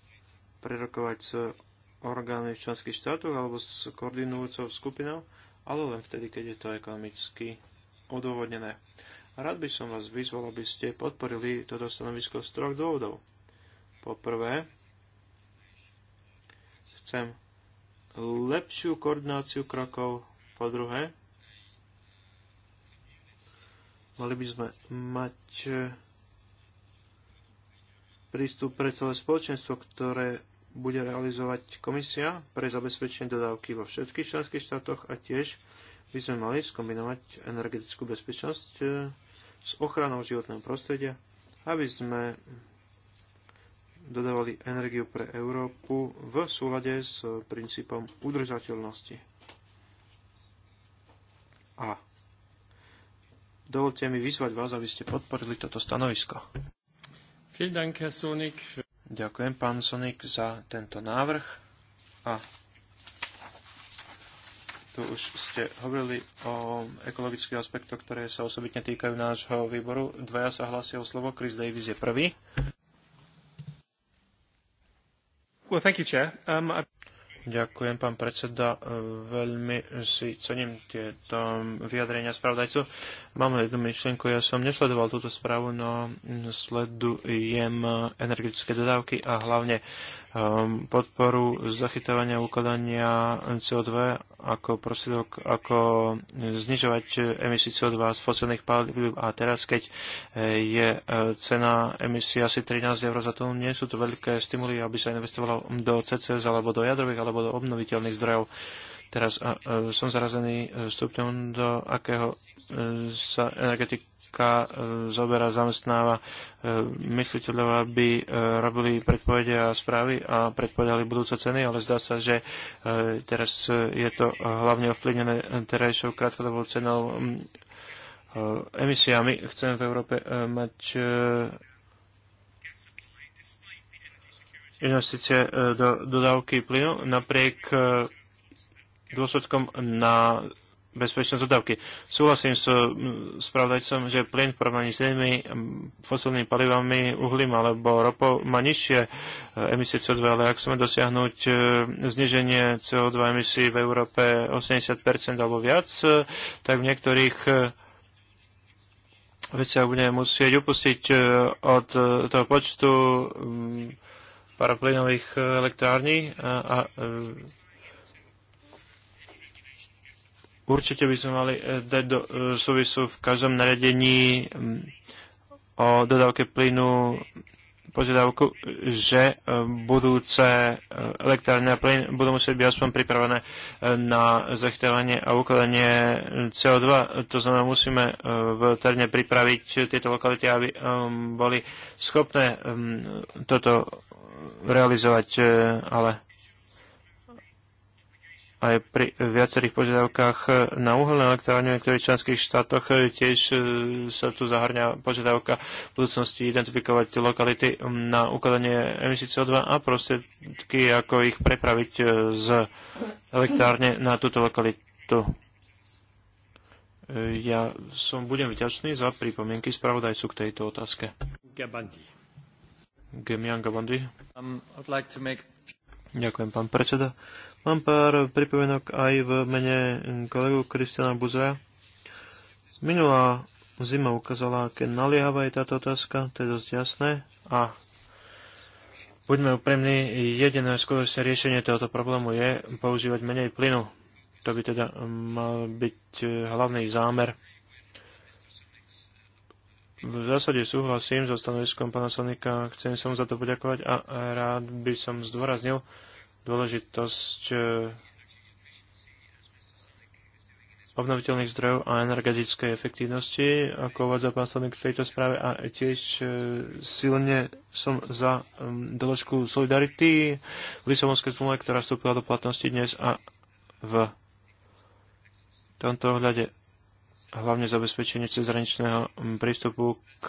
prerokovať s orgánmi v členských štátoch alebo s koordinujúcou skupinou, ale len vtedy, keď je to ekonomicky odôvodnené. Rád by som vás vyzval, aby ste podporili toto stanovisko z troch dôvodov. Po prvé, chcem lepšiu koordináciu krokov. Po druhé, mali by sme mať eh, prístup pre celé spoločenstvo, ktoré bude realizovať komisia pre zabezpečenie dodávky vo všetkých členských štátoch a tiež by sme mali skombinovať energetickú bezpečnosť e, s ochranou životného prostredia, aby sme dodávali energiu pre Európu v súlade s princípom udržateľnosti. A dovolte mi vyzvať vás, aby ste podporili toto stanovisko. Ďakujem, pán Sonik, za tento návrh a tu už ste hovorili o ekologických aspektoch, ktoré sa osobitne týkajú nášho výboru. Dvaja sa hlasia o slovo. Chris Davis je prvý. Well, thank you, Chair. Um, I... Ďakujem, pán predseda. Veľmi si cením tieto vyjadrenia spravodajcu. Mám jednu myšlienku. Ja som nesledoval túto správu, no sledujem energetické dodávky a hlavne Ehm, podporu zachytávania ukladania CO2 ako prostriedok, ako znižovať emisie CO2 z fosilných palív. A teraz, keď eh, je eh, cena emisie asi 13 eur za tón, nie sú to veľké stimuly, aby sa investovalo do CCS alebo do jadrových alebo do obnoviteľných zdrojov teraz a, eh, a, som zarazený stupňom, do akého sa energetik Amerika e, zoberá, zamestnáva e, mysliteľov, aby e, robili predpovede a správy a predpovedali budúce ceny, ale zdá sa, že teraz je to hlavne ovplyvnené terajšou krátkodobou cenou emisiami. Chceme v Európe mať investície do dodávky plynu napriek dôsledkom na bezpečnosť dodávky. Súhlasím s spravodajcom, že plyn v porovnaní s inými fosilnými palivami, uhlím alebo ropou má nižšie e, emisie CO2, ale ak chceme dosiahnuť e, zniženie CO2 emisí v Európe 80% alebo viac, e, tak v niektorých veciach budeme musieť upustiť od toho počtu paraplynových elektrární a, a Určite by sme mali eh, dať do eh, súvisu v každom naredení mm, o dodávke plynu požiadavku, že eh, budúce elektrárne a plyn budú musieť byť aspoň pripravené na zachytávanie a ukladanie CO2. To znamená, musíme v terne pripraviť tieto lokality, aby boli schopné mm, toto realizovať, ale aj pri viacerých požiadavkách na uhelné elektrárne v niektorých členských štátoch eh, tiež eh, sa tu zahrňa požiadavka v budúcnosti identifikovať lokality mm, na ukladanie emisí CO2 a prostriedky, ako ich prepraviť eh, z elektrárne na túto lokalitu. Ja som budem vďačný za pripomienky spravodajcu k tejto otázke. Gabandi. Gemian Gabandi. Um, like make... Ďakujem, pán predseda Mám pár pripomienok aj v mene kolegu Kristiana Buzera. Minulá zima ukázala, aké naliehavá je táto otázka, to je dosť jasné. A buďme úprimní, jediné skutočné riešenie tohoto problému je používať menej plynu. To by teda mal byť e, hlavný zámer. V zásade súhlasím so stanoviskom pána Sonika, chcem sa mu za to poďakovať a rád by som zdôraznil, dôležitosť e, obnoviteľných zdrojov a energetickej efektívnosti, ako uvádza pán Sladník v tejto správe a tiež e, silne som za doložku Solidarity v Lisabonskej zmluve, ktorá vstúpila do platnosti dnes a v tomto ohľade hlavne zabezpečenie cezhraničného mm, prístupu k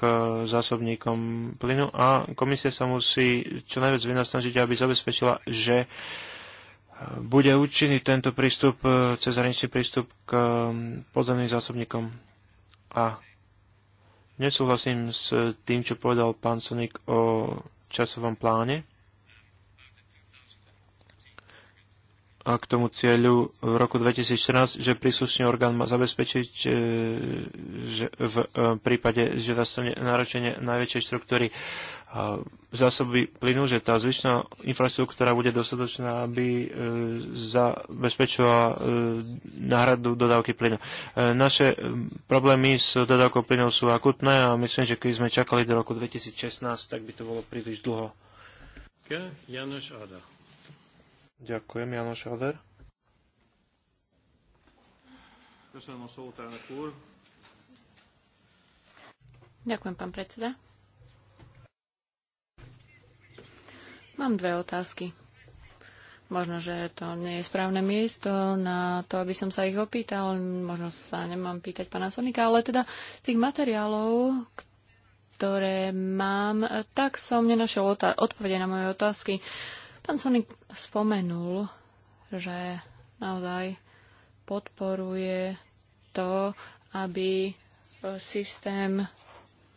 zásobníkom plynu a komisia sa musí čo najviac vynasnažiť, aby zabezpečila, že e, bude účinný tento prístup, e, cezhraničný prístup k mm, podzemným zásobníkom. A nesúhlasím s tým, čo povedal pán Sonik o časovom pláne. k tomu cieľu v roku 2014, že príslušný orgán má zabezpečiť, e, že v e, prípade, že nastane náročenie najväčšej štruktúry e, zásoby plynu, že tá zvyšná infraštruktúra bude dostatočná, aby zabezpečovala náhradu dodávky plynu. Naše problémy s dodávkou plynov sú akutné a myslím, že keď sme čakali do roku 2016, tak by to bolo príliš dlho. Janusz Ada. Ďakujem, Jano Šader. Ďakujem, pán predseda. Mám dve otázky. Možno, že to nie je správne miesto na to, aby som sa ich opýtal. Možno sa nemám pýtať pana Sonika, ale teda tých materiálov, ktoré mám, tak som nenašiel odpovede na moje otázky. Pán Sonik spomenul, že naozaj podporuje to, aby e, systém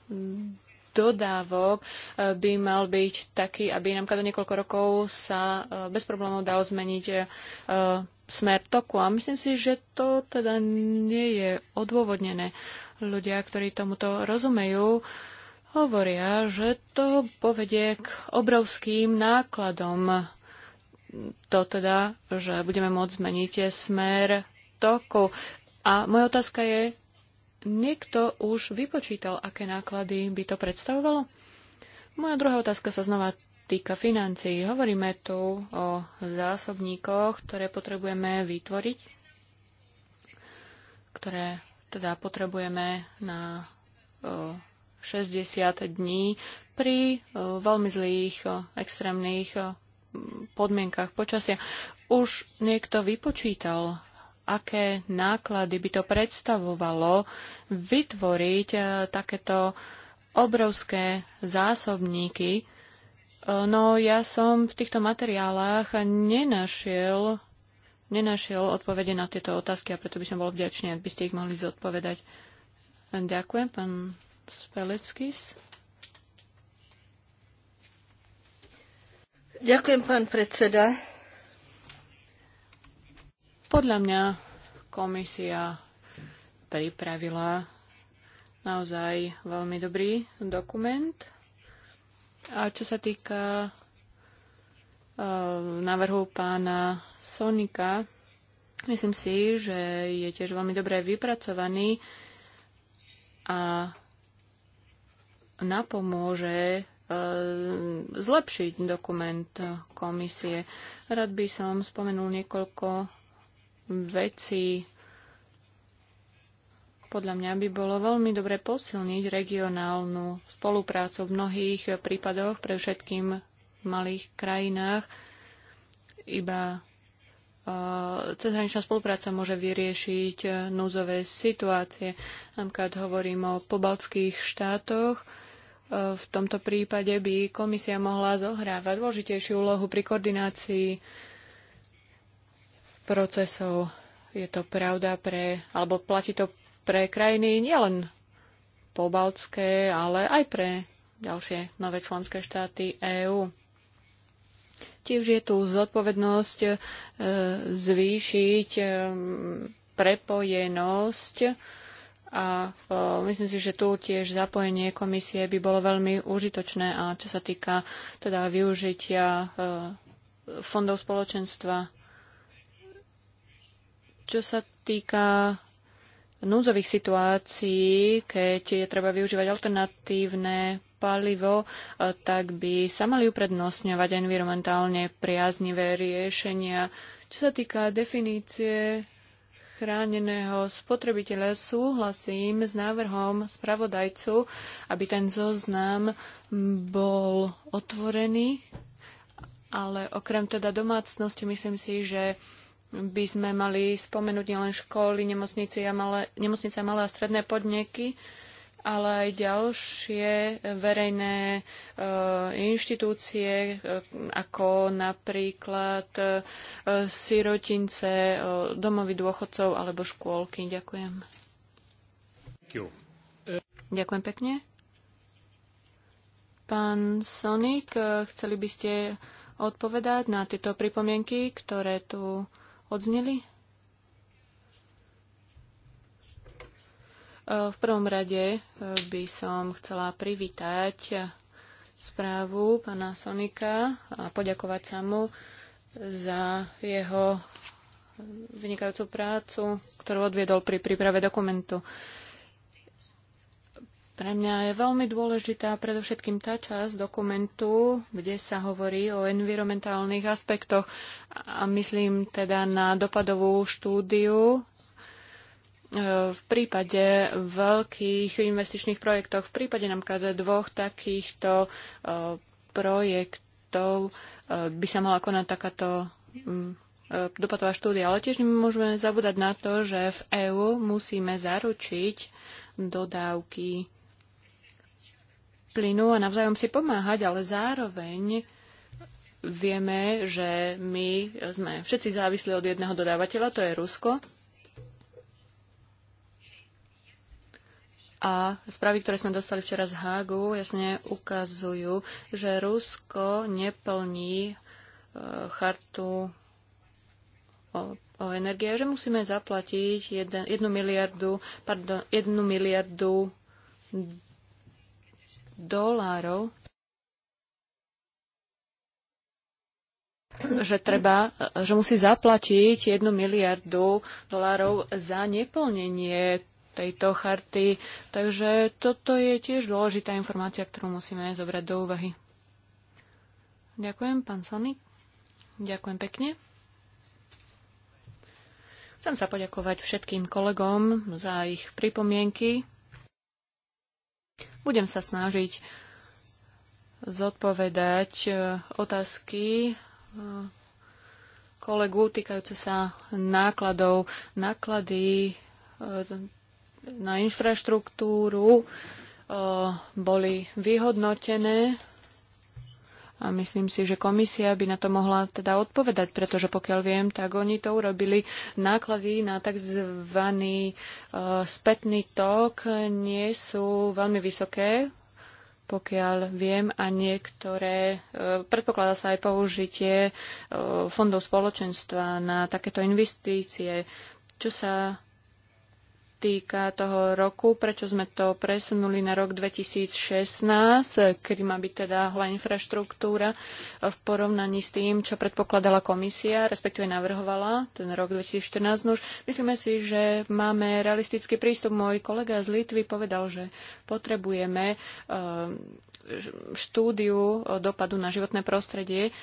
mm, dodávok e, by mal byť taký, aby nám do niekoľko rokov sa e, bez problémov dal zmeniť smer toku. A myslím si, že to teda nie je odôvodnené. Ľudia, ktorí tomuto rozumejú, hovoria, že to povedie k obrovským nákladom. To teda, že budeme môcť zmeniť smer toku. A moja otázka je, niekto už vypočítal, aké náklady by to predstavovalo? Moja druhá otázka sa znova týka financií. Hovoríme tu o zásobníkoch, ktoré potrebujeme vytvoriť, ktoré teda potrebujeme na o, 60 dní pri e, veľmi zlých e, extrémnych e, podmienkach počasia. Už niekto vypočítal, aké náklady by to predstavovalo vytvoriť takéto obrovské zásobníky. No ja som v týchto materiálach nenašiel, nenašiel odpovede na tieto otázky a preto by som bol vďačný, ak by ste ich mohli zodpovedať. Ďakujem, pán Ďakujem, pán predseda. Podľa mňa komisia pripravila naozaj veľmi dobrý dokument. A čo sa týka e, návrhu pána Sonika, myslím si, že je tiež veľmi dobre vypracovaný a napomôže e, zlepšiť dokument komisie. Rád by som spomenul niekoľko vecí. Podľa mňa by bolo veľmi dobre posilniť regionálnu spoluprácu v mnohých prípadoch, pre všetkým v malých krajinách. Iba e, cezhraničná spolupráca môže vyriešiť núzové situácie. Napríklad hovorím o pobaltských štátoch, v tomto prípade by komisia mohla zohrávať dôležitejšiu úlohu pri koordinácii procesov. Je to pravda pre, alebo platí to pre krajiny nielen pobaltské, ale aj pre ďalšie nové členské štáty EÚ. Tiež je tu zodpovednosť e, zvýšiť e, prepojenosť a e, myslím si, že tu tiež zapojenie komisie by bolo veľmi užitočné a čo sa týka teda využitia e, fondov spoločenstva. Čo sa týka núdzových situácií, keď je treba využívať alternatívne palivo, e, tak by sa mali uprednostňovať environmentálne priaznivé riešenia. Čo sa týka definície chráneného spotrebiteľa súhlasím s návrhom spravodajcu, aby ten zoznam bol otvorený, ale okrem teda domácnosti myslím si, že by sme mali spomenúť nielen školy, nemocnice a malé, nemocnice a malé a stredné podniky, ale aj ďalšie verejné eh, inštitúcie, eh, ako napríklad eh, sirotince, domovy dôchodcov alebo škôlky. Ďakujem. Ďakujem pekne. Pán Sonik, chceli by ste odpovedať na tieto pripomienky, ktoré tu odzneli? V prvom rade eh, by som chcela privítať správu pána Sonika a poďakovať sa mu za jeho vynikajúcu prácu, ktorú odviedol pri príprave dokumentu. Pre mňa je veľmi dôležitá predovšetkým tá časť dokumentu, kde sa hovorí o environmentálnych aspektoch a myslím teda na dopadovú štúdiu v prípade veľkých investičných projektov, v prípade napríklad dvoch takýchto eh, projektov eh, by sa mala konať takáto mm, eh, dopadová štúdia. Ale tiež nemôžeme zabúdať na to, že v EÚ musíme zaručiť dodávky plynu a navzájom si pomáhať, ale zároveň vieme, že my sme všetci závislí od jedného dodávateľa, to je Rusko. A správy, ktoré sme dostali včera z Hágu, jasne ukazujú, že Rusko neplní e, chartu o, o energie, že musíme zaplatiť jednu miliardu, pardon, jednu miliardu dolárov že treba, e, že musí zaplatiť jednu miliardu dolárov za neplnenie tejto charty. Takže toto je tiež dôležitá informácia, ktorú musíme zobrať do úvahy. Ďakujem, pán Sony. Ďakujem pekne. Chcem sa poďakovať všetkým kolegom za ich pripomienky. Budem sa snažiť zodpovedať e, otázky e, kolegu týkajúce sa nákladov. Náklady e, na infraštruktúru e, boli vyhodnotené a myslím si, že komisia by na to mohla teda odpovedať, pretože pokiaľ viem, tak oni to urobili náklady na tzv. E, spätný tok nie sú veľmi vysoké, pokiaľ viem, a niektoré, e, predpokladá sa aj použitie fondov spoločenstva na takéto investície, čo sa týka toho roku, prečo sme to presunuli na rok 2016, kedy má byť teda hla infraštruktúra v porovnaní s tým, čo predpokladala komisia, respektíve navrhovala ten rok 2014. nož. myslíme si, že máme realistický prístup. Môj kolega z Litvy povedal, že potrebujeme ehm, štúdiu dopadu na životné prostredie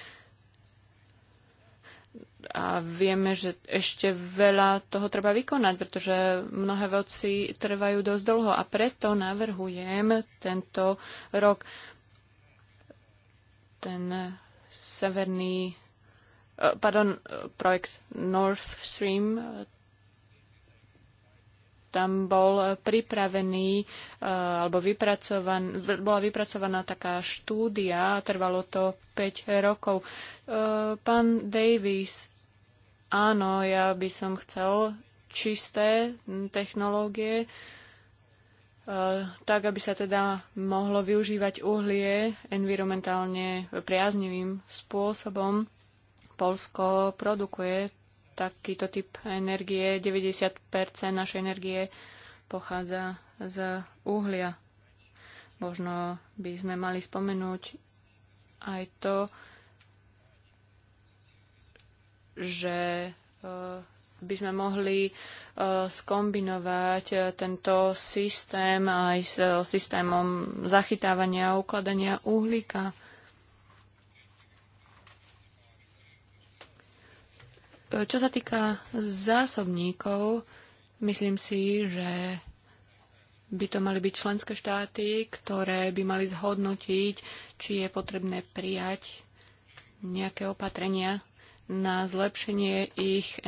a vieme, že ešte veľa toho treba vykonať, pretože mnohé veci trvajú dosť dlho a preto navrhujem tento rok ten severný eh, pardon, eh, projekt North Stream tam bol pripravený eh, alebo vypracovan, bola vypracovaná taká štúdia, a trvalo to 5 rokov. Pán Davis Áno, ja by som chcel čisté technológie, e, tak aby sa teda mohlo využívať uhlie environmentálne priaznivým spôsobom. Polsko produkuje takýto typ energie. 90 našej energie pochádza z uhlia. Možno by sme mali spomenúť aj to, že e, by sme mohli e, skombinovať e, tento systém aj s systémom zachytávania a ukladania uhlíka. Čo sa týka zásobníkov, myslím si, že by to mali byť členské štáty, ktoré by mali zhodnotiť, či je potrebné prijať nejaké opatrenia na zlepšenie ich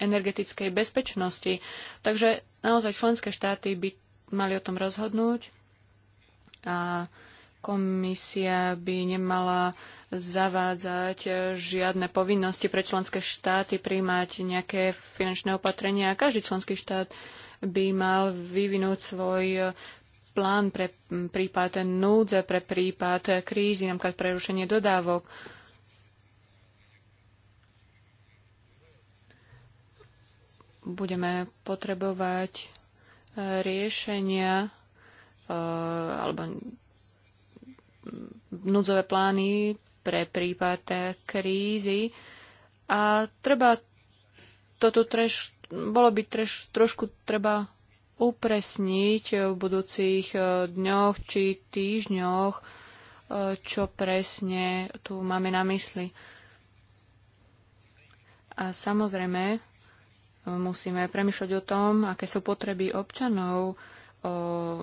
energetickej bezpečnosti. Takže naozaj členské štáty by mali o tom rozhodnúť a komisia by nemala zavádzať žiadne povinnosti pre členské štáty príjmať nejaké finančné opatrenia a každý členský štát by mal vyvinúť svoj plán pre prípad núdze, pre prípad krízy, napríklad prerušenie dodávok. budeme potrebovať e, riešenia e, alebo núdzové plány pre prípad krízy a treba toto treš, bolo by treš, trošku treba upresniť v budúcich e, dňoch či týždňoch, čo presne tu máme na mysli. A samozrejme, Musíme premyšľať o tom, aké sú potreby občanov, o,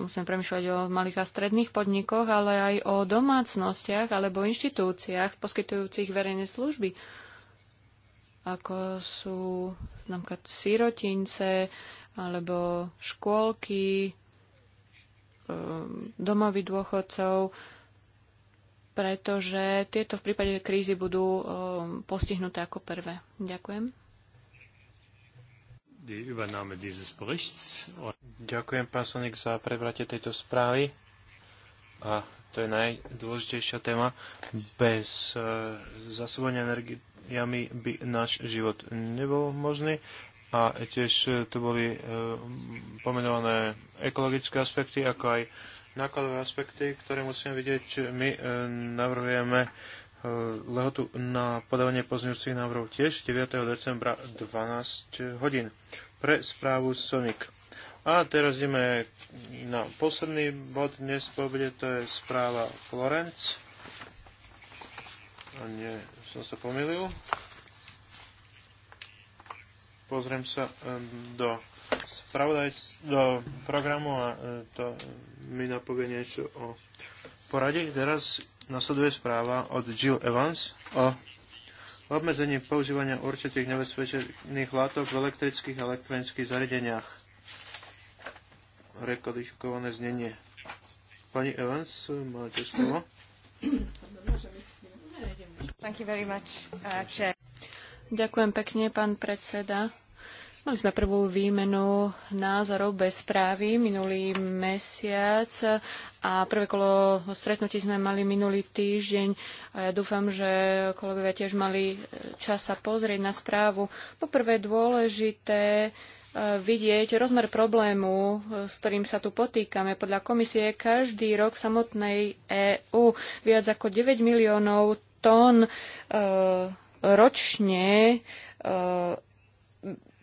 musíme premyšľať o malých a stredných podnikoch, ale aj o domácnostiach alebo inštitúciách poskytujúcich verejné služby, ako sú napríklad sírotince alebo škôlky, e, domovy dôchodcov, pretože tieto v prípade krízy budú e, postihnuté ako prvé. Ďakujem die Übernahme dieses Berichts. Ďakujem, pán Sonik, za prebratie tejto správy. A to je najdôležitejšia téma. Bez uh, energiami by náš život nebol možný. A tiež e, tu boli e, pomenované ekologické aspekty, ako aj nákladové aspekty, ktoré musíme vidieť. My navrhujeme Eh, lehotu na podávanie pozňujúcich návrhov tiež 9. decembra 12 hodín pre správu Sonic. A teraz ideme na posledný bod dnes po obede, to je správa Florence. A nie, som sa pomýlil. Pozriem sa do spravodajc do programu a e, to mi napovie niečo o poradí. Teraz nasleduje správa od Jill Evans o obmedzení používania určitých nebezpečných látok v elektrických a elektronických zariadeniach. Rekodifikované znenie. Pani Evans, máte slovo. Uh, Ďakujem pekne, pán predseda. Mali sme prvú výmenu názorov bez správy minulý mesiac a prvé kolo stretnutí sme mali minulý týždeň a ja dúfam, že kolegovia tiež mali e, čas sa pozrieť na správu. Poprvé dôležité e, vidieť rozmer problému, e, s ktorým sa tu potýkame. Podľa komisie každý rok samotnej EÚ viac ako 9 miliónov tón e, ročne e,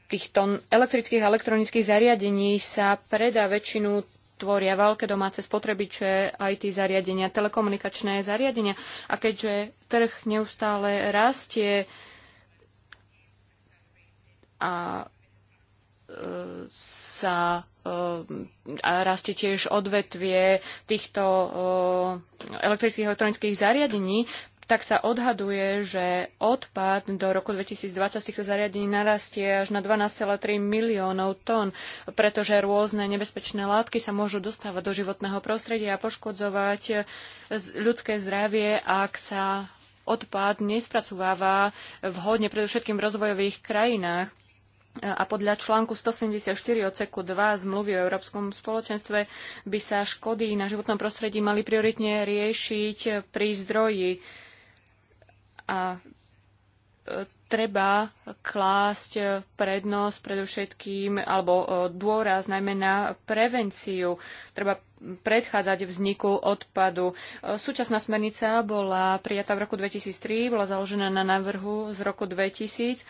týchto elektrických a elektronických zariadení sa predá väčšinu tvoria veľké domáce spotrebiče, IT zariadenia, telekomunikačné zariadenia. A keďže trh neustále rastie a e, sa e, a rastie tiež odvetvie týchto e, elektrických a elektronických zariadení, tak sa odhaduje, že odpad do roku 2020 z týchto zariadení narastie až na 12,3 miliónov tón, pretože rôzne nebezpečné látky sa môžu dostávať do životného prostredia a poškodzovať ľudské zdravie, ak sa odpad nespracováva vhodne predovšetkým v rozvojových krajinách. A podľa článku 174 odseku 2 zmluvy o Európskom spoločenstve by sa škody na životnom prostredí mali prioritne riešiť pri zdroji a e, treba klásť prednosť predovšetkým alebo e, dôraz najmä na prevenciu. Treba predchádzať vzniku odpadu. E, súčasná smernica bola prijatá v roku 2003, bola založená na návrhu z roku 2000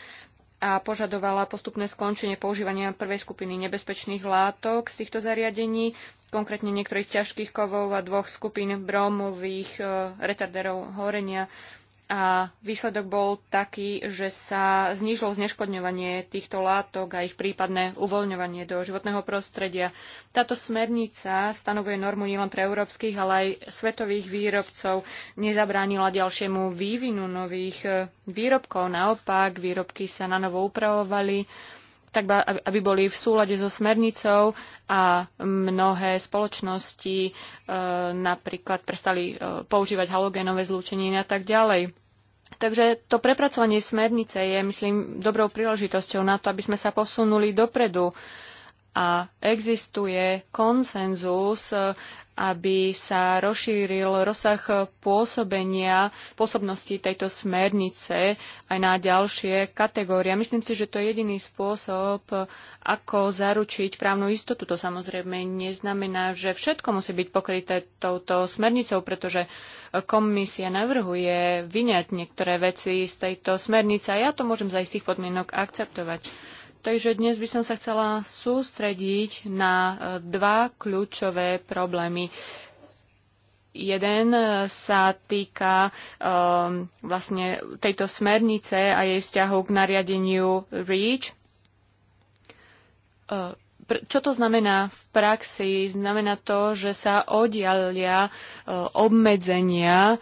a požadovala postupné skončenie používania prvej skupiny nebezpečných látok z týchto zariadení, konkrétne niektorých ťažkých kovov a dvoch skupín bromových retarderov horenia a výsledok bol taký, že sa znižilo zneškodňovanie týchto látok a ich prípadné uvoľňovanie do životného prostredia. Táto smernica stanovuje normu nielen pre európskych, ale aj svetových výrobcov. Nezabránila ďalšiemu vývinu nových eh, výrobkov. Naopak, výrobky sa na novo upravovali tak aby boli v súlade so smernicou a mnohé spoločnosti e, napríklad prestali e, používať halogénové zlúčeniny a tak ďalej. Takže to prepracovanie smernice je, myslím, dobrou príležitosťou na to, aby sme sa posunuli dopredu. Uh, a existuje konsenzus, eh, aby sa rozšíril rozsah pôsobenia, pôsobnosti tejto smernice aj na ďalšie kategórie. Myslím si, že to je jediný spôsob, ako zaručiť právnu istotu. To samozrejme neznamená, že všetko musí byť pokryté touto smernicou, pretože komisia navrhuje vyňať niektoré veci z tejto smernice a ja to môžem za istých podmienok akceptovať. Takže dnes by som sa chcela sústrediť na e, dva kľúčové problémy. Jeden e, sa týka um, vlastne tejto smernice a jej vzťahu k nariadeniu REACH. čo to znamená v praxi? Znamená to, že sa oddialia obmedzenia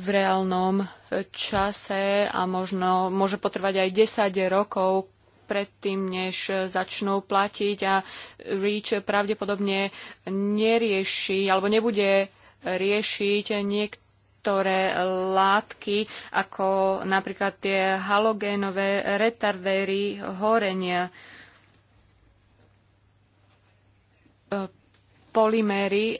v reálnom čase a možno môže potrvať aj 10 rokov, predtým, než začnú platiť a REACH pravdepodobne nerieši alebo nebude riešiť niektoré látky, ako napríklad tie halogénové retardéry horenia polyméry, e,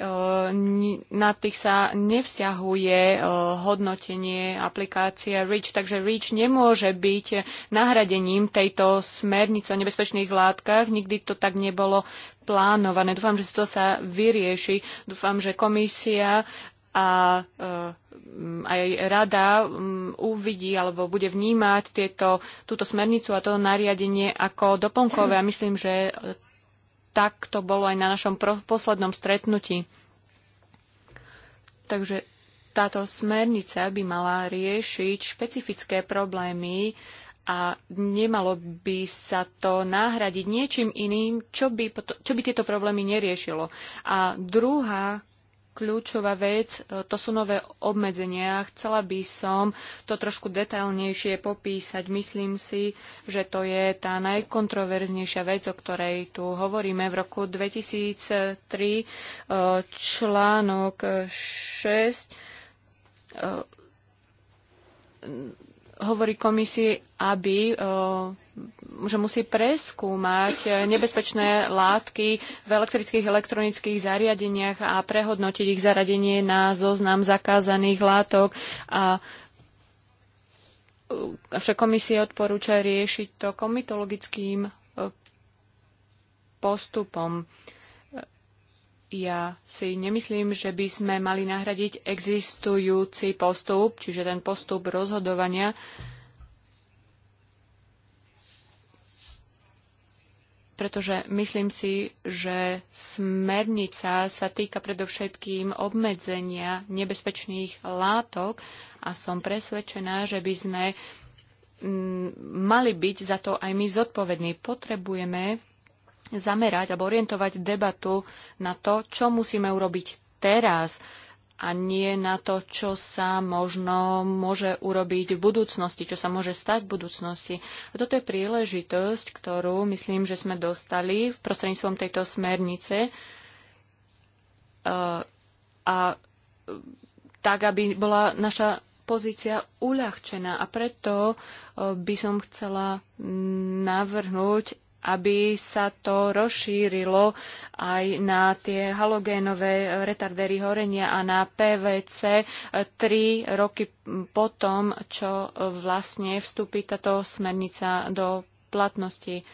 na tých sa nevzťahuje e, hodnotenie aplikácie REACH, takže REACH nemôže byť nahradením tejto smernice o nebezpečných látkach. Nikdy to tak nebolo plánované. Dúfam, že to sa vyrieši. Dúfam, že komisia a e, aj rada uvidí alebo bude vnímať tieto, túto smernicu a to nariadenie ako doplnkové. A myslím, že tak to bolo aj na našom poslednom stretnutí. Takže táto smernica by mala riešiť špecifické problémy a nemalo by sa to nahradiť niečím iným, čo by, čo by tieto problémy neriešilo. A druhá kľúčová vec, e, to sú nové obmedzenia. Chcela by som to trošku detailnejšie popísať. Myslím si, že to je tá najkontroverznejšia vec, o ktorej tu hovoríme. V roku 2003 e, článok 6 hovorí komisii, aby eh, že musí preskúmať eh, nebezpečné látky v elektrických elektronických zariadeniach a prehodnotiť ich zaradenie na zoznam zakázaných látok a eh, však komisie odporúča riešiť to komitologickým postupom. Ja si nemyslím, že by sme mali nahradiť existujúci postup, čiže ten postup rozhodovania. Pretože myslím si, že smernica sa týka predovšetkým obmedzenia nebezpečných látok a som presvedčená, že by sme mm, mali byť za to aj my zodpovední. Potrebujeme zamerať alebo orientovať debatu na to, čo musíme urobiť teraz a nie na to, čo sa možno môže urobiť v budúcnosti, čo sa môže stať v budúcnosti. A toto je príležitosť, ktorú myslím, že sme dostali v prostredníctvom tejto smernice eh, a eh, tak, aby bola naša pozícia uľahčená a preto eh, by som chcela mm, navrhnúť aby sa to rozšírilo aj na tie halogénové retardéry horenia a na PVC tri roky potom, čo vlastne vstúpi táto smernica do platnosti.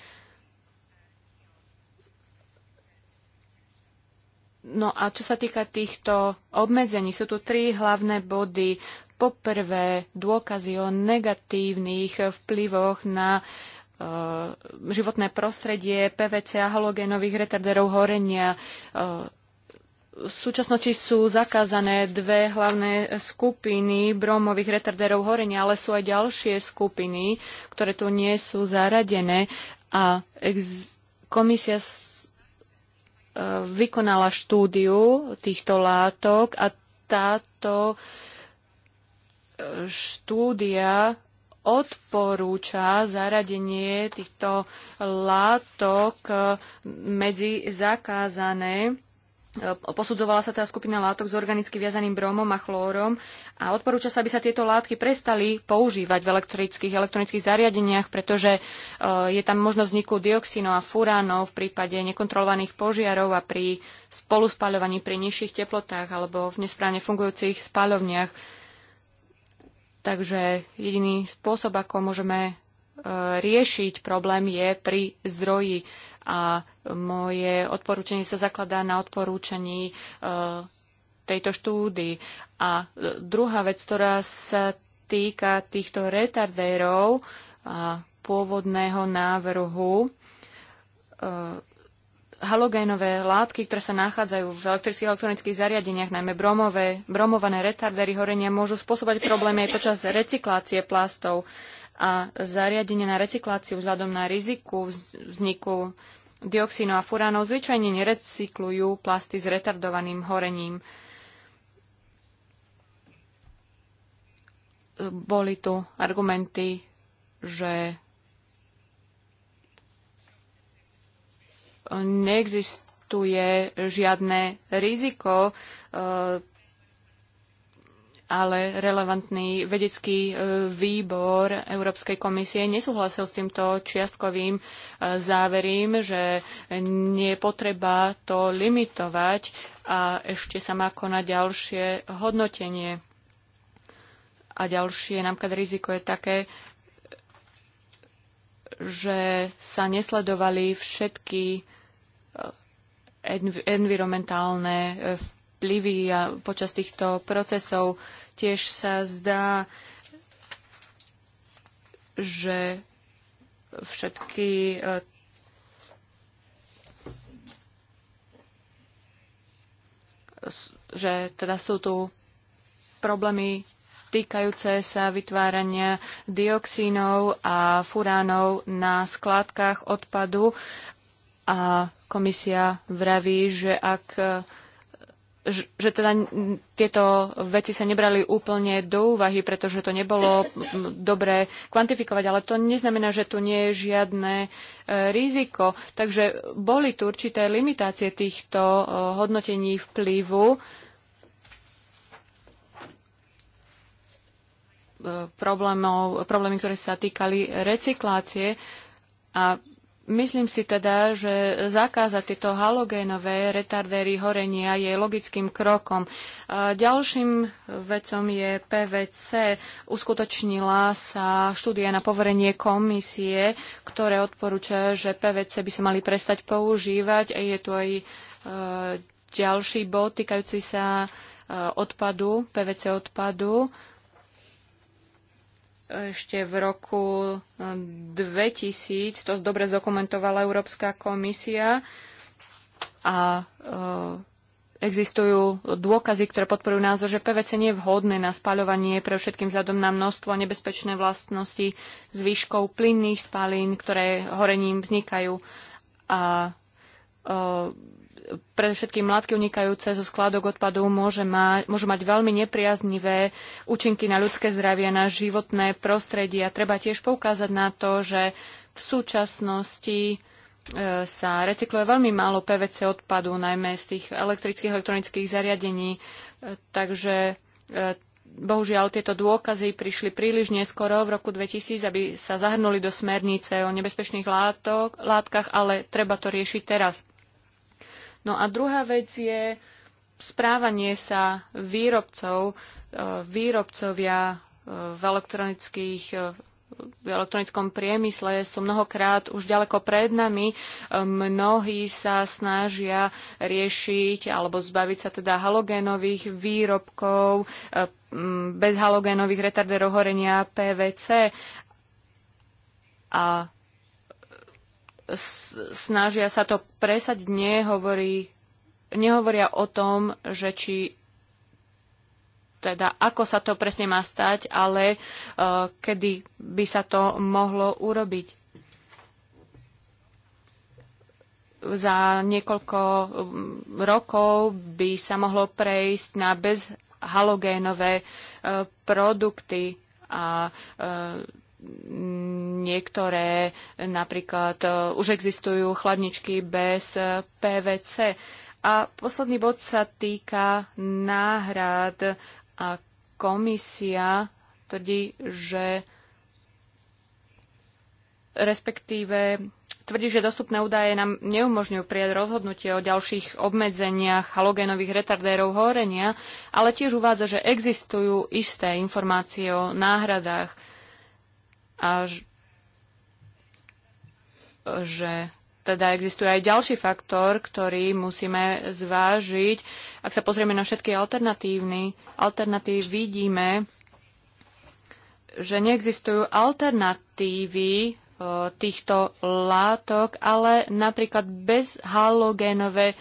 No a čo sa týka týchto obmedzení, sú tu tri hlavné body. Poprvé, dôkazy o negatívnych vplyvoch na uh, E, životné prostredie, PVC a halogénových retarderov horenia. E, v súčasnosti sú zakázané dve hlavné skupiny bromových retarderov horenia, ale sú aj ďalšie skupiny, ktoré tu nie sú zaradené a komisia e, vykonala štúdiu týchto látok a táto štúdia odporúča zaradenie týchto látok eh, medzi zakázané eh, posudzovala sa tá skupina látok s organicky viazaným bromom a chlórom a odporúča sa, aby sa tieto látky prestali používať v elektrických, elektronických zariadeniach, pretože eh, je tam možnosť vzniku dioxínov a furánov v prípade nekontrolovaných požiarov a pri spoluspáľovaní pri nižších teplotách alebo v nesprávne fungujúcich spáľovniach. Takže jediný spôsob, ako môžeme e, riešiť problém, je pri zdroji. A moje odporúčanie sa zakladá na odporúčaní e, tejto štúdy. A e, druhá vec, ktorá sa týka týchto retardérov a pôvodného návrhu, halogénové látky, ktoré sa nachádzajú v elektrických a elektronických zariadeniach, najmä bromové, bromované retardery horenia, môžu spôsobať problémy aj počas recyklácie plastov a zariadenie na recykláciu vzhľadom na riziku vzniku dioxínu a furánov zvyčajne nerecyklujú plasty s retardovaným horením. Boli tu argumenty, že neexistuje žiadne riziko, e, ale relevantný vedecký e, výbor Európskej komisie nesúhlasil s týmto čiastkovým e, záverím, že nie je potreba to limitovať a ešte sa má konať ďalšie hodnotenie. A ďalšie napríklad riziko je také, že sa nesledovali všetky env environmentálne e, vplyvy a počas týchto procesov. Tiež sa zdá, že všetky e, že teda sú tu problémy týkajúce sa vytvárania dioxínov a furánov na skládkach odpadu a Komisia vraví, že ak e, že teda tieto veci sa nebrali úplne do úvahy, pretože to nebolo dobre kvantifikovať, ale to neznamená, že tu nie je žiadne e, riziko. Takže boli tu určité limitácie týchto e, hodnotení vplyvu. problémov, problémy, ktoré sa týkali recyklácie a Myslím si teda, že zakázať tieto halogénové retardéry horenia je logickým krokom. A ďalším vecom je PVC. Uskutočnila sa štúdia na poverenie komisie, ktoré odporúča, že PVC by sa mali prestať používať. Je tu aj e, ďalší bod týkajúci sa e, odpadu, PVC odpadu ešte v roku 2000, eh, to dobre zdokumentovala Európska komisia a eh, existujú dôkazy, ktoré podporujú názor, že PVC nie je vhodné na spaľovanie pre všetkým vzhľadom na množstvo nebezpečné vlastnosti výškou plynných spalín, ktoré horením vznikajú. A eh, predovšetkým látky unikajúce zo skladok odpadu môže ma, môžu mať veľmi nepriaznivé účinky na ľudské zdravie, na životné prostredie. A treba tiež poukázať na to, že v súčasnosti e, sa recykluje veľmi málo PVC odpadu, najmä z tých elektrických elektronických zariadení. E, takže e, bohužiaľ tieto dôkazy prišli príliš neskoro v roku 2000, aby sa zahrnuli do smernice o nebezpečných látok, látkach, ale treba to riešiť teraz. No a druhá vec je správanie sa výrobcov. E, výrobcovia e, v, elektronických, e, v elektronickom priemysle sú mnohokrát už ďaleko pred nami. Mnohí sa snažia riešiť alebo zbaviť sa teda halogénových výrobkov, bez halogénových retarderov horenia PVC. A snažia sa to presadiť, nehovorí, nehovoria o tom, že či teda ako sa to presne má stať, ale uh, kedy by sa to mohlo urobiť. Za niekoľko rokov by sa mohlo prejsť na bezhalogénové uh, produkty a uh, niektoré napríklad e, už existujú chladničky bez e, PVC. A posledný bod sa týka náhrad a komisia tvrdí, že respektíve tvrdí, že dostupné údaje nám neumožňujú prijať rozhodnutie o ďalších obmedzeniach halogénových retardérov horenia, ale tiež uvádza, že existujú isté informácie o náhradách a že teda existuje aj ďalší faktor, ktorý musíme zvážiť. Ak sa pozrieme na všetky alternatívny, alternatívy vidíme, že neexistujú alternatívy e, týchto látok, ale napríklad bez halogénové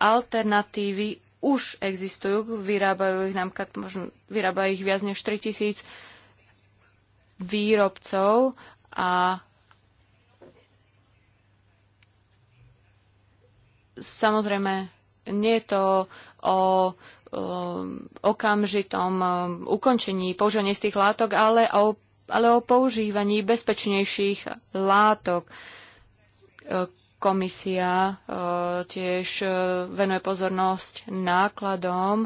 alternatívy už existujú, vyrábajú ich, nám, možno, vyrábajú ich viac než 3000 výrobcov a samozrejme nie je to o okamžitom ukončení používania z tých látok, ale o, ale o používaní bezpečnejších látok. E, komisia e, tiež e, venuje pozornosť nákladom,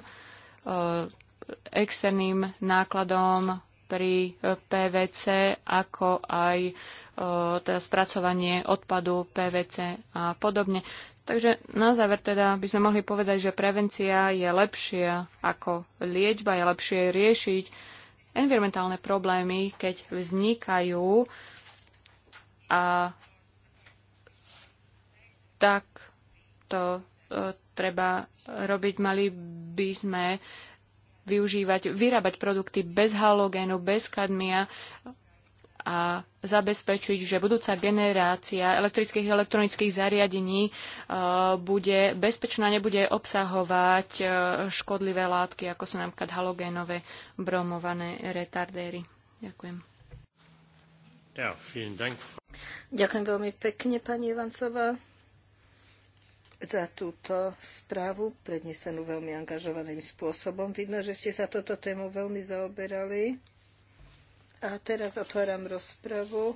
externým nákladom pri e, PVC, ako aj e, teda spracovanie odpadu PVC a podobne. Takže na záver teda by sme mohli povedať, že prevencia je lepšia ako liečba, je lepšie riešiť environmentálne problémy, keď vznikajú a tak to e, treba robiť. Mali by sme uh, využívať, vyrábať produkty bez halogénu, bez kadmia a zabezpečiť, že budúca generácia elektrických a elektronických zariadení e, bude bezpečná, nebude obsahovať e, škodlivé látky, ako sú napríklad halogénové bromované retardéry. Ďakujem. Ja, Ďakujem veľmi pekne, pani Ivancová za túto správu, prednesenú veľmi angažovaným spôsobom. Vidno, že ste sa toto tému veľmi zaoberali. A teraz otváram rozpravu.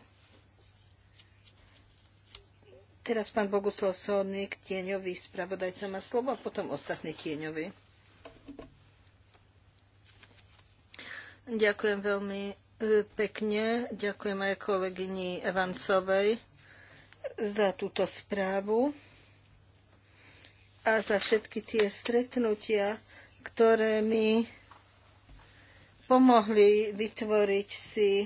Teraz pán Boguslav Sónik, tieňový spravodajca, má slovo a potom ostatní tieňovi. Ďakujem veľmi e, pekne. Ďakujem aj kolegyni Evansovej za túto správu a za všetky tie stretnutia, ktoré mi pomohli vytvoriť si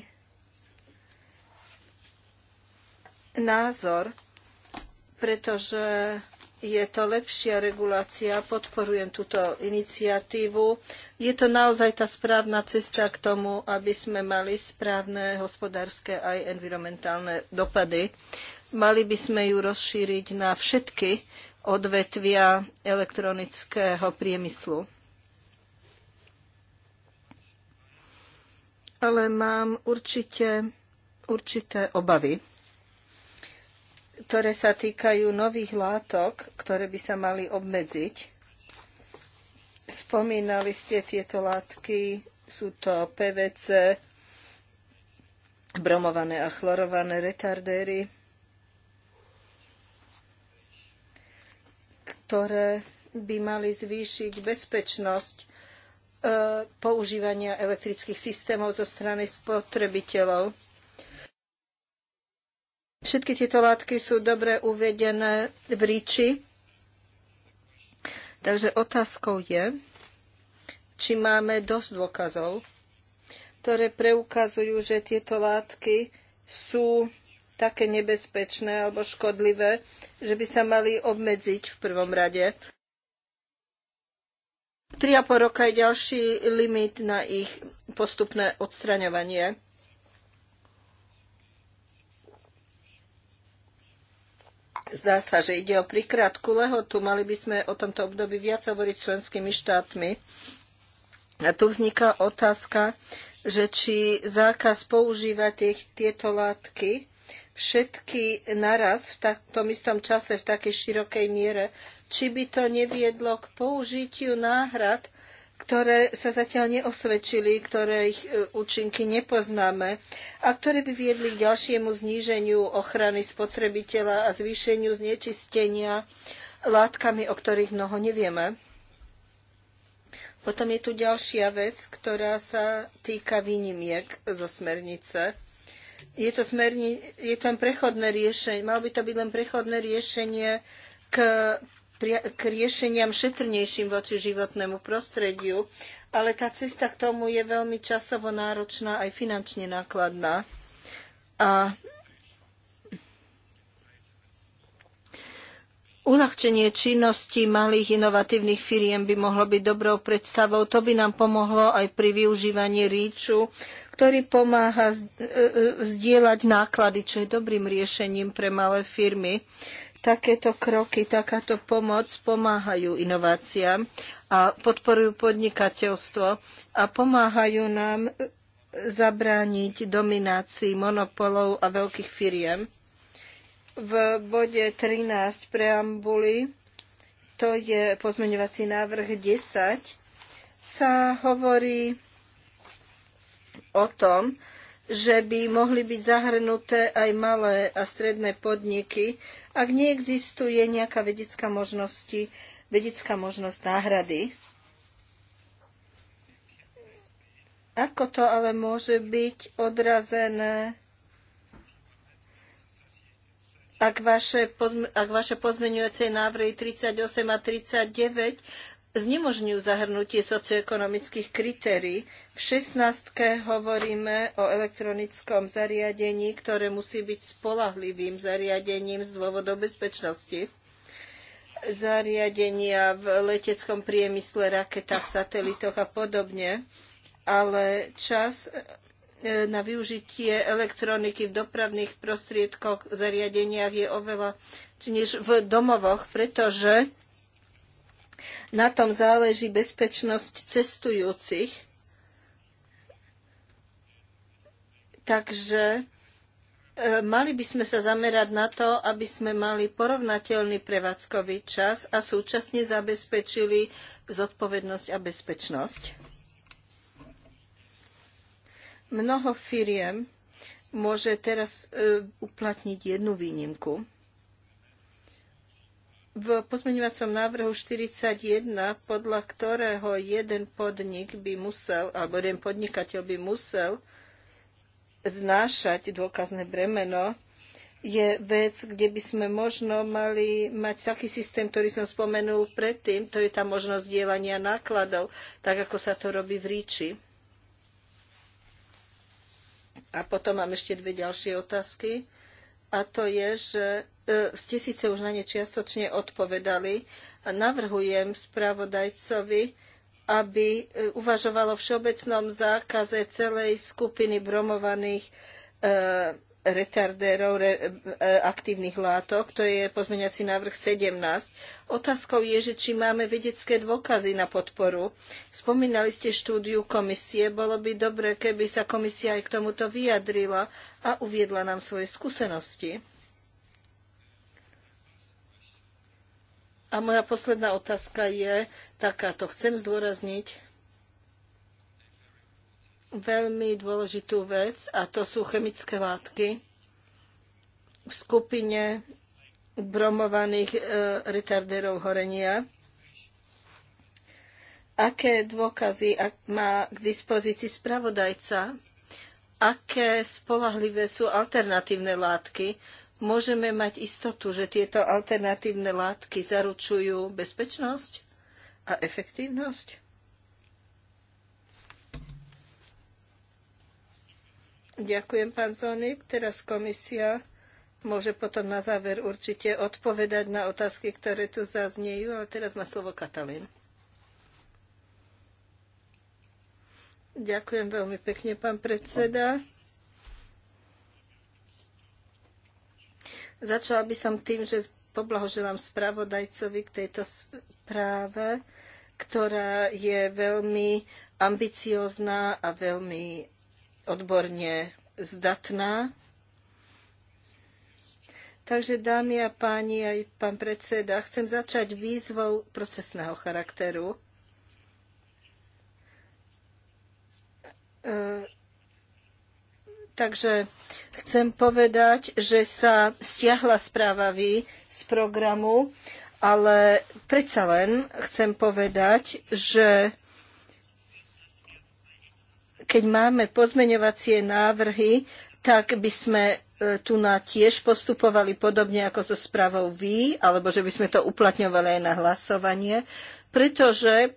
názor, pretože je to lepšia regulácia, podporujem túto iniciatívu. Je to naozaj tá správna cesta k tomu, aby sme mali správne hospodárske aj environmentálne dopady. Mali by sme ju rozšíriť na všetky odvetvia elektronického priemyslu. Ale mám určite určité obavy, ktoré sa týkajú nových látok, ktoré by sa mali obmedziť. Spomínali ste tieto látky, sú to PVC, bromované a chlorované retardéry, ktoré by mali zvýšiť bezpečnosť e, používania elektrických systémov zo strany spotrebiteľov. Všetky tieto látky sú dobre uvedené v ríči. Takže otázkou je, či máme dosť dôkazov, ktoré preukazujú, že tieto látky sú také nebezpečné alebo škodlivé, že by sa mali obmedziť v prvom rade. 3,5 roka je ďalší limit na ich postupné odstraňovanie. Zdá sa, že ide o prikrátku lehotu. Mali by sme o tomto období viac hovoriť členskými štátmi. A tu vzniká otázka, že či zákaz používať tieto látky všetky naraz v tom istom čase v takej širokej miere, či by to neviedlo k použitiu náhrad, ktoré sa zatiaľ neosvedčili, ktoré ich e, účinky nepoznáme a ktoré by viedli k ďalšiemu zníženiu ochrany spotrebiteľa a zvýšeniu znečistenia látkami, o ktorých mnoho nevieme. Potom je tu ďalšia vec, ktorá sa týka výnimiek zo smernice je, to smerni, je len prechodné riešenie, malo by to byť len prechodné riešenie k, k riešeniam šetrnejším voči životnému prostrediu, ale tá cesta k tomu je veľmi časovo náročná aj finančne nákladná. A Uľahčenie činnosti malých inovatívnych firiem by mohlo byť dobrou predstavou. To by nám pomohlo aj pri využívaní ríču ktorý pomáha e, e, zdieľať náklady, čo je dobrým riešením pre malé firmy. Takéto kroky, takáto pomoc pomáhajú inováciám a podporujú podnikateľstvo a pomáhajú nám e, zabrániť dominácii monopolov a veľkých firiem. V bode 13 preambuly, to je pozmeňovací návrh 10, sa hovorí o tom, že by mohli byť zahrnuté aj malé a stredné podniky, ak neexistuje nejaká vedecká, možnosti, vedecká možnosť náhrady. Ako to ale môže byť odrazené, ak vaše, pozme, ak vaše pozmeňujúce návrhy 38 a 39 znemožňujú zahrnutie socioekonomických kritérií. V 16. hovoríme o elektronickom zariadení, ktoré musí byť spolahlivým zariadením z dôvodov bezpečnosti. Zariadenia v leteckom priemysle, raketách, satelitoch a podobne. Ale čas e, na využitie elektroniky v dopravných prostriedkoch, zariadeniach je oveľa než v domovoch, pretože na tom záleží bezpečnosť cestujúcich. Takže e, mali by sme sa zamerať na to, aby sme mali porovnateľný prevádzkový čas a súčasne zabezpečili zodpovednosť a bezpečnosť. Mnoho firiem môže teraz e, uplatniť jednu výnimku v pozmeňovacom návrhu 41, podľa ktorého jeden podnik by musel, alebo jeden podnikateľ by musel znášať dôkazné bremeno, je vec, kde by sme možno mali mať taký systém, ktorý som spomenul predtým, to je tá možnosť dielania nákladov, tak ako sa to robí v ríči. A potom mám ešte dve ďalšie otázky. A to je, že ste síce už na ne čiastočne odpovedali a navrhujem spravodajcovi, aby e, uvažovalo o všeobecnom zákaze celej skupiny bromovaných e, retardérov re, e, aktívnych látok. To je pozmeňací návrh 17. Otázkou je, že či máme vedecké dôkazy na podporu. Spomínali ste štúdiu komisie. Bolo by dobre, keby sa komisia aj k tomuto vyjadrila a uviedla nám svoje skúsenosti. A moja posledná otázka je takáto. Chcem zdôrazniť veľmi dôležitú vec a to sú chemické látky v skupine bromovaných e, retarderov horenia. Aké dôkazy má k dispozícii spravodajca? Aké spolahlivé sú alternatívne látky? môžeme mať istotu, že tieto alternatívne látky zaručujú bezpečnosť a efektívnosť? Ďakujem, pán Zonik. Teraz komisia môže potom na záver určite odpovedať na otázky, ktoré tu zaznejú. Ale teraz má slovo Katalín. Ďakujem veľmi pekne, pán predseda. Začala by som tým, že poblahoželám spravodajcovi k tejto správe, ktorá je veľmi ambiciozná a veľmi odborne zdatná. Takže, dámy a páni, aj pán predseda, chcem začať výzvou procesného charakteru. E Takže chcem povedať, že sa stiahla správa vy z programu, ale predsa len chcem povedať, že keď máme pozmeňovacie návrhy, tak by sme E, tu na tiež postupovali podobne ako so správou vy, alebo že by sme to uplatňovali aj na hlasovanie, pretože e,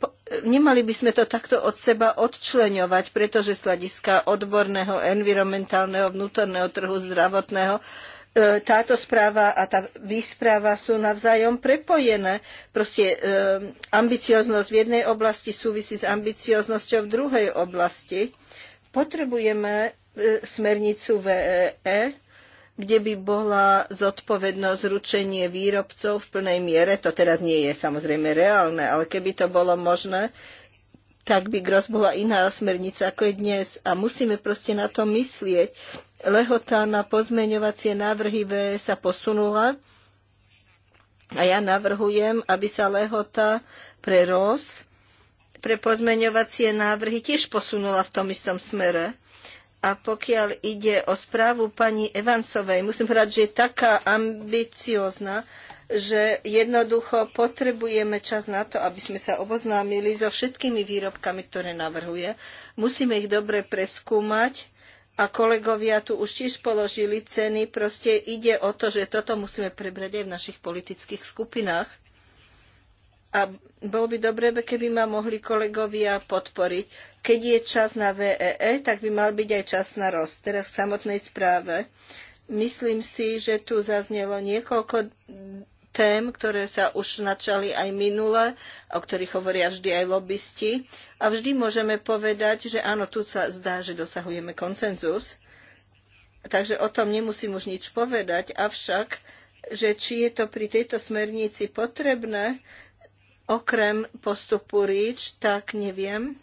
nemali by sme to takto od seba odčleňovať, pretože z hľadiska odborného, environmentálneho, vnútorného trhu, zdravotného, e, táto správa a tá výsprava sú navzájom prepojené. Proste ambicioznosť v jednej oblasti súvisí s ambicioznosťou v druhej oblasti. Potrebujeme smernicu VE, kde by bola zodpovednosť ručenie výrobcov v plnej miere. To teraz nie je samozrejme reálne, ale keby to bolo možné, tak by Gross bola iná smernica ako je dnes. A musíme proste na to myslieť. Lehota na pozmeňovacie návrhy V sa posunula a ja navrhujem, aby sa lehota pre roz pre pozmeňovacie návrhy tiež posunula v tom istom smere. A pokiaľ ide o správu pani Evansovej, musím povedať, že je taká ambiciózna, že jednoducho potrebujeme čas na to, aby sme sa oboznámili so všetkými výrobkami, ktoré navrhuje. Musíme ich dobre preskúmať a kolegovia tu už tiež položili ceny. Proste ide o to, že toto musíme prebrať aj v našich politických skupinách a bolo by dobre, keby ma mohli kolegovia podporiť. Keď je čas na VEE, e, tak by mal byť aj čas na roz. Teraz v samotnej správe. Myslím si, že tu zaznelo niekoľko tém, ktoré sa už načali aj minule, o ktorých hovoria vždy aj lobbysti. A vždy môžeme povedať, že áno, tu sa zdá, že dosahujeme koncenzus. Takže o tom nemusím už nič povedať, avšak že či je to pri tejto smernici potrebné, okrem postupu REACH, tak neviem.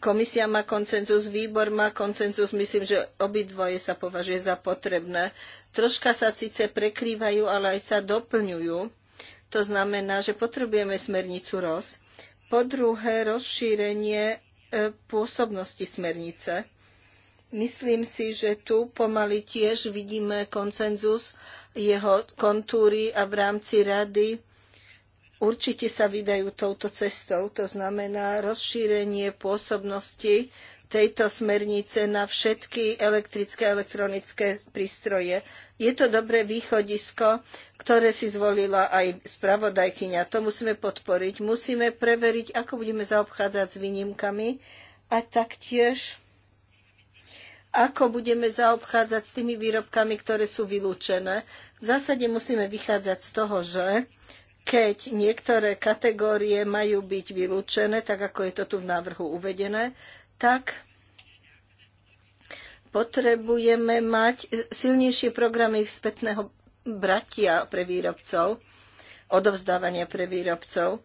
Komisia má koncenzus, výbor má koncenzus, myslím, že obidvoje sa považuje za potrebné. Troška sa síce prekrývajú, ale aj sa doplňujú. To znamená, že potrebujeme smernicu ROS. Po druhé, rozšírenie e, pôsobnosti smernice. Myslím si, že tu pomaly tiež vidíme koncenzus jeho kontúry a v rámci rady určite sa vydajú touto cestou. To znamená rozšírenie pôsobnosti tejto smernice na všetky elektrické a elektronické prístroje. Je to dobré východisko, ktoré si zvolila aj spravodajkyňa. To musíme podporiť. Musíme preveriť, ako budeme zaobchádzať s výnimkami a taktiež ako budeme zaobchádzať s tými výrobkami, ktoré sú vylúčené. V zásade musíme vychádzať z toho, že keď niektoré kategórie majú byť vylúčené, tak ako je to tu v návrhu uvedené, tak potrebujeme mať silnejšie programy spätného bratia pre výrobcov, odovzdávania pre výrobcov.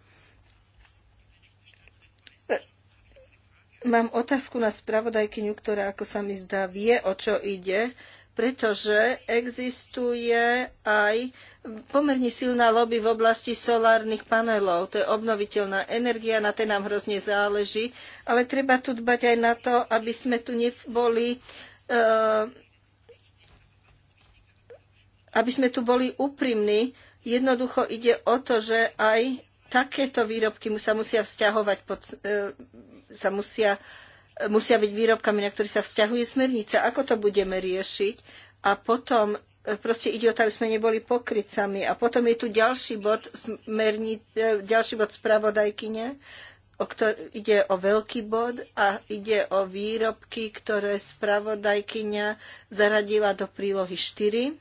Mám otázku na spravodajkyňu, ktorá, ako sa mi zdá, vie, o čo ide, pretože existuje aj pomerne silná lobby v oblasti solárnych panelov. To je obnoviteľná energia, na tej nám hrozne záleží, ale treba tu dbať aj na to, aby sme tu neboli uh, aby sme tu boli úprimní, Jednoducho ide o to, že aj takéto výrobky sa musia vzťahovať, pod, e, sa musia, e, musia byť výrobkami, na ktorých sa vzťahuje smernica. Ako to budeme riešiť? A potom e, proste ide o to, aby sme neboli pokrycami. A potom je tu ďalší bod, smerni, ďalší bod spravodajkyne, o ktor- ide o veľký bod a ide o výrobky, ktoré spravodajkyňa zaradila do prílohy 4.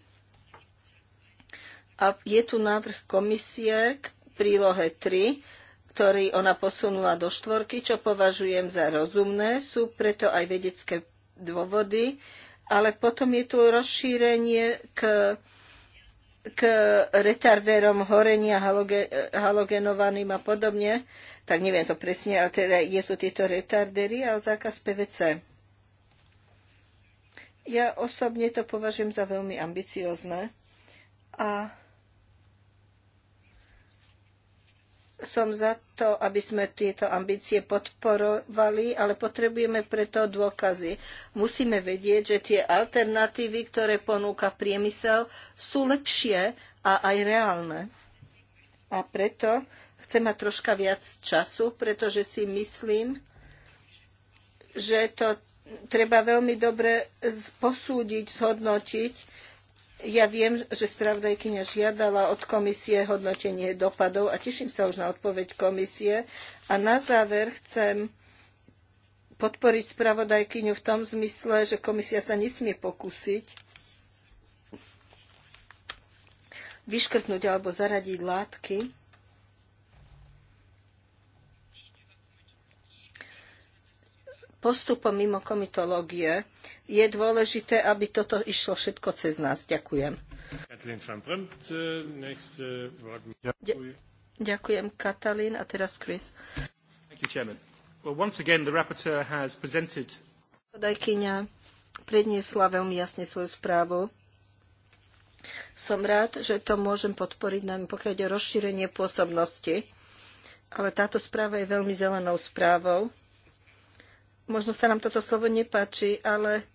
A je tu návrh komisie, prílohe 3, ktorý ona posunula do štvorky, čo považujem za rozumné. Sú preto aj vedecké dôvody, ale potom je tu rozšírenie k, k retardérom horenia haloge, halogenovaným a podobne. Tak neviem to presne, ale teda je tu tieto retardery a zákaz PVC. Ja osobne to považujem za veľmi ambiciozne a som za to, aby sme tieto ambície podporovali, ale potrebujeme preto dôkazy. Musíme vedieť, že tie alternatívy, ktoré ponúka priemysel, sú lepšie a aj reálne. A preto chcem mať troška viac času, pretože si myslím, že to treba veľmi dobre posúdiť, zhodnotiť ja viem, že spravodajkyňa žiadala od komisie hodnotenie dopadov a teším sa už na odpoveď komisie. A na záver chcem podporiť spravodajkyňu v tom zmysle, že komisia sa nesmie pokúsiť vyškrtnúť alebo zaradiť látky, postupom mimo komitológie. Je dôležité, aby toto išlo všetko cez nás. Ďakujem. Eh, ďakujem, Katalín. A teraz Chris. Podajkyňa predniesla veľmi jasne svoju správu. Som rád, že to môžem podporiť nám, pokiaľ ide o rozšírenie pôsobnosti. Ale táto správa je veľmi zelenou správou Možno sa nám toto slovo nepáči, ale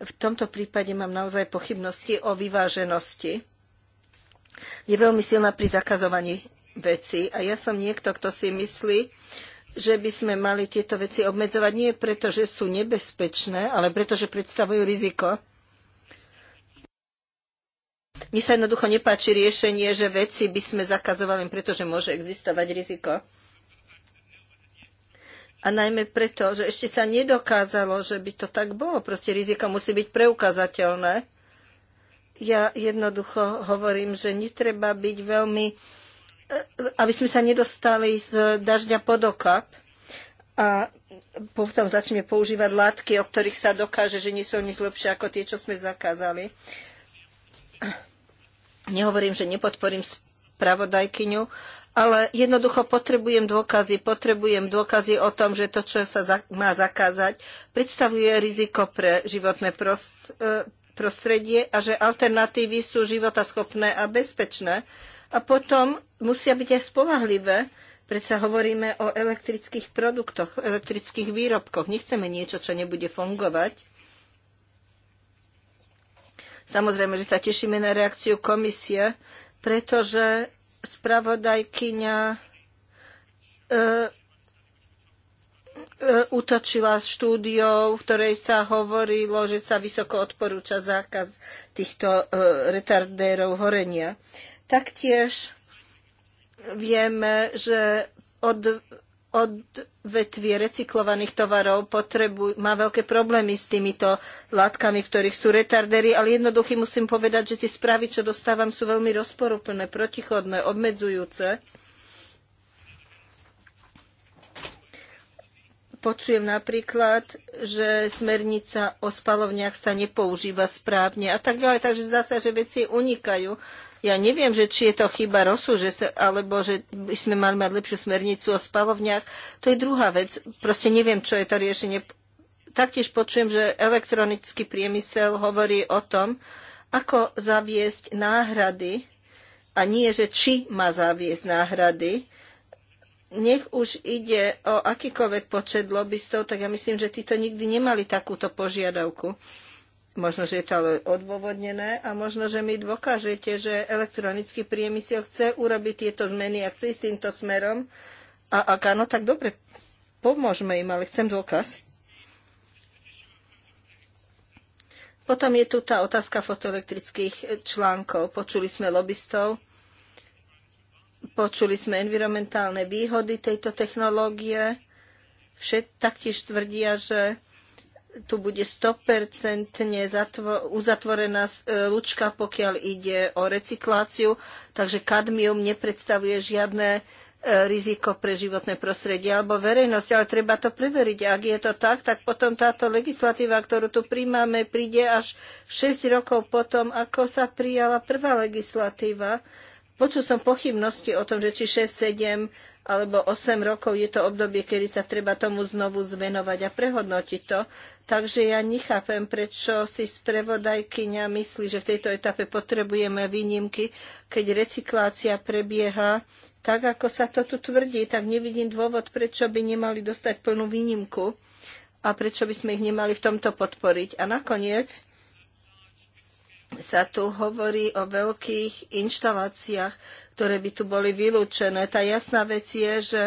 v tomto prípade mám naozaj pochybnosti o vyváženosti. Je veľmi silná pri zakazovaní veci a ja som niekto, kto si myslí, že by sme mali tieto veci obmedzovať nie preto, že sú nebezpečné, ale preto, že predstavujú riziko. Mne sa jednoducho nepáči riešenie, že veci by sme zakazovali, pretože môže existovať riziko. A najmä preto, že ešte sa nedokázalo, že by to tak bolo. Proste riziko musí byť preukazateľné. Ja jednoducho hovorím, že netreba byť veľmi, e, aby sme sa nedostali z dažďa pod okap a potom začneme používať látky, o ktorých sa dokáže, že nie sú o nich lepšie ako tie, čo sme zakázali. Nehovorím, že nepodporím spravodajkyňu, ale jednoducho potrebujem dôkazy, potrebujem dôkazy o tom, že to, čo sa za- má zakázať, predstavuje riziko pre životné prost- e, prostredie a že alternatívy sú životaschopné a bezpečné. A potom musia byť aj spolahlivé, Predsa hovoríme o elektrických produktoch, elektrických výrobkoch. Nechceme niečo, čo nebude fungovať. Samozrejme, že sa tešíme na reakciu komisie, pretože spravodajkyňa e, e, útočila štúdiou, v ktorej sa hovorilo, že sa vysoko odporúča zákaz týchto e, retardérov horenia. Taktiež vieme, že od odvetvie recyklovaných tovarov potrebu, má veľké problémy s týmito látkami, v ktorých sú retardery, ale jednoduchý musím povedať, že tie správy, čo dostávam, sú veľmi rozporuplné, protichodné, obmedzujúce. Počujem napríklad, že smernica o spalovniach sa nepoužíva správne a tak ďalej, takže zdá sa, že veci unikajú. Ja neviem, že či je to chyba ROSu, že sa, alebo že by sme mali mať lepšiu smernicu o spalovniach. To je druhá vec. Proste neviem, čo je to riešenie. Taktiež počujem, že elektronický priemysel hovorí o tom, ako zaviesť náhrady a nie, že či má zaviesť náhrady, nech už ide o akýkoľvek počet lobbystov, tak ja myslím, že títo nikdy nemali takúto požiadavku. Možno, že je to ale odôvodnené a možno, že mi dokážete, že elektronický priemysel chce urobiť tieto zmeny a chce ísť týmto smerom. A ak áno, tak dobre, pomôžme im, ale chcem dôkaz. Potom je tu tá otázka fotoelektrických článkov. Počuli sme lobbystov, počuli sme environmentálne výhody tejto technológie. Všet taktiež tvrdia, že tu bude 100% uzatvorená lučka, e, pokiaľ ide o recikláciu, takže kadmium nepredstavuje žiadne e, riziko pre životné prostredie alebo verejnosť, ale treba to preveriť. Ak je to tak, tak potom táto legislatíva, ktorú tu príjmame, príde až 6 rokov potom, ako sa prijala prvá legislatíva. Počul som pochybnosti o tom, že či 6-7 alebo 8 rokov je to obdobie, kedy sa treba tomu znovu zvenovať a prehodnotiť to. Takže ja nechápem, prečo si sprevodajkyňa myslí, že v tejto etape potrebujeme výnimky, keď recyklácia prebieha tak, ako sa to tu tvrdí, tak nevidím dôvod, prečo by nemali dostať plnú výnimku a prečo by sme ich nemali v tomto podporiť. A nakoniec sa tu hovorí o veľkých inštaláciách, ktoré by tu boli vylúčené. Tá jasná vec je, že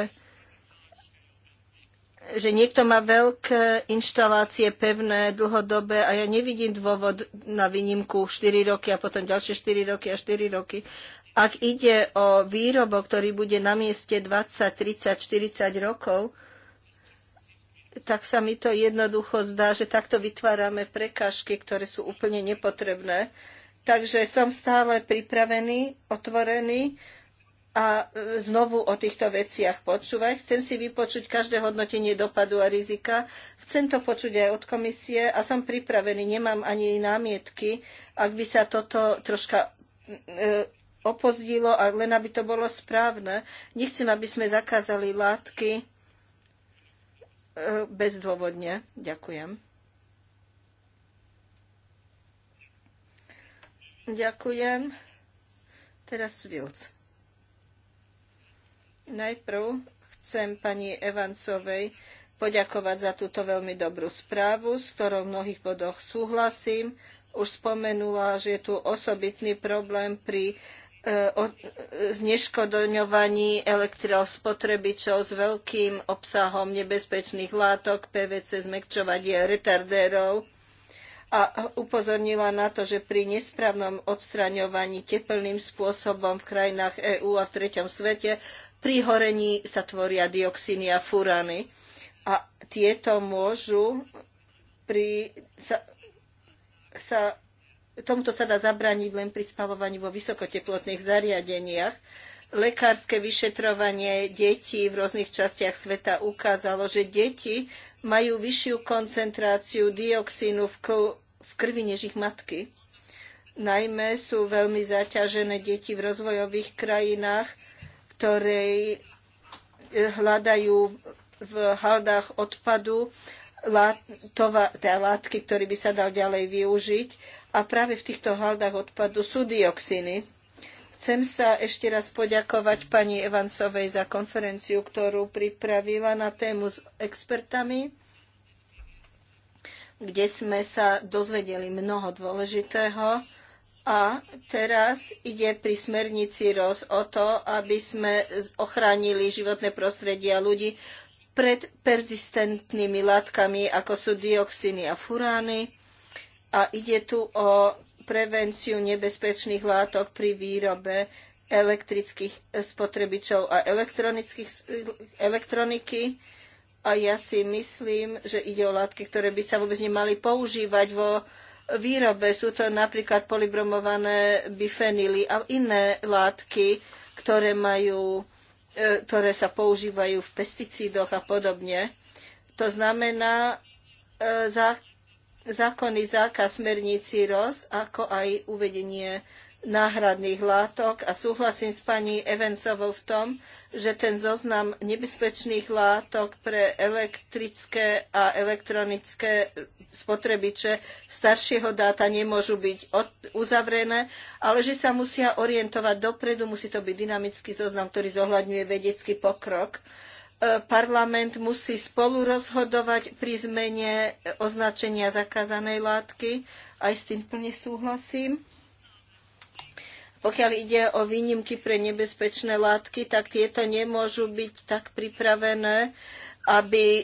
že niekto má veľké inštalácie pevné, dlhodobé a ja nevidím dôvod na výnimku 4 roky a potom ďalšie 4 roky a 4 roky. Ak ide o výrobok, ktorý bude na mieste 20, 30, 40 rokov, tak sa mi to jednoducho zdá, že takto vytvárame prekážky, ktoré sú úplne nepotrebné. Takže som stále pripravený, otvorený a e, znovu o týchto veciach počúvať. Chcem si vypočuť každé hodnotenie dopadu a rizika. Chcem to počuť aj od komisie a som pripravený. Nemám ani námietky, ak by sa toto troška e, opozdilo a len aby to bolo správne. Nechcem, aby sme zakázali látky e, bezdôvodne. Ďakujem. Ďakujem. Teraz Vilc. Najprv chcem pani Evansovej poďakovať za túto veľmi dobrú správu, s ktorou v mnohých bodoch súhlasím. Už spomenula, že je tu osobitný problém pri e, zneškodoňovaní elektrospotrebičov s veľkým obsahom nebezpečných látok, PVC, zmekčovanie retardérov a upozornila na to, že pri nesprávnom odstraňovaní teplným spôsobom v krajinách EÚ a v treťom svete pri horení sa tvoria dioxíny a furany. A tieto môžu pri, sa, sa, tomuto sa dá zabrániť len pri spalovaní vo vysokoteplotných zariadeniach. Lekárske vyšetrovanie detí v rôznych častiach sveta ukázalo, že deti majú vyššiu koncentráciu dioxínu v v krvi než ich matky. Najmä sú veľmi zaťažené deti v rozvojových krajinách, ktoré e, hľadajú v haldách odpadu látky, ktorý by sa dal ďalej využiť. A práve v týchto haldách odpadu sú dioxiny. Chcem sa ešte raz poďakovať pani Evansovej za konferenciu, ktorú pripravila na tému s expertami kde sme sa dozvedeli mnoho dôležitého. A teraz ide pri smernici ROS o to, aby sme ochránili životné prostredie a ľudí pred persistentnými látkami, ako sú dioxiny a furány. A ide tu o prevenciu nebezpečných látok pri výrobe elektrických spotrebičov a elektronických, elektroniky a ja si myslím, že ide o látky, ktoré by sa vôbec nemali používať vo výrobe. Sú to napríklad polybromované bifenily a iné látky, ktoré, majú, e, ktoré sa používajú v pesticídoch a podobne. To znamená, e, zákonný zákaz smerníci ROS, ako aj uvedenie náhradných látok a súhlasím s pani Evansovou v tom, že ten zoznam nebezpečných látok pre elektrické a elektronické spotrebiče staršieho dáta nemôžu byť uzavrené, ale že sa musia orientovať dopredu, musí to byť dynamický zoznam, ktorý zohľadňuje vedecký pokrok e, parlament musí spolu rozhodovať pri zmene označenia zakázanej látky. Aj s tým plne súhlasím. Pokiaľ ide o výnimky pre nebezpečné látky, tak tieto nemôžu byť tak pripravené, aby e,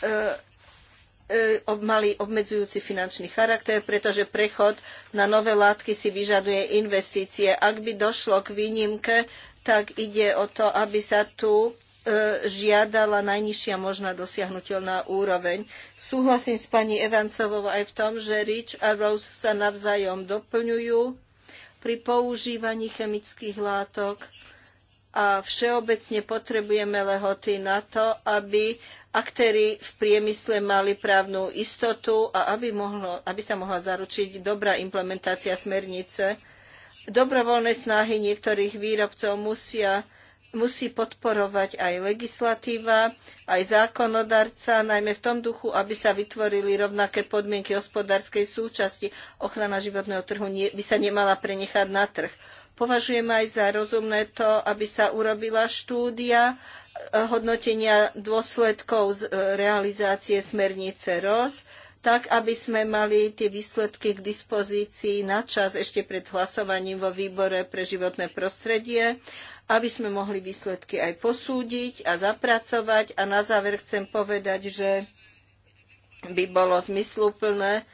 e, e, mali obmedzujúci finančný charakter, pretože prechod na nové látky si vyžaduje investície. Ak by došlo k výnimke, tak ide o to, aby sa tu žiadala najnižšia možná dosiahnutelná úroveň. Súhlasím s pani Evancovou aj v tom, že Rich a Rose sa navzájom doplňujú pri používaní chemických látok a všeobecne potrebujeme lehoty na to, aby aktéry v priemysle mali právnu istotu a aby, mohlo, aby sa mohla zaručiť dobrá implementácia smernice. Dobrovoľné snahy niektorých výrobcov musia musí podporovať aj legislatíva, aj zákonodarca, najmä v tom duchu, aby sa vytvorili rovnaké podmienky hospodárskej súčasti. Ochrana životného trhu nie, by sa nemala prenechať na trh. Považujem aj za rozumné to, aby sa urobila štúdia eh, hodnotenia dôsledkov z eh, realizácie smernice ROS, tak aby sme mali tie výsledky k dispozícii na čas ešte pred hlasovaním vo výbore pre životné prostredie, aby sme mohli výsledky aj posúdiť a zapracovať. A na záver chcem povedať, že by bolo zmysluplné,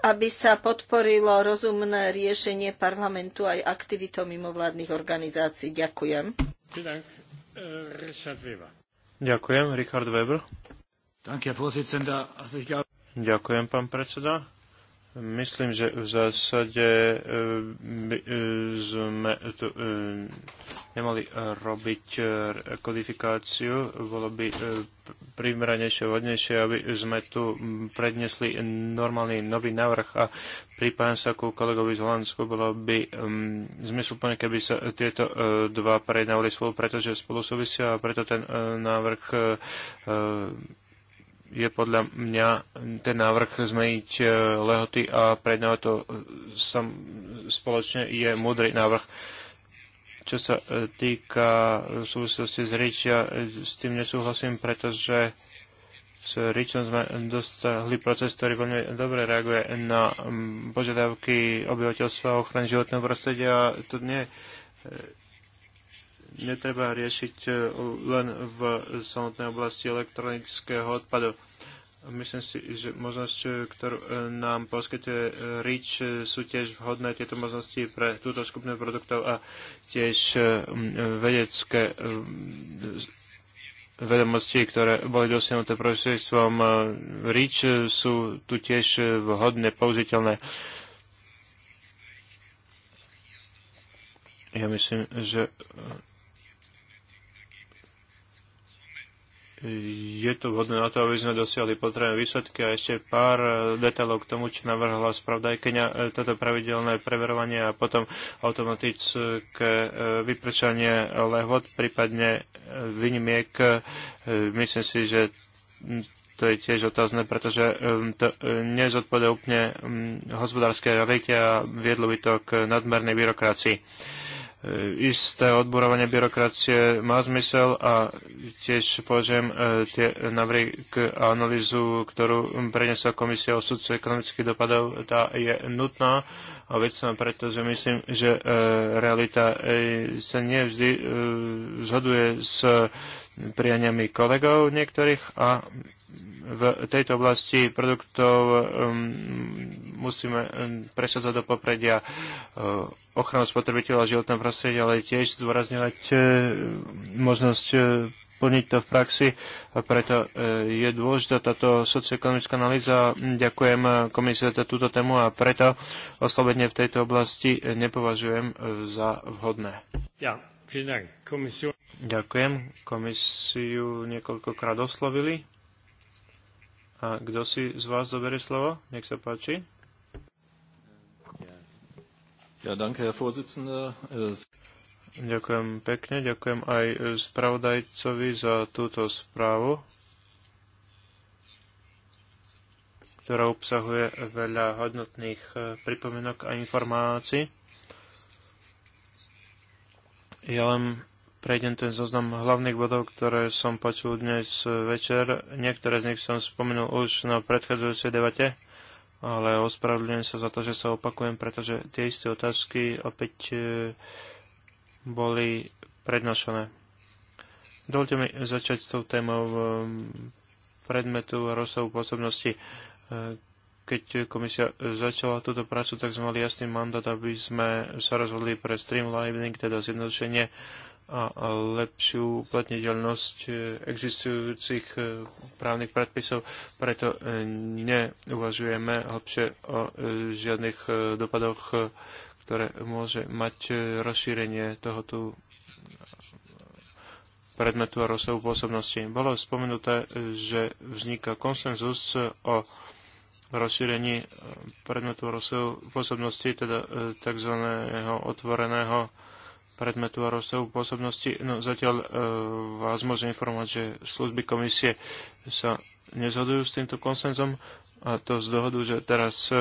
aby sa podporilo rozumné riešenie parlamentu aj aktivitou mimovládnych organizácií. Ďakujem. Ďakujem. Ďakujem, Richard Weber. Ďakujem, pán predseda. Myslím, že v zásade eh, eh, sme tu eh, nemali e, robiť e, kodifikáciu. Bolo by e, primeranejšie, vhodnejšie, aby sme tu prednesli normálny nový návrh a prípadne sa ku kolegovi z Holandsku, bolo by um, zmysluplne, keby sa tieto uh, dva prejednávali spolu, pretože spolu súvisia a preto ten uh, návrh uh, je podľa mňa ten návrh zmeniť lehoty a prednávať to sam, spoločne je múdry návrh. Čo sa e, týka e, súvislosti s Ričia, e, s tým nesúhlasím, pretože s Ričom sme dostali proces, ktorý veľmi dobre reaguje na požiadavky obyvateľstva ochrany životného prostredia. To nie netreba riešiť len v samotnej oblasti elektronického odpadu. Myslím si, že možnosť, ktorú e, nám poskytuje e, REACH, e, sú tiež vhodné tieto možnosti pre túto skupinu produktov a tiež vedecké vedomosti, ktoré boli dosiahnuté prostredstvom REACH, sú tu tiež vhodné, použiteľné. Ja myslím, že je to vhodné na to, aby sme dosiahli potrebné výsledky a ešte pár e, detailov k tomu, čo navrhla spravodajkenia, e, toto pravidelné preverovanie a potom automatické e, vypršanie lehot, prípadne výnimiek. Myslím si, že to je tiež otázne, pretože to nezodpovedá úplne hospodárskej realite a viedlo by to k nadmernej byrokracii. E, isté odburovanie byrokracie má zmysel a tiež považujem e, tie návrhy k analýzu, ktorú prenesla komisia o sudcu ekonomických dopadov, tá je nutná a vecná, pretože myslím, že e, realita sa nie vždy zhoduje s prianiami kolegov niektorých a v tejto oblasti produktov um, musíme um, presadzať do popredia uh, ochranu spotrebiteľa a životného prostredia, ale tiež zdôrazňovať uh, možnosť uh, plniť to v praxi a preto je dôležitá táto socioekonomická analýza. Ďakujem komisii za túto tému a preto oslobodne v tejto oblasti nepovažujem za vhodné. Ja, Ďakujem. Komisiu niekoľkokrát oslovili. A kto si z vás zoberie slovo? Nech sa páči. Ja, danke, Herr Vorsitzender. Ďakujem pekne, ďakujem aj spravodajcovi za túto správu, ktorá obsahuje veľa hodnotných eh, pripomienok a informácií. Ja len prejdem ten zoznam hlavných bodov, ktoré som počul dnes večer. Niektoré z nich som spomenul už na predchádzajúcej debate, ale ospravedlňujem sa za to, že sa opakujem, pretože tie isté otázky opäť e, boli prednášané. Dovolte mi začať s tou témou e, predmetu a rozsahu pôsobnosti. E, keď komisia začala túto prácu, tak sme mali jasný mandát, aby sme sa rozhodli pre streamlining, teda zjednodušenie a lepšiu uplatniteľnosť e, existujúcich e, právnych predpisov, preto e, neuvažujeme hlbšie o žiadnych dopadoch, ktoré môže mať rozšírenie tohoto predmetu a rozsahu pôsobnosti. Bolo spomenuté, že vzniká konsenzus o rozšírení predmetu rozsahu pôsobnosti, teda tzv. otvoreného predmetu a rozsahu pôsobnosti. No, zatiaľ e, vás môžem informovať, že služby komisie sa nezhodujú s týmto konsenzom a to z dohodu, že teraz e,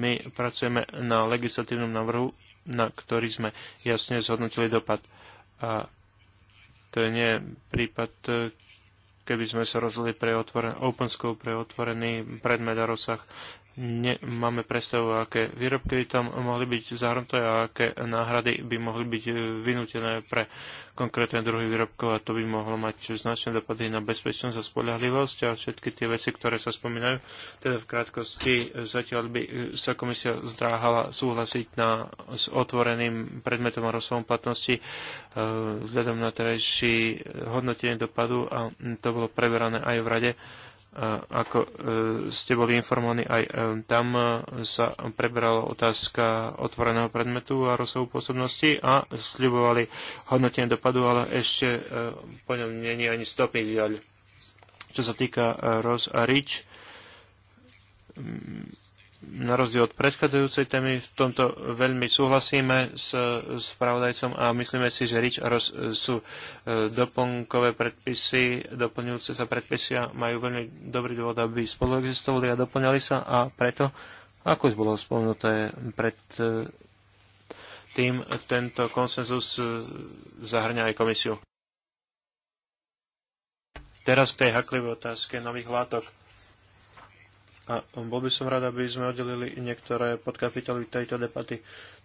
my pracujeme na legislatívnom návrhu, na ktorý sme jasne zhodnotili dopad. A to nie je prípad, e, keby sme sa rozhodli pre otvoren, open school, pre otvorený predmet a rozsah nemáme predstavu, aké výrobky by tam mohli byť zahrnuté a aké náhrady by mohli byť e, vynútené pre konkrétne druhy výrobkov a to by mohlo mať značné dopady na bezpečnosť a spolahlivosť a všetky tie veci, ktoré sa spomínajú. Teda v krátkosti e, zatiaľ by e, sa komisia zdráhala súhlasiť na, s otvoreným predmetom a rozsahom platnosti vzhľadom na terajší hodnotenie dopadu a to bolo preberané aj v rade ako e, ste boli informovaní, aj e, tam e, sa preberala otázka otvoreného predmetu a rozsahu pôsobnosti a sľubovali hodnotenie dopadu, ale ešte po ňom není ani stopy ďalej. Čo sa týka Roz a Rich, na rozdiel od predchádzajúcej témy v tomto veľmi súhlasíme s spravodajcom a myslíme si, že RIČ a e, sú e, doplnkové predpisy, doplňujúce sa predpisy a majú veľmi dobrý dôvod, aby spolu existovali a doplňali sa a preto, ako už bolo spomenuté pred e, tým, tento konsenzus zahrňa aj komisiu. Teraz k tej haklivej otázke nových látok a bol by som rád, aby sme oddelili niektoré podkapitoly tejto debaty.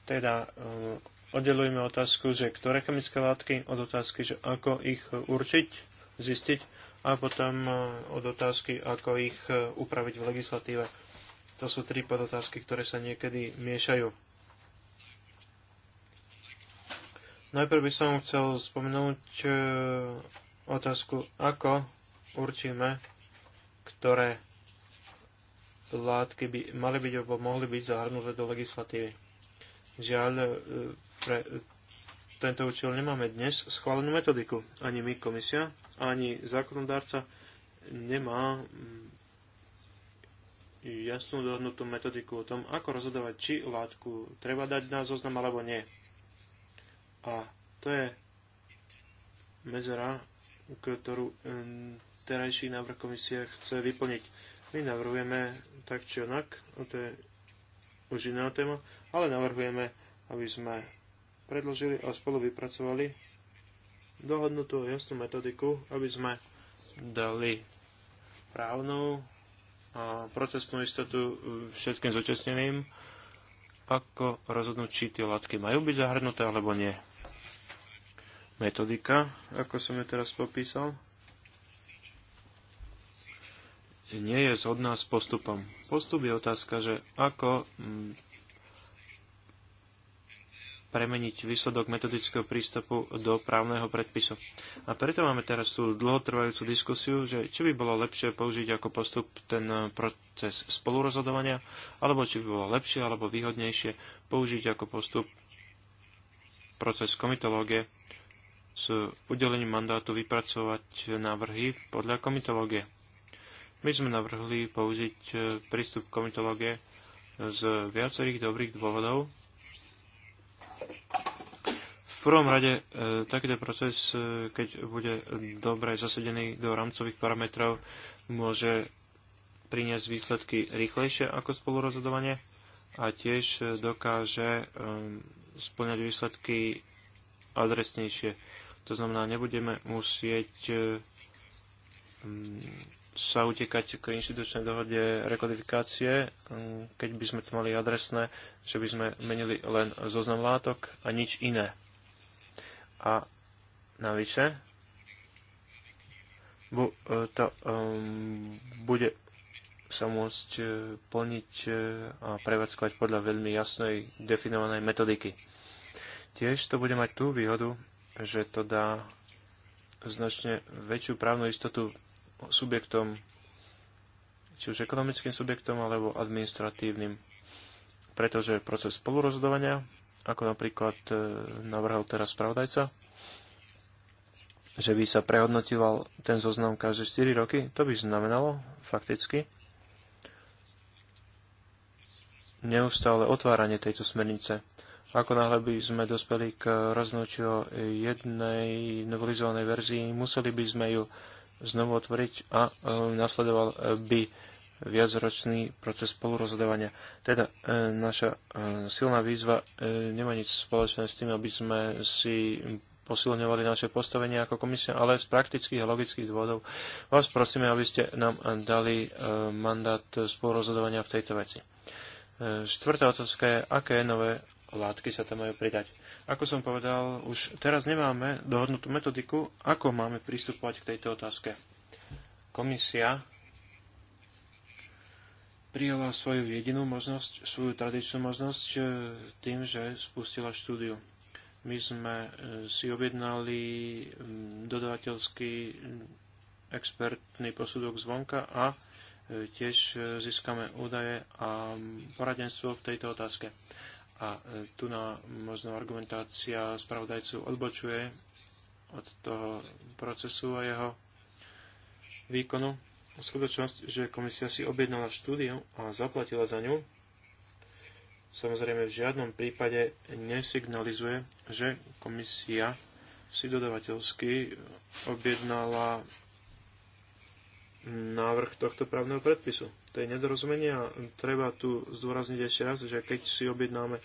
Teda um, oddelujeme otázku, že ktoré chemické látky od otázky, že ako ich určiť, zistiť a potom uh, od otázky, ako ich uh, upraviť v legislatíve. To sú tri podotázky, ktoré sa niekedy miešajú. Najprv by som chcel spomenúť uh, otázku, ako určíme, ktoré látky by mali byť alebo mohli byť zahrnuté do legislatívy. Žiaľ, e, pre tento účel nemáme dnes schválenú metodiku. Ani my, komisia, ani zákonodárca nemá mm, jasnú dohodnutú metodiku o tom, ako rozhodovať, či látku treba dať na zoznam alebo nie. A to je medzera, ktorú e, terajší návrh komisie chce vyplniť. My navrhujeme tak či onak, no to je už iná téma, ale navrhujeme, aby sme predložili a spolu vypracovali dohodnutú jasnú metodiku, aby sme dali právnu a procesnú istotu všetkým zúčastneným, ako rozhodnúť, či tie látky majú byť zahrnuté alebo nie. Metodika, ako som ju teraz popísal, nie je zhodná s postupom. Postup je otázka, že ako mm, premeniť výsledok metodického prístupu do právneho predpisu. A preto máme teraz tú dlhotrvajúcu diskusiu, že či by bolo lepšie použiť ako postup ten eh, proces spolurozhodovania, alebo či by bolo lepšie alebo výhodnejšie použiť ako postup proces komitológie s udelením mandátu vypracovať návrhy podľa komitológie. My sme navrhli použiť e, prístup komitológie z viacerých dobrých dôvodov. V prvom rade e, takýto proces, e, keď bude dobre zasadený do rámcových parametrov, môže priniesť výsledky rýchlejšie ako spolurozhodovanie a tiež dokáže splňať výsledky adresnejšie. To znamená, nebudeme musieť sa utekať k inštitučnej dohode rekodifikácie, mm, keď by sme to mali adresné, že by sme menili len zoznam látok a nič iné. A navyše bu, e, to um, bude sa môcť e, plniť e, a prevádzkovať podľa veľmi jasnej definovanej metodiky. Tiež to bude mať tú výhodu, že to dá značne väčšiu právnu istotu subjektom, či už ekonomickým subjektom alebo administratívnym, pretože proces spolurozhodovania, ako napríklad e, navrhol teraz spravodajca, že by sa prehodnotil ten zoznam každé 4 roky, to by znamenalo fakticky neustále otváranie tejto smernice. Ako náhle by sme dospeli k rozhodnutiu jednej novelizovanej verzii, museli by sme ju znovu otvoriť a e, nasledoval e, by viacročný proces spolurozhodovania. Teda e, naša e, silná výzva e, nemá nič spoločné s tým, aby sme si posilňovali naše postavenie ako komisia, ale z praktických a logických dôvodov vás prosíme, aby ste nám dali e, mandát spolurozhodovania v tejto veci. E, štvrtá otázka je, aké nové látky sa tam majú pridať. Ako som povedal, už teraz nemáme dohodnutú metodiku, ako máme pristupovať k tejto otázke. Komisia prijala svoju jedinú možnosť, svoju tradičnú možnosť e, tým, že spustila štúdiu. My sme e, si objednali dodavateľský expertný posudok zvonka a e, tiež získame údaje a poradenstvo v tejto otázke. A e, tu na možno argumentácia spravodajcu odbočuje od toho procesu a jeho výkonu. Skutočnosť, že komisia si objednala štúdiu a zaplatila za ňu, samozrejme v žiadnom prípade nesignalizuje, že komisia si dodavateľsky objednala návrh tohto právneho predpisu to je nedorozumenie a treba tu zdôrazniť ešte raz, že keď si objednáme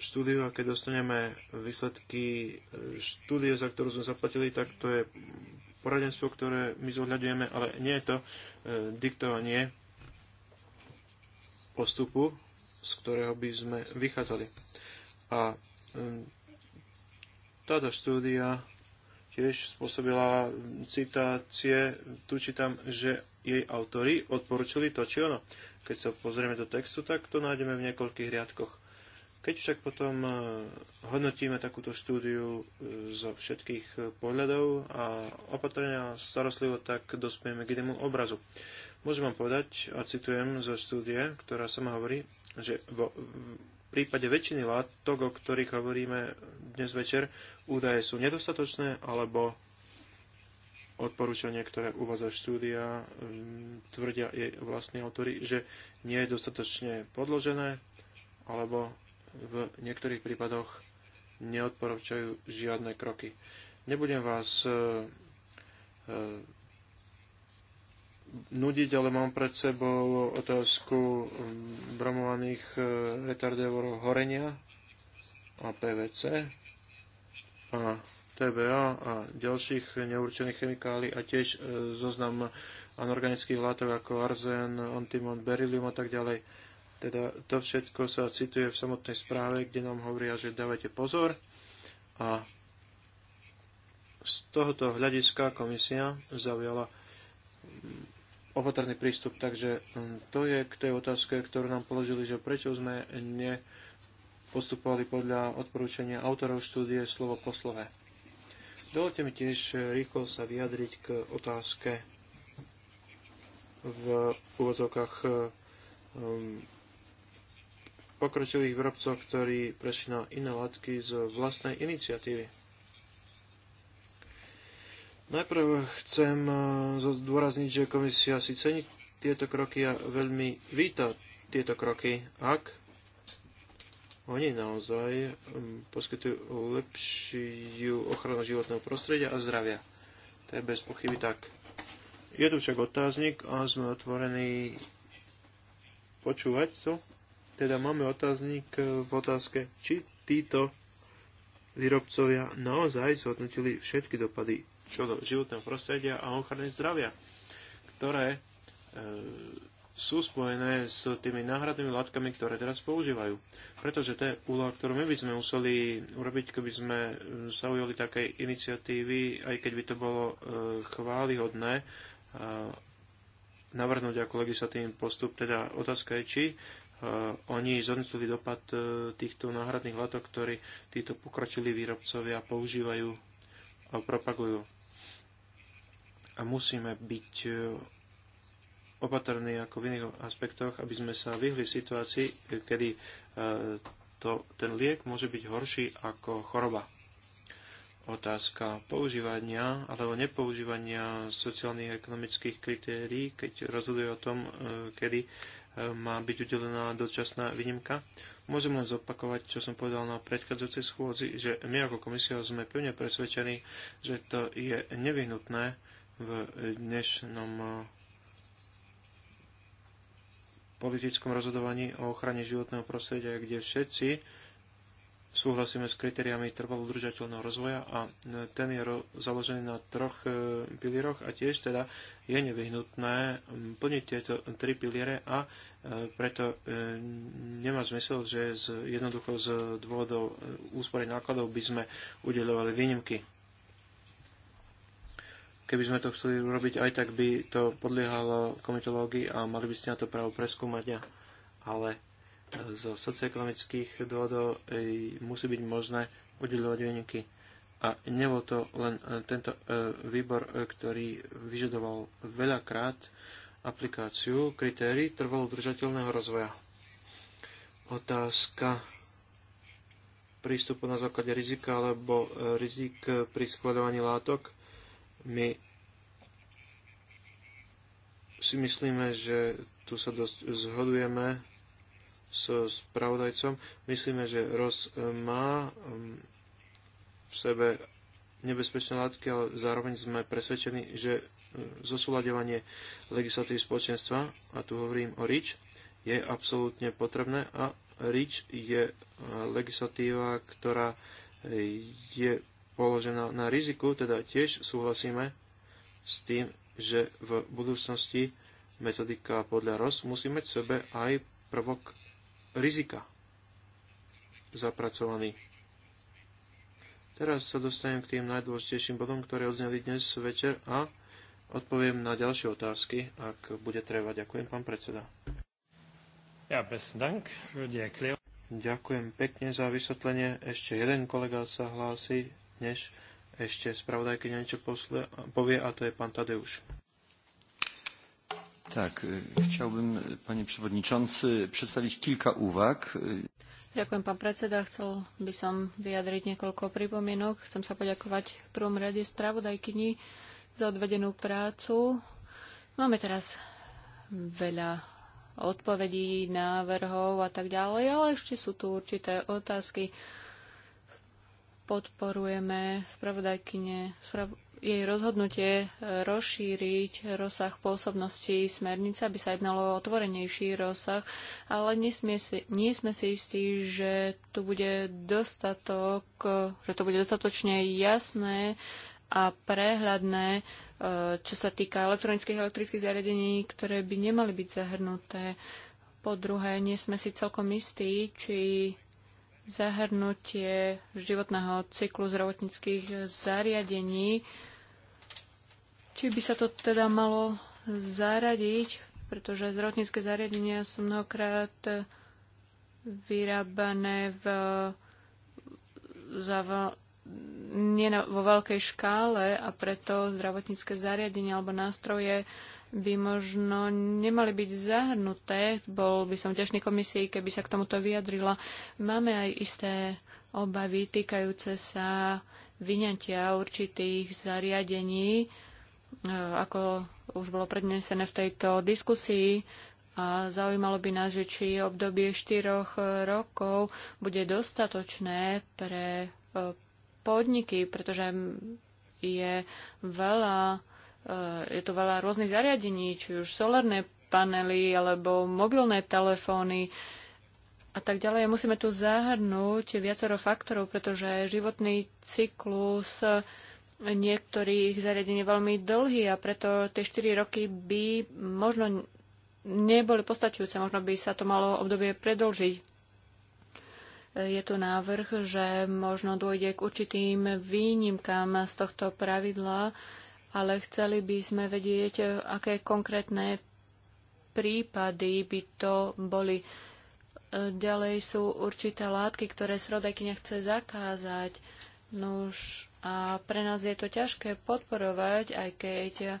štúdiu a keď dostaneme výsledky štúdie, za ktorú sme zaplatili, tak to je poradenstvo, ktoré my zohľadujeme, ale nie je to e, diktovanie postupu, z ktorého by sme vychádzali. A e, táto štúdia tiež spôsobila citácie, tu čítam, že jej autory odporúčili to či ono. Keď sa pozrieme do textu, tak to nájdeme v niekoľkých riadkoch. Keď však potom e, hodnotíme takúto štúdiu e, zo všetkých e, pohľadov a opatrenia starostlivo, tak dospieme k jednému obrazu. Môžem vám povedať, a citujem zo štúdie, ktorá sama hovorí, že vo prípade väčšiny látok, o ktorých hovoríme dnes večer, údaje sú nedostatočné alebo odporúčania, ktoré uvádza štúdia, mm, tvrdia jej vlastní autory, že nie je dostatočne podložené, alebo v niektorých prípadoch neodporúčajú žiadne kroky. Nebudem vás e, e, nudiť, ale mám pred sebou otázku mm, bromovaných e, retardávorov horenia a PVC a TBA a ďalších neurčených chemikálií a tiež e, zoznam anorganických látok ako arzén, antimon, berylium a tak ďalej. Teda to všetko sa cituje v samotnej správe, kde nám hovoria, že dávajte pozor a z tohoto hľadiska komisia zaujala mm, opatrný prístup. Takže mm, to je k tej otázke, ktorú nám položili, že prečo sme nepostupovali podľa odporúčania autorov štúdie slovo po slove. Dovolte mi tiež eh, rýchlo sa vyjadriť k otázke v úvodzovkách eh, um, pokročilých výrobcov, ktorí prešli na iné látky z vlastnej iniciatívy. Najprv chcem eh, zdôrazniť, že komisia si cení tieto kroky a veľmi víta tieto kroky, ak oni naozaj um, poskytujú lepšiu ochranu životného prostredia a zdravia. To je bez pochyby tak. Je tu však otáznik a sme otvorení počúvať to. Teda máme otáznik v otázke, či títo výrobcovia naozaj zhodnotili všetky dopady čo do životného prostredia a ochrany zdravia, ktoré e, sú spojené s tými náhradnými látkami, ktoré teraz používajú. Pretože to je úloha, ktorú my by sme museli urobiť, keby sme e, sa ujali takej iniciatívy, aj keď by to bolo e, chválihodné navrhnúť ako legislatívny postup. Teda otázka je, či e, oni zhodnotili dopad týchto náhradných látok, ktorí títo pokročili výrobcovia používajú a propagujú. A musíme byť opatrní ako v iných aspektoch, aby sme sa vyhli situácii, kedy e, to, ten liek môže byť horší ako choroba. Otázka používania alebo nepoužívania sociálnych a ekonomických kritérií, keď rozhoduje o tom, e, kedy e, má byť udelená dočasná výnimka. Môžem len zopakovať, čo som povedal na predchádzajúcej schôdzi, že my ako komisia sme pevne presvedčení, že to je nevyhnutné v dnešnom politickom rozhodovaní o ochrane životného prostredia, kde všetci súhlasíme s kritériami trvalo udržateľného rozvoja a ten je založený na troch e, pilieroch a tiež teda je nevyhnutné plniť tieto tri piliere a e, preto e, nemá zmysel, že z, jednoducho z dôvodov úspory nákladov by sme udelovali výnimky. Keby sme to chceli urobiť aj tak, by to podliehalo komitológii a mali by ste na to právo preskúmať, ale e, z socioekonomických dôvodov e, musí byť možné udeľovať výnimky. A nebol to len e, tento výbor, ktorý vyžadoval veľakrát aplikáciu kritérií trvalo držateľného rozvoja. Otázka prístupu na základe rizika alebo rizik pri schváľovaní látok my si myslíme, že tu sa dosť zhodujeme so spravodajcom. Myslíme, že ROS e, má v sebe nebezpečné látky, ale zároveň sme presvedčení, že e, zosúľadovanie legislatívy spoločenstva, a tu hovorím o RIČ, je absolútne potrebné a RIČ je e, legislatíva, ktorá je položená na riziku, teda tiež súhlasíme s tým, že v budúcnosti metodika podľa ROS musí mať v sebe aj prvok rizika zapracovaný. Teraz sa dostanem k tým najdôležitejším bodom, ktoré odzneli dnes večer a odpoviem na ďalšie otázky, ak bude treba. Ďakujem, pán predseda. Ja, dank Ďakujem pekne za vysvetlenie. Ešte jeden kolega sa hlási než ešte spravodajkyňa niečo posle, povie, a to je pán Tadeusz. Tak, e, chciałbym, panie przewodniczący, przedstawić kilka uwag. Ďakujem, pán predseda. Chcel by som vyjadriť niekoľko pripomienok. Chcem sa poďakovať v prvom rade spravodajkyni za odvedenú prácu. Máme teraz veľa odpovedí, návrhov a tak ďalej, ale ešte sú tu určité otázky podporujeme spravodajkyne, sprav- jej rozhodnutie e, rozšíriť rozsah pôsobnosti smernice, aby sa jednalo o otvorenejší rozsah, ale nesmie si, nie sme si istí, že tu bude dostatok, že to bude dostatočne jasné a prehľadné, e, čo sa týka elektronických a elektrických zariadení, ktoré by nemali byť zahrnuté. Po druhé, nie sme si celkom istí, či zahrnutie životného cyklu zdravotníckých zariadení. Či by sa to teda malo zaradiť, pretože zdravotnícke zariadenia sú mnohokrát vyrábané v, za, nie na, vo veľkej škále a preto zdravotnícke zariadenia alebo nástroje by možno nemali byť zahrnuté. Bol by som vďačný komisii, keby sa k tomuto vyjadrila. Máme aj isté obavy týkajúce sa vyňatia určitých zariadení, e, ako už bolo prednesené v tejto diskusii. A zaujímalo by nás, že či obdobie 4 rokov bude dostatočné pre e, podniky, pretože je veľa Eh, je to veľa rôznych zariadení, či už solárne panely alebo mobilné telefóny a tak ďalej. Musíme tu zahrnúť viacero faktorov, pretože životný cyklus niektorých zariadení je veľmi dlhý a preto tie 4 roky by možno neboli postačujúce, možno by sa to malo obdobie predlžiť. Eh, je tu návrh, že možno dôjde k určitým výnimkám z tohto pravidla, ale chceli by sme vedieť, e, aké konkrétne prípady by to boli. E, ďalej sú určité látky, ktoré srodajkyňa chce zakázať. Nož. a pre nás je to ťažké podporovať, aj keď e,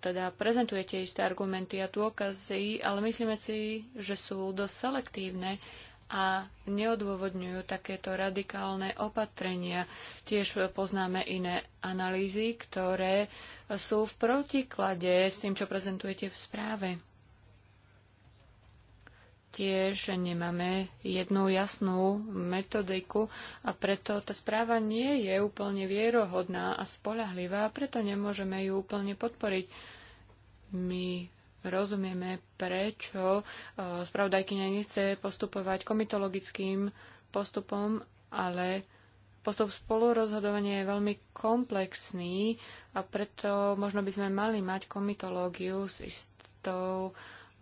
teda prezentujete isté argumenty a dôkazy, ale myslíme si, že sú dosť selektívne a neodôvodňujú takéto radikálne opatrenia. Tiež poznáme iné analýzy, ktoré sú v protiklade s tým, čo prezentujete v správe. Tiež nemáme jednu jasnú metodiku a preto tá správa nie je úplne vierohodná a spolahlivá a preto nemôžeme ju úplne podporiť. My rozumieme, prečo e, spravodajkynia nechce postupovať komitologickým postupom, ale postup spolurozhodovania je veľmi komplexný a preto možno by sme mali mať komitológiu s istou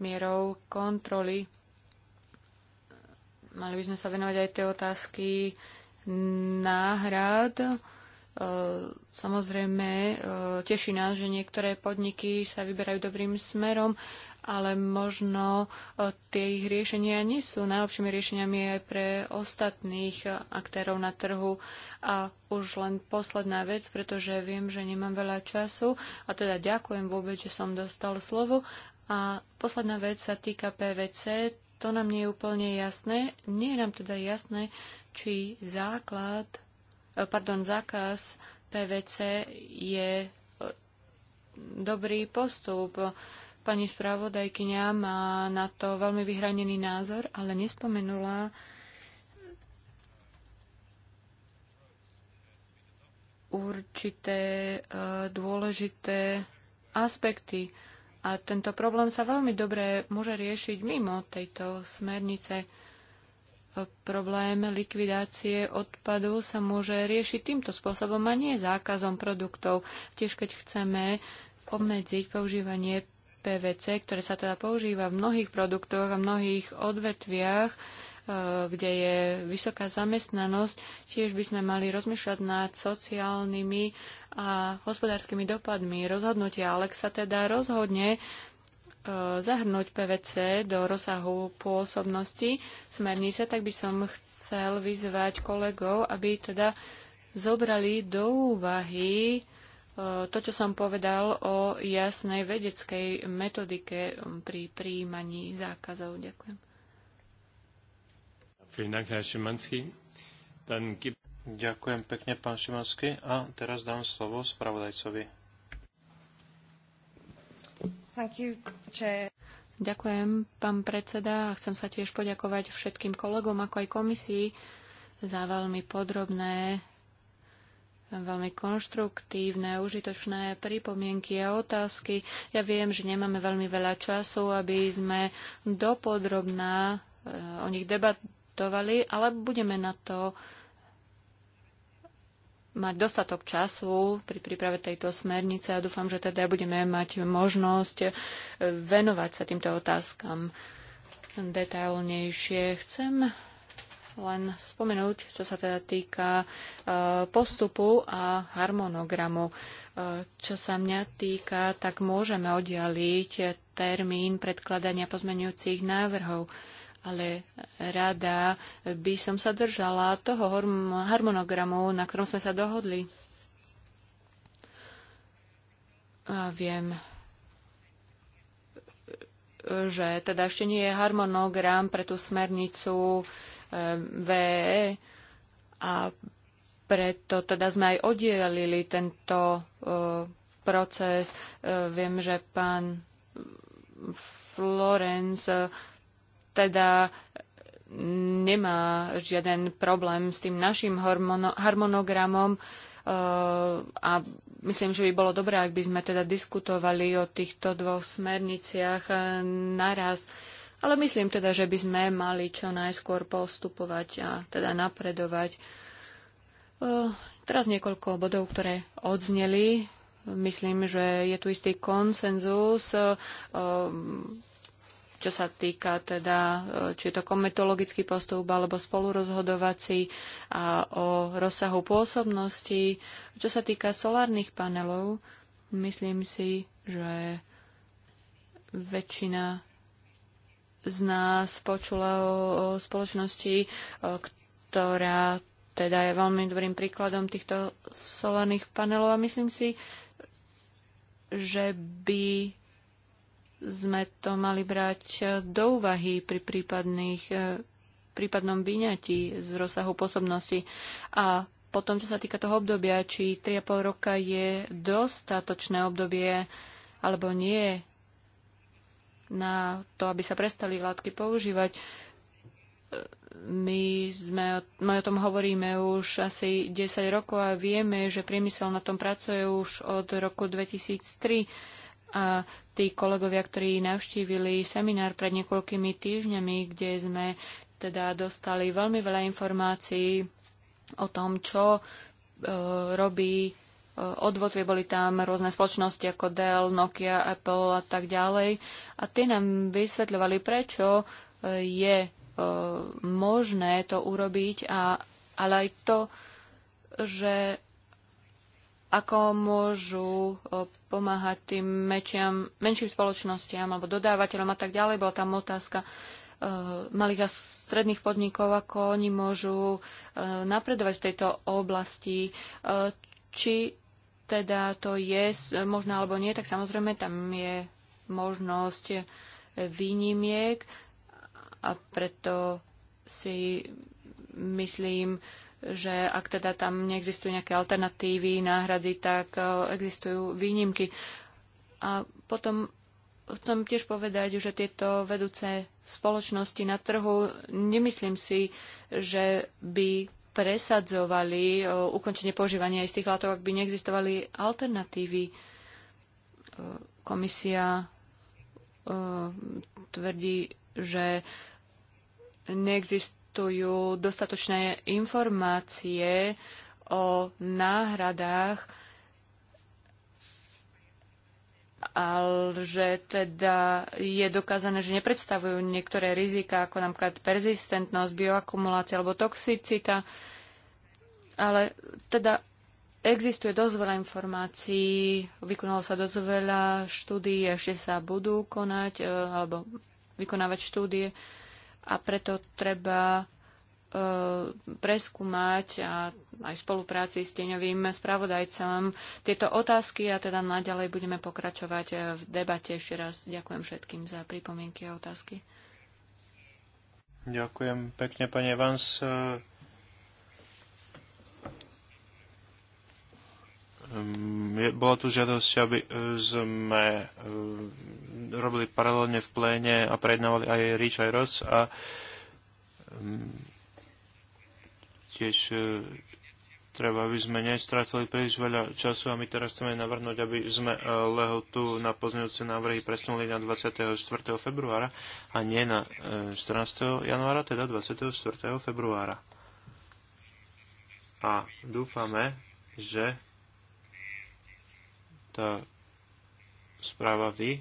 mierou kontroly. Mali by sme sa venovať aj tej otázky náhrad E, samozrejme, e, teší nás, že niektoré podniky sa vyberajú dobrým smerom, ale možno e, tie ich riešenia nie sú najlepšími riešeniami aj pre ostatných aktérov na trhu. A už len posledná vec, pretože viem, že nemám veľa času a teda ďakujem vôbec, že som dostal slovo. A posledná vec sa týka PVC. To nám nie je úplne jasné. Nie je nám teda jasné, či základ E, pardon, zákaz PVC je e, dobrý postup. Pani spravodajkyňa má na to veľmi vyhranený názor, ale nespomenula určité e, dôležité aspekty. A tento problém sa veľmi dobre môže riešiť mimo tejto smernice problém likvidácie odpadu sa môže riešiť týmto spôsobom a nie zákazom produktov. Tiež keď chceme obmedziť používanie PVC, ktoré sa teda používa v mnohých produktoch a mnohých odvetviach, e, kde je vysoká zamestnanosť, tiež by sme mali rozmýšľať nad sociálnymi a hospodárskymi dopadmi rozhodnutia. Ale ak sa teda rozhodne E, zahrnúť PVC do rozsahu pôsobnosti smernice, tak by som chcel vyzvať kolegov, aby teda zobrali do úvahy e, to, čo som povedal o jasnej vedeckej metodike pri príjmaní zákazov. Ďakujem. Ďakujem pekne, pán Šimanský. A teraz dám slovo spravodajcovi. Ďakujem, pán predseda, a chcem sa tiež poďakovať všetkým kolegom, ako aj komisii, za veľmi podrobné, veľmi konštruktívne, užitočné pripomienky a otázky. Ja viem, že nemáme veľmi veľa času, aby sme dopodrobná eh, o nich debatovali, ale budeme na to mať dostatok času pri príprave tejto smernice a dúfam, že teda budeme mať možnosť e, venovať sa týmto otázkam detailnejšie. Chcem len spomenúť, čo sa teda týka e, postupu a harmonogramu. E, čo sa mňa týka, tak môžeme oddialiť termín predkladania pozmenujúcich návrhov ale rada by som sa držala toho harmonogramu, na ktorom sme sa dohodli. A viem, že teda ešte nie je harmonogram pre tú smernicu eh, VE a preto teda sme aj oddielili tento eh, proces. Eh, viem, že pán Florence teda mm, nemá žiaden problém s tým našim harmonogramom e, a myslím, že by bolo dobré, ak by sme teda diskutovali o týchto dvoch smerniciach e, naraz. Ale myslím teda, že by sme mali čo najskôr postupovať a teda napredovať. E, teraz niekoľko bodov, ktoré odzneli. Myslím, že je tu istý konsenzus čo sa týka teda, e, či je to kometologický postup alebo spolurozhodovací a o rozsahu pôsobnosti. Čo sa týka solárnych panelov, myslím si, že väčšina z nás počula o, o spoločnosti, o, e, ktorá teda je veľmi dobrým príkladom týchto solárnych panelov a myslím si, že by sme to mali brať eh, do úvahy pri prípadných, eh, prípadnom vyňatí z rozsahu pôsobnosti. A potom, čo sa týka toho obdobia, či 3,5 roka je dostatočné obdobie alebo nie na to, aby sa prestali látky používať. Eh, my, sme, my o tom hovoríme už asi 10 rokov a vieme, že priemysel na tom pracuje už od roku 2003 a tí kolegovia, ktorí navštívili seminár pred niekoľkými týždňami, kde sme teda dostali veľmi veľa informácií o tom, čo e, robí e, Boli tam rôzne spoločnosti ako Dell, Nokia, Apple a tak ďalej. A tie nám vysvetľovali, prečo e, je e, možné to urobiť, a, ale aj to, že ako môžu pomáhať tým mečiam, menším spoločnostiam alebo dodávateľom a tak ďalej. Bola tam otázka e, malých a stredných podnikov, ako oni môžu e, napredovať v tejto oblasti. E, či teda to je možné alebo nie, tak samozrejme tam je možnosť výnimiek a preto si myslím, že ak teda tam neexistujú nejaké alternatívy, náhrady, tak e, existujú výnimky. A potom chcem tiež povedať, že tieto vedúce spoločnosti na trhu, nemyslím si, že by presadzovali e, ukončenie používania istých látok, ak by neexistovali alternatívy. E, komisia tvrdí, že neexistuje poskytujú dostatočné informácie o náhradách, ale že teda je dokázané, že nepredstavujú niektoré rizika, ako napríklad persistentnosť, bioakumulácia alebo toxicita, ale teda existuje dosť veľa informácií, vykonalo sa dosť veľa štúdií, ešte sa budú konať e, alebo vykonávať štúdie a preto treba e, preskúmať a aj v spolupráci s teňovým spravodajcom tieto otázky a teda naďalej budeme pokračovať v debate. Ešte raz ďakujem všetkým za pripomienky a otázky. Ďakujem pekne, pani Evans. Ehm, bola tu žiadosť, aby e, sme e, robili paralelne v pléne a prejednávali aj Rich aj Ross a ehm, tiež e, treba, aby sme nestrácali príliš veľa času a my teraz chceme navrhnúť, aby sme lehotu na pozmeňujúce návrhy presunuli na 24. februára a nie na 14. januára, teda 24. februára. A dúfame, že tá správa vy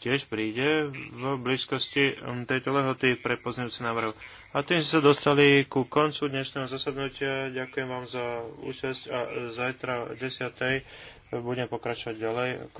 tiež príde v blízkosti um, tejto lehoty pre pozdňujúci návrhu. A tým sme sa dostali ku koncu dnešného zasadnutia. Ďakujem vám za účasť a zajtra o 10. budem pokračovať ďalej.